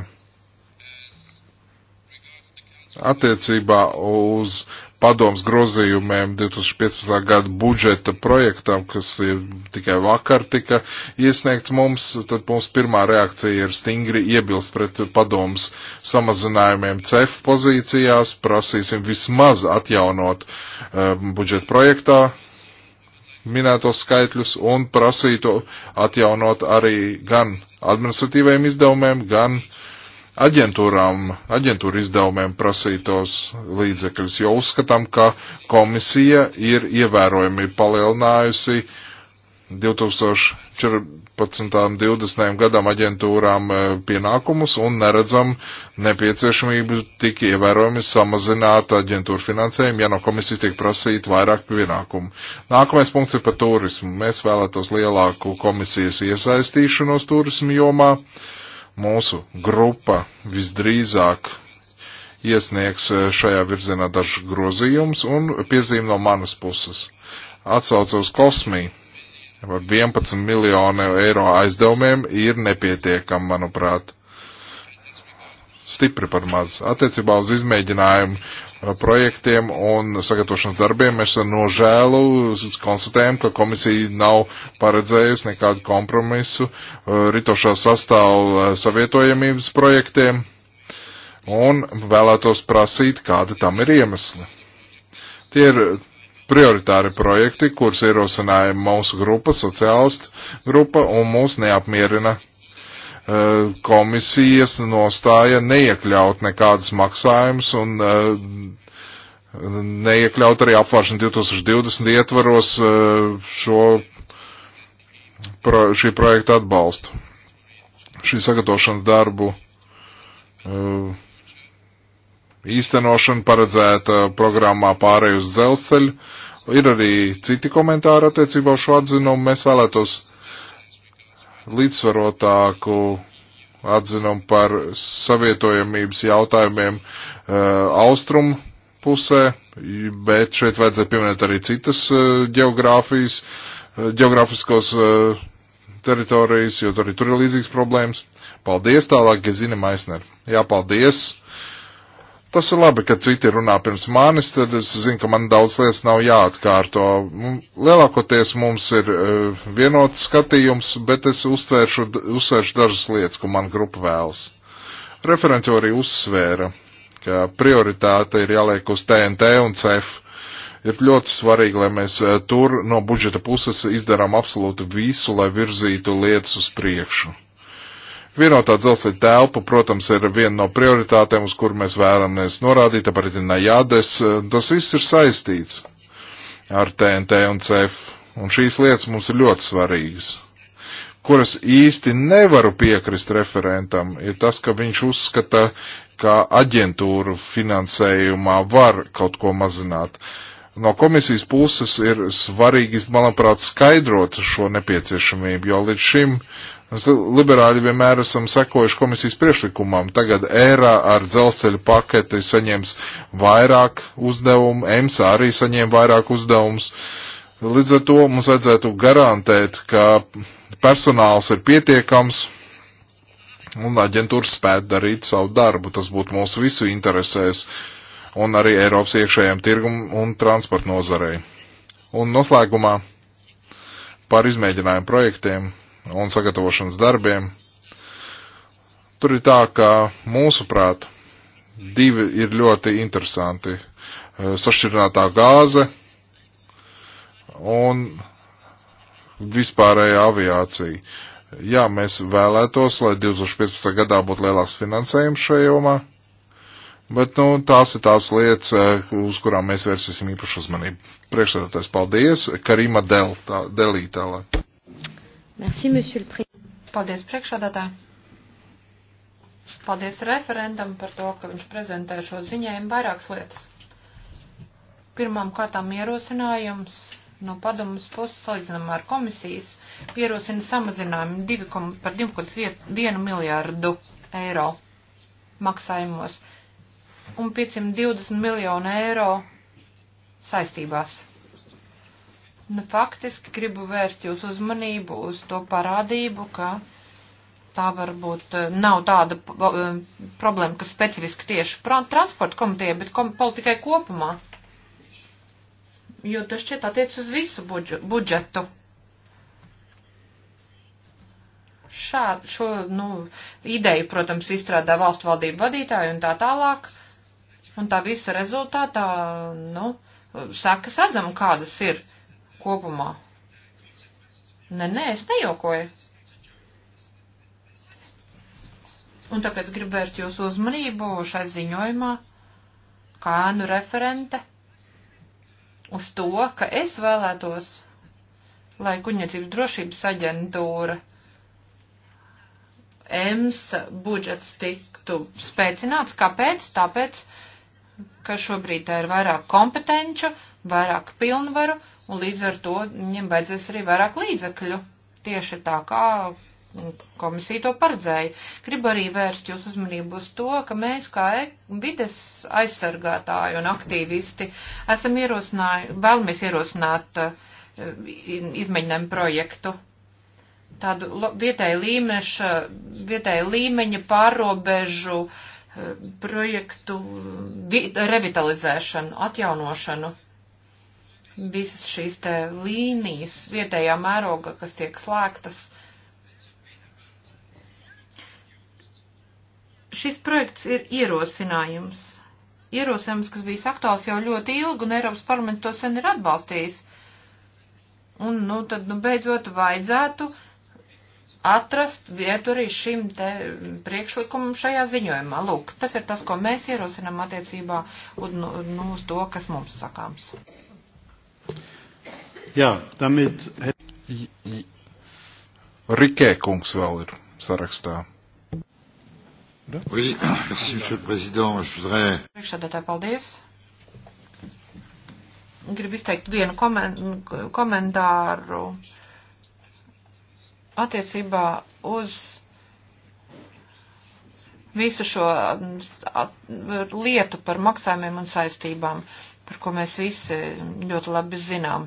S1: attiecībā uz padoms grozījumiem 2015. gada budžeta projektam, kas ir tikai vakar tika iesniegts mums, tad mums pirmā reakcija ir stingri iebilst pret padoms samazinājumiem CEF pozīcijās, prasīsim vismaz atjaunot um, budžeta projektā minētos skaitļus un prasītu atjaunot arī gan administratīvajiem izdevumiem, gan uh, aģentūrām, aģentūra izdevumiem prasītos līdzekļus, jo uzskatām, ka komisija ir ievērojami palielinājusi 2014. un 2020. gadam aģentūrām e, pienākumus un neredzam nepieciešamību tik ievērojami samazināt aģentūru finansējumu, ja no komisijas tiek prasīt vairāk pienākumu. Nākamais punkts ir par turismu. Mēs vēlētos lielāku komisijas iesaistīšanos turismu jomā. Uh, mūsu grupa visdrīzāk iesniegs eh, šajā virzienā dažus grozījumus un piezīme no manas puses. Atsauce uz kosmiju par 11 miljonu eiro aizdevumiem ir nepietiekama, manuprāt stipri par maz. Attiecībā uz izmēģinājumu uh, projektiem un sagatavošanas darbiem mēs ar nožēlu konstatējam, ka komisija nav paredzējusi nekādu kompromisu uh, ritošā sastāvu uh, savietojamības projektiem un vēlētos prasīt, kāda tam ir iemesli. Tie ir prioritāri projekti, kurus ierosināja mūsu grupa, sociālistu grupa, un mūs neapmierina Eh, komisijas nostāja neiekļaut nekādas maksājumus un eh, neiekļaut arī apvāršana 2020 ietvaros eh, šo, pro, šī projekta atbalstu. Šī sagatavošanas darbu īstenošana paredzēta programmā pārējus dzelzceļu. Ir arī citi komentāri attiecībā uz šo atzinumu. Mēs vēlētos līdzsvarotāku atzinumu par savietojamības jautājumiem uh, eh, austrumu pusē, bet šeit vajadzētu pieminēt arī citas uh, geogrāfijas, uh, geogrāfiskos uh, teritorijas, jo tur arī tur ir līdzīgas problēmas. Paldies tālāk, Gezina Maisner. Jā, paldies! Tas ir labi, ka citi runā pirms manis, tad es zinu, ka man daudz lietas nav jāatkārto. Lielākoties mums ir uh, vienots skatījums, bet es uztvēršu, uzsvēršu dažas lietas, ko man grupa vēlas. Referents jau arī uzsvēra, ka prioritāte ir jāliek uz TNT un CEF. Ir ļoti svarīgi, lai mēs eh, tur no budžeta puses izdarām absolūti visu, lai virzītu lietas uz priekšu Vienotā dzelzceļa telpa, protams, ir viena no prioritātēm, uz kur mēs vēlamies norādīt, tāpēc ir nejādes. Eh, tas viss ir saistīts ar TNT un CEF, un šīs lietas mums ir ļoti svarīgas. Kuras īsti nevaru piekrist referentam, ir tas, ka viņš uzskata, ka aģentūru finansējumā var kaut ko mazināt. No komisijas puses ir svarīgi, manuprāt, skaidrot šo nepieciešamību, jo līdz šim uh, Mēs liberāļi vienmēr esam sekojuši komisijas priekšlikumam. Tagad ērā ar dzelzceļa paketi saņems vairāk uzdevumu, EMSA arī saņem vairāk uzdevumus. Līdz ar to mums vajadzētu garantēt, ka personāls ir pietiekams un aģentūra spētu darīt savu darbu. Tas būtu mūsu visu interesēs un arī Eiropas iekšējiem tirgum un transporta nozarei. Un noslēgumā par izmēģinājumu projektiem un sagatavošanas darbiem. Tur ir tā, ka mūsuprāt divi ir ļoti interesanti. Eh, sašķirinātā gāze un vispārējā aviācija. Jā, mēs vēlētos, lai 2015. gadā būtu lielāks finansējums šajā jomā, bet nu, tās ir tās lietas, eh, uz kurām mēs vērsīsim īpašu uzmanību. Priekšsēdētājs, paldies! Karima Del, tā, Delī tālāk.
S2: Merci, monsieur le président. Paldies priekšādātāji. Paldies referendam par to, ka viņš prezentē šo ziņējumu vairākas lietas. Pirmām kārtām ierosinājums no padomas puses salīdzinām ar komisijas pierosina samazinājumu 2, par 2,1 miljārdu eiro maksājumos un 520 miljonu eiro saistībās. Nu, faktiski gribu vērst jūs uzmanību uz to parādību, ka tā varbūt eh, nav tāda eh, problēma, kas specifiski tieši transporta komitē, bet kom politikai kopumā. Jo tas šķiet attiec uz visu budžu, budžetu. Šādu šo, nu, ideju, protams, izstrādā valstu valdību vadītāji un tā tālāk. Un tā visa rezultātā, nu, sekas redzam, kādas ir kopumā. Nē, nē, es nejokoju. Un tāpēc gribu vērst jūsu uzmanību šai ziņojumā, kā nu referente, uz to, ka es vēlētos, lai kuģniecības drošības aģentūra EMS budžets tiktu spēcināts. Kāpēc? Tāpēc, ka šobrīd tā ir vairāk kompetenču, vairāk pilnvaru, un līdz ar to viņiem vajadzēs arī vairāk līdzekļu. Tieši tā kā komisija to paredzēja. Gribu arī vērst jūs uzmanību uz to, ka mēs kā e- vides aizsargātāji un aktīvisti esam ierosināju, vēlamies ierosināt eh, izmēģinājumu projektu. Tādu vietēju līmeņa, vietēju līmeņa pārobežu eh, projektu revitalizēšanu, atjaunošanu visas šīs te līnijas vietējā mēroga, kas tiek slēgtas. Šis projekts ir ierosinājums. Ierosinājums, kas bijis aktuāls jau ļoti ilgi, un Eiropas parlaments to sen ir atbalstījis. Un, nu, tad, nu, beidzot, vajadzētu atrast vietu arī šim te priekšlikumam šajā ziņojumā. Lūk, tas ir tas, ko mēs ierosinām attiecībā un, nu, uz to, kas mums sakāms.
S1: Jā, damit. Rikē kungs vēl ir sarakstā. Oui, merci, monsieur le président. Je voudrais.
S2: Priekšsēdētāji, paldies. Gribu izteikt vienu komen komentāru attiecībā uz visu šo mm, lietu par maksājumiem un saistībām. Uh, par ko mēs visi ļoti labi zinām.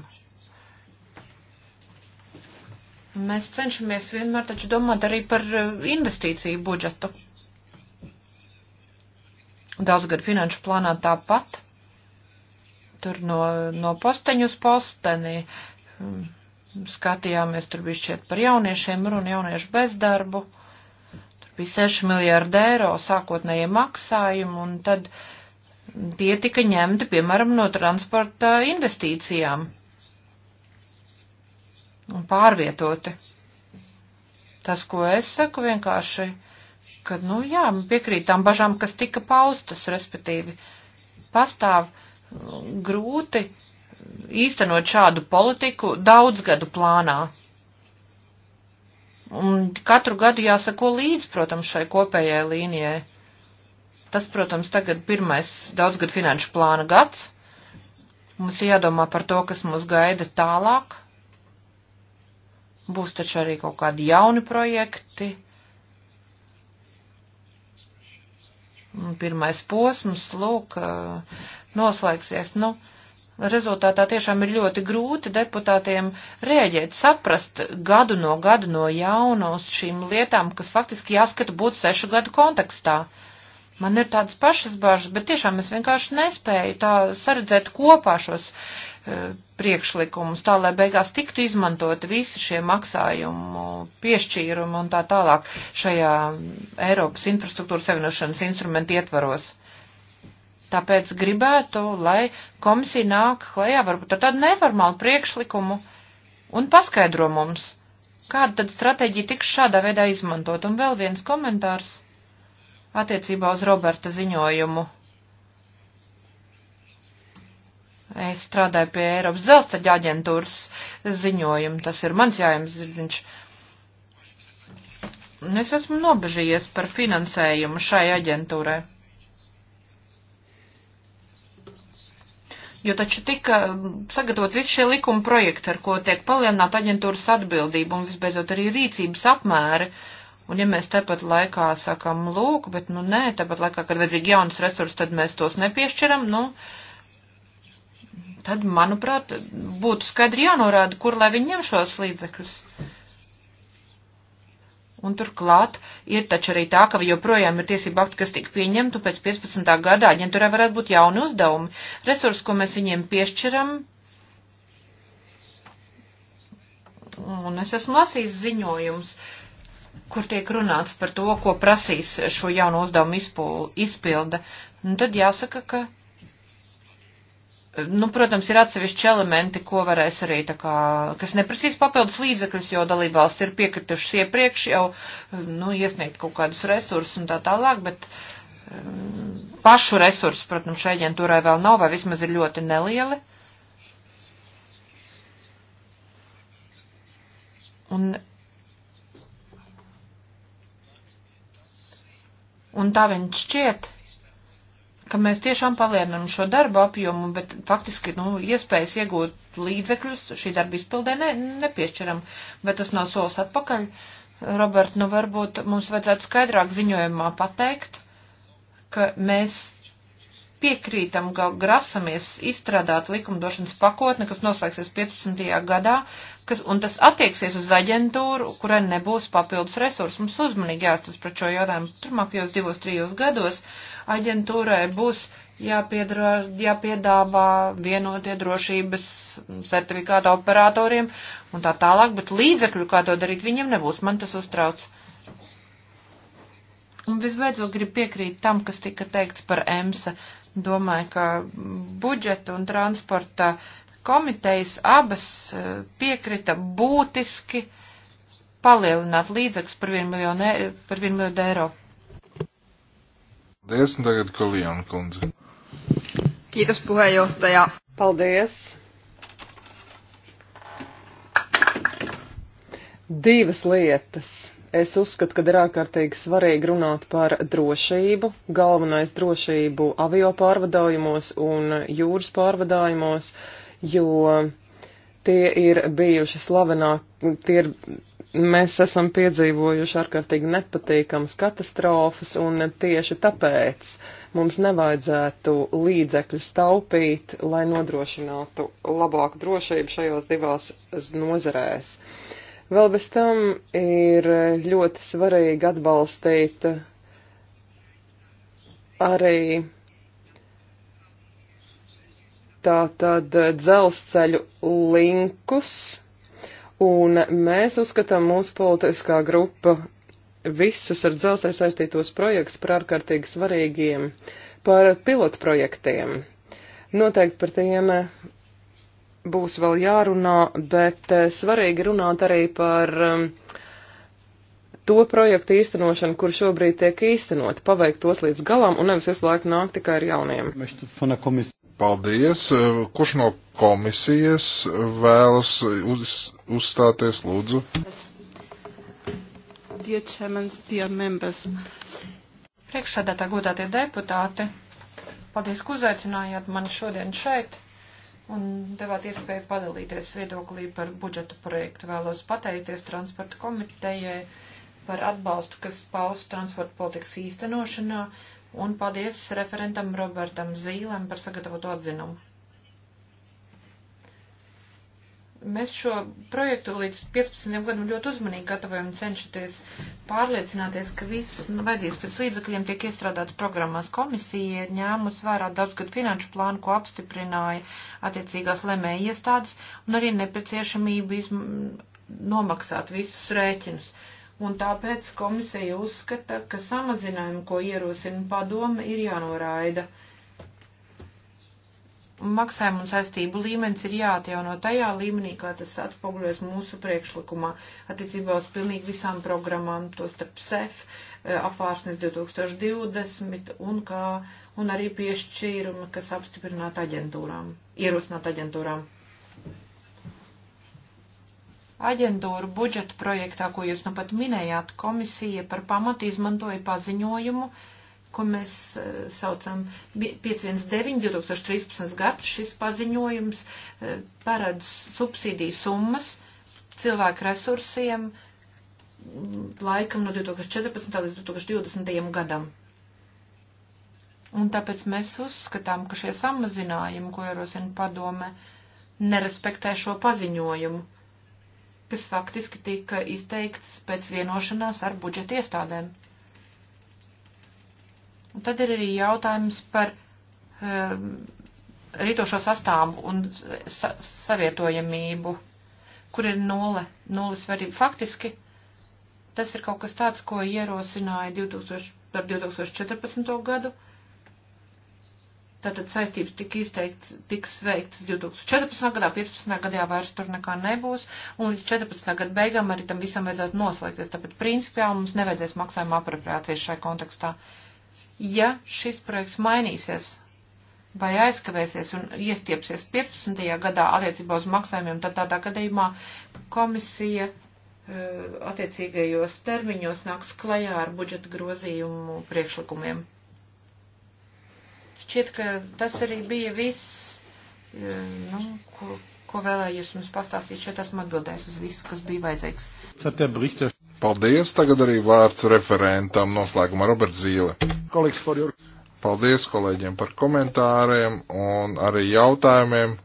S2: Mēs cenšamies vienmēr taču domāt arī par eh, investīciju budžetu. Daudzgad finanšu plānā tāpat. Tur no, no posteņu uz posteni hm, skatījāmies, tur bija šķiet par jauniešiem runa, jauniešu bezdarbu. Tur bija 6 miljārdi eiro sākotnējie maksājumi un tad uh, tie tika ņemti, piemēram, no transporta investīcijām un pārvietoti. Tas, ko es saku vienkārši, ka, nu jā, piekrīt tām bažām, kas tika paustas, respektīvi, pastāv mm, grūti īstenot šādu politiku daudzgadu plānā. Un katru gadu jāsako līdz, protams, šai kopējai līnijai. Tas, protams, tagad pirmais daudzgad finanšu plāna gads. Mums ir jādomā par to, kas mūs gaida tālāk. Būs taču arī kaut kādi jauni projekti. Pirmais posms, lūk, noslēgsies. Nu, rezultātā tiešām ir ļoti grūti deputātiem rēģēt, saprast gadu no gada no jauna uz šīm lietām, kas faktiski jāskata būtu sešu gadu kontekstā. Uh, Man ir tādas pašas bažas, bet tiešām es vienkārši nespēju tā saredzēt kopā šos uh, priekšlikumus, tā lai beigās tiktu izmantot visi šie maksājumu piešķīrumi un tā tālāk šajā Eiropas infrastruktūras savienošanas instrumentu ietvaros. Tāpēc gribētu, lai komisija nāk klajā varbūt ar tādu neformālu priekšlikumu un paskaidro mums, kāda tad stratēģija tiks šādā veidā izmantot. Un vēl viens komentārs attiecībā uz Roberta ziņojumu. Es strādāju pie Eiropas dzelzceļa aģentūras ziņojuma, tas ir mans jājums zirdiņš. Es esmu nobežījies par finansējumu šai aģentūrai. Jo taču tika um, sagatavot visi šie likuma projekti, ar ko tiek palielināta aģentūras atbildība un visbeidzot arī rīcības apmēri. Uh, Un ja mēs tepat laikā sakam, lūk, bet nu nē, tepat laikā, kad vajadzīgi jaunas resursus, tad mēs tos nepiešķiram, nu, tad, manuprāt, būtu skaidri jānorāda, kur lai viņi ņem šos līdzekļus. Un turklāt ir taču arī tā, ka joprojām ir tiesība akti, kas tika pieņemti, un pēc 15. gadā aģentūrā varētu būt jauni uzdevumi. Resursi, ko mēs viņiem piešķiram, un es esmu lasījis ziņojums kur tiek runāts par to, ko prasīs šo jauno uzdevumu izpilda, nu, tad jāsaka, ka, nu, protams, ir atsevišķi elementi, ko varēs arī tā kā, kas neprasīs papildus līdzekļus, jo dalībvalsts ir piekritušas iepriekš jau, nu, iesniegt kaut kādus resursus un tā tālāk, bet um, pašu resursu, protams, šai aģentūrai vēl nav, vai vismaz ir ļoti nelieli. Un Un tā viņš šķiet, ka mēs tiešām palielinam šo darbu apjomu, bet faktiski, nu, iespējas iegūt līdzekļus šī darba izpildē ne, nepiešķiram. Vai tas nav solis atpakaļ? Robert, nu varbūt mums vajadzētu skaidrāk ziņojumā pateikt, ka mēs piekrītam, ka grasamies izstrādāt likumdošanas pakotni, kas noslēgsies 15. gadā, kas, un tas attieksies uz aģentūru, kurai nebūs papildus resursi. Mums uzmanīgi jāstas par šo jautājumu. Turmākajos divos, trijos gados aģentūrai būs jāpiedrā, jāpiedāvā vienotie drošības certifikāta operatoriem un tā tālāk, bet līdzekļu, kā to darīt, viņiem nebūs. Man tas uztrauc. Un visbeidzot gribu piekrīt tam, kas tika teikts par EMSA. Domāju, ka budžeta un transporta uh, komitejas abas eh, piekrita būtiski palielināt līdzekļus par 1 miljonu, e par 1 miljonu eiro.
S1: Paldies, un tagad Kalijana kundze.
S2: Kiitos puheenjohtaja. Paldies.
S3: Divas lietas. Es uzskatu, ka ir ārkārtīgi svarīgi runāt par drošību, galvenais drošību avio pārvadājumos un jūras pārvadājumos. Uh, jo tie ir bijuši slavenā, tie ir, mēs esam piedzīvojuši ārkārtīgi nepatīkamas katastrofas, un tieši tāpēc mums nevajadzētu līdzekļus taupīt, lai nodrošinātu labāku drošību šajos divās nozerēs. Vēl bez tam ir ļoti svarīgi atbalstīt arī tātad dzelzceļu linkus, un mēs uzskatām mūsu politiskā grupa visus ar dzelzceļu saistītos projektus par ārkārtīgi svarīgiem, par pilotprojektiem. Noteikti par tiem būs vēl jārunā, bet eh, svarīgi runāt arī par um, to projektu īstenošanu, kur šobrīd tiek īstenot, paveikt tos līdz galam un nevis visu laiku nākt tikai ar jauniem.
S1: Paldies. Kurš no komisijas vēlas uz, uzstāties, lūdzu?
S2: Dear chairman, dear members. Priekšsēdētā godātie deputāti, paldies, ka uzaicinājāt mani šodien šeit un devāt iespēju padalīties viedoklī par budžetu projektu. Vēlos pateikties transporta komitejai par atbalstu, kas paust transporta politikas īstenošanā un paldies referentam Robertam Zīlēm par sagatavotu atzinumu. Mēs šo projektu līdz 15 gadam ļoti uzmanīgi gatavojam un cenšaties pārliecināties, ka visas vajadzības pēc līdzakļiem tiek iestrādātas programmās. Komisija ir ņēmus vērā daudzgad finanšu plānu, ko apstiprināja attiecīgās lemēja iestādes un arī nepieciešamību izm... nomaksāt visus rēķinus. Uh, un tāpēc komisija uzskata, ka samazinājumu, ko ierosina padome, ir jānoraida. Maksājumu un saistību līmenis ir jāatjauno tajā līmenī, kā tas atspoguļojas mūsu priekšlikumā, attiecībā uz pilnīgi visām programmām, to starp SEF, eh, apvārsnes 2020 un, kā, un arī piešķīrumi, kas apstiprināta aģentūrām, ierosināta aģentūrām. Aģentūra budžeta projektā, ko jūs nu pat minējāt, komisija par pamatu izmantoja paziņojumu, ko mēs eh, saucam 519 2013. gads. Šis paziņojums eh, paredz subsīdiju summas cilvēku resursiem mm, laikam no 2014. līdz 2020. gadam. Un tāpēc mēs uzskatām, ka šie samazinājumi, ko ierosina padome, nerespektē šo paziņojumu kas faktiski tika izteikts pēc vienošanās ar budžeta iestādēm. Un tad ir arī jautājums par um, rītošo sastāvu un sa savietojamību, kur ir nulle, nulles svarība. Faktiski tas ir kaut kas tāds, ko ierosināja 2000, par 2014. gadu Tātad saistības tika izteikts, tiks veikts 2014. gadā, 15. gadā vairs tur nekā nebūs, un līdz 14. gada beigām arī tam visam vajadzētu noslēgties, tāpēc principā mums nevajadzēs maksājuma apropriācijas šai kontekstā. Ja šis projekts mainīsies vai aizkavēsies un iestiepsies 15. gadā attiecībā uz maksājumiem, tad tādā gadījumā komisija eh, attiecīgajos termiņos nāks klajā ar budžeta grozījumu priekšlikumiem. Šķiet, ka tas arī bija viss, e, nu, ko, ko vēlējos jums pastāstīt. Šeit esmu atbildējis uz visu, kas bija vajadzīgs.
S1: Paldies, tagad arī vārds referentam noslēgumā Robert Zīle. Paldies kolēģiem par komentāriem un arī jautājumiem.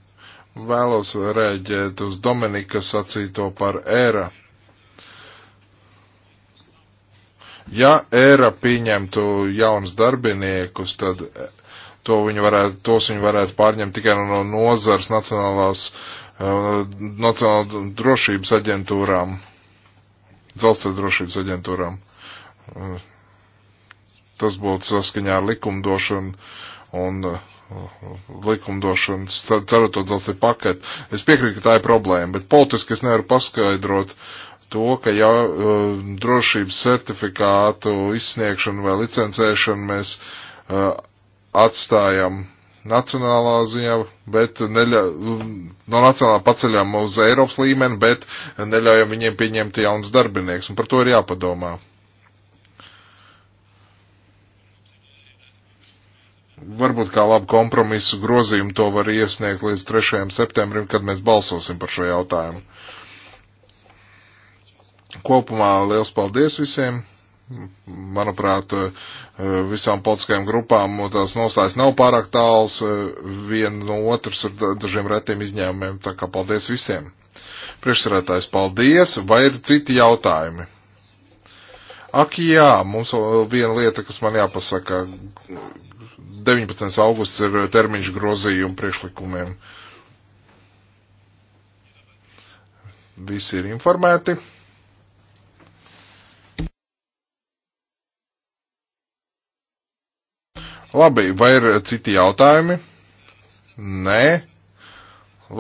S1: Vēlos rēģēt uz Dominika sacīto par ēra. Ja ēra pieņemtu jaunus darbiniekus, tad to viņi varētu, tos viņi varētu pārņemt tikai no nozars nacionālās, uh, nacionālā drošības aģentūrām, dzelzceļa drošības aģentūrām. Uh, tas būtu saskaņā ar likumdošanu un uh, likumdošanas, ceru to dzelzceļa paketu. Es piekrītu, ka tā ir problēma, bet politiski es nevaru paskaidrot, to, ka jau uh, drošības certifikātu izsniegšanu vai licencēšanu mēs uh, atstājam nacionālā ziņā, bet neļa, no nacionālā paceļam uz Eiropas līmeni, bet neļaujam viņiem pieņemt jauns darbinieks, un par to ir jāpadomā. Varbūt kā labu kompromisu grozījumu to var iesniegt līdz 3. septembrim, kad mēs balsosim par šo jautājumu. Kopumā liels paldies visiem! manuprāt, eh, visām politiskajām grupām tās nostājas nav pārāk tāls, eh, viena no otras ar dažiem retiem izņēmumiem, tā kā paldies visiem. Priekšsarētājs, paldies, vai ir citi jautājumi? Ak jā, mums vēl viena lieta, kas man jāpasaka, 19. augusts ir termiņš grozījumu priekšlikumiem. Visi ir informēti. Labi, vai ir citi jautājumi? Nē.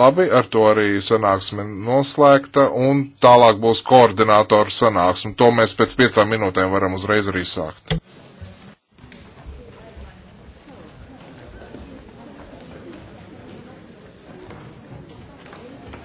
S1: Labi, ar to arī sanāksme noslēgta un tālāk būs koordinātoru sanāksme. To mēs pēc piecām minūtēm varam uzreiz arī sākt.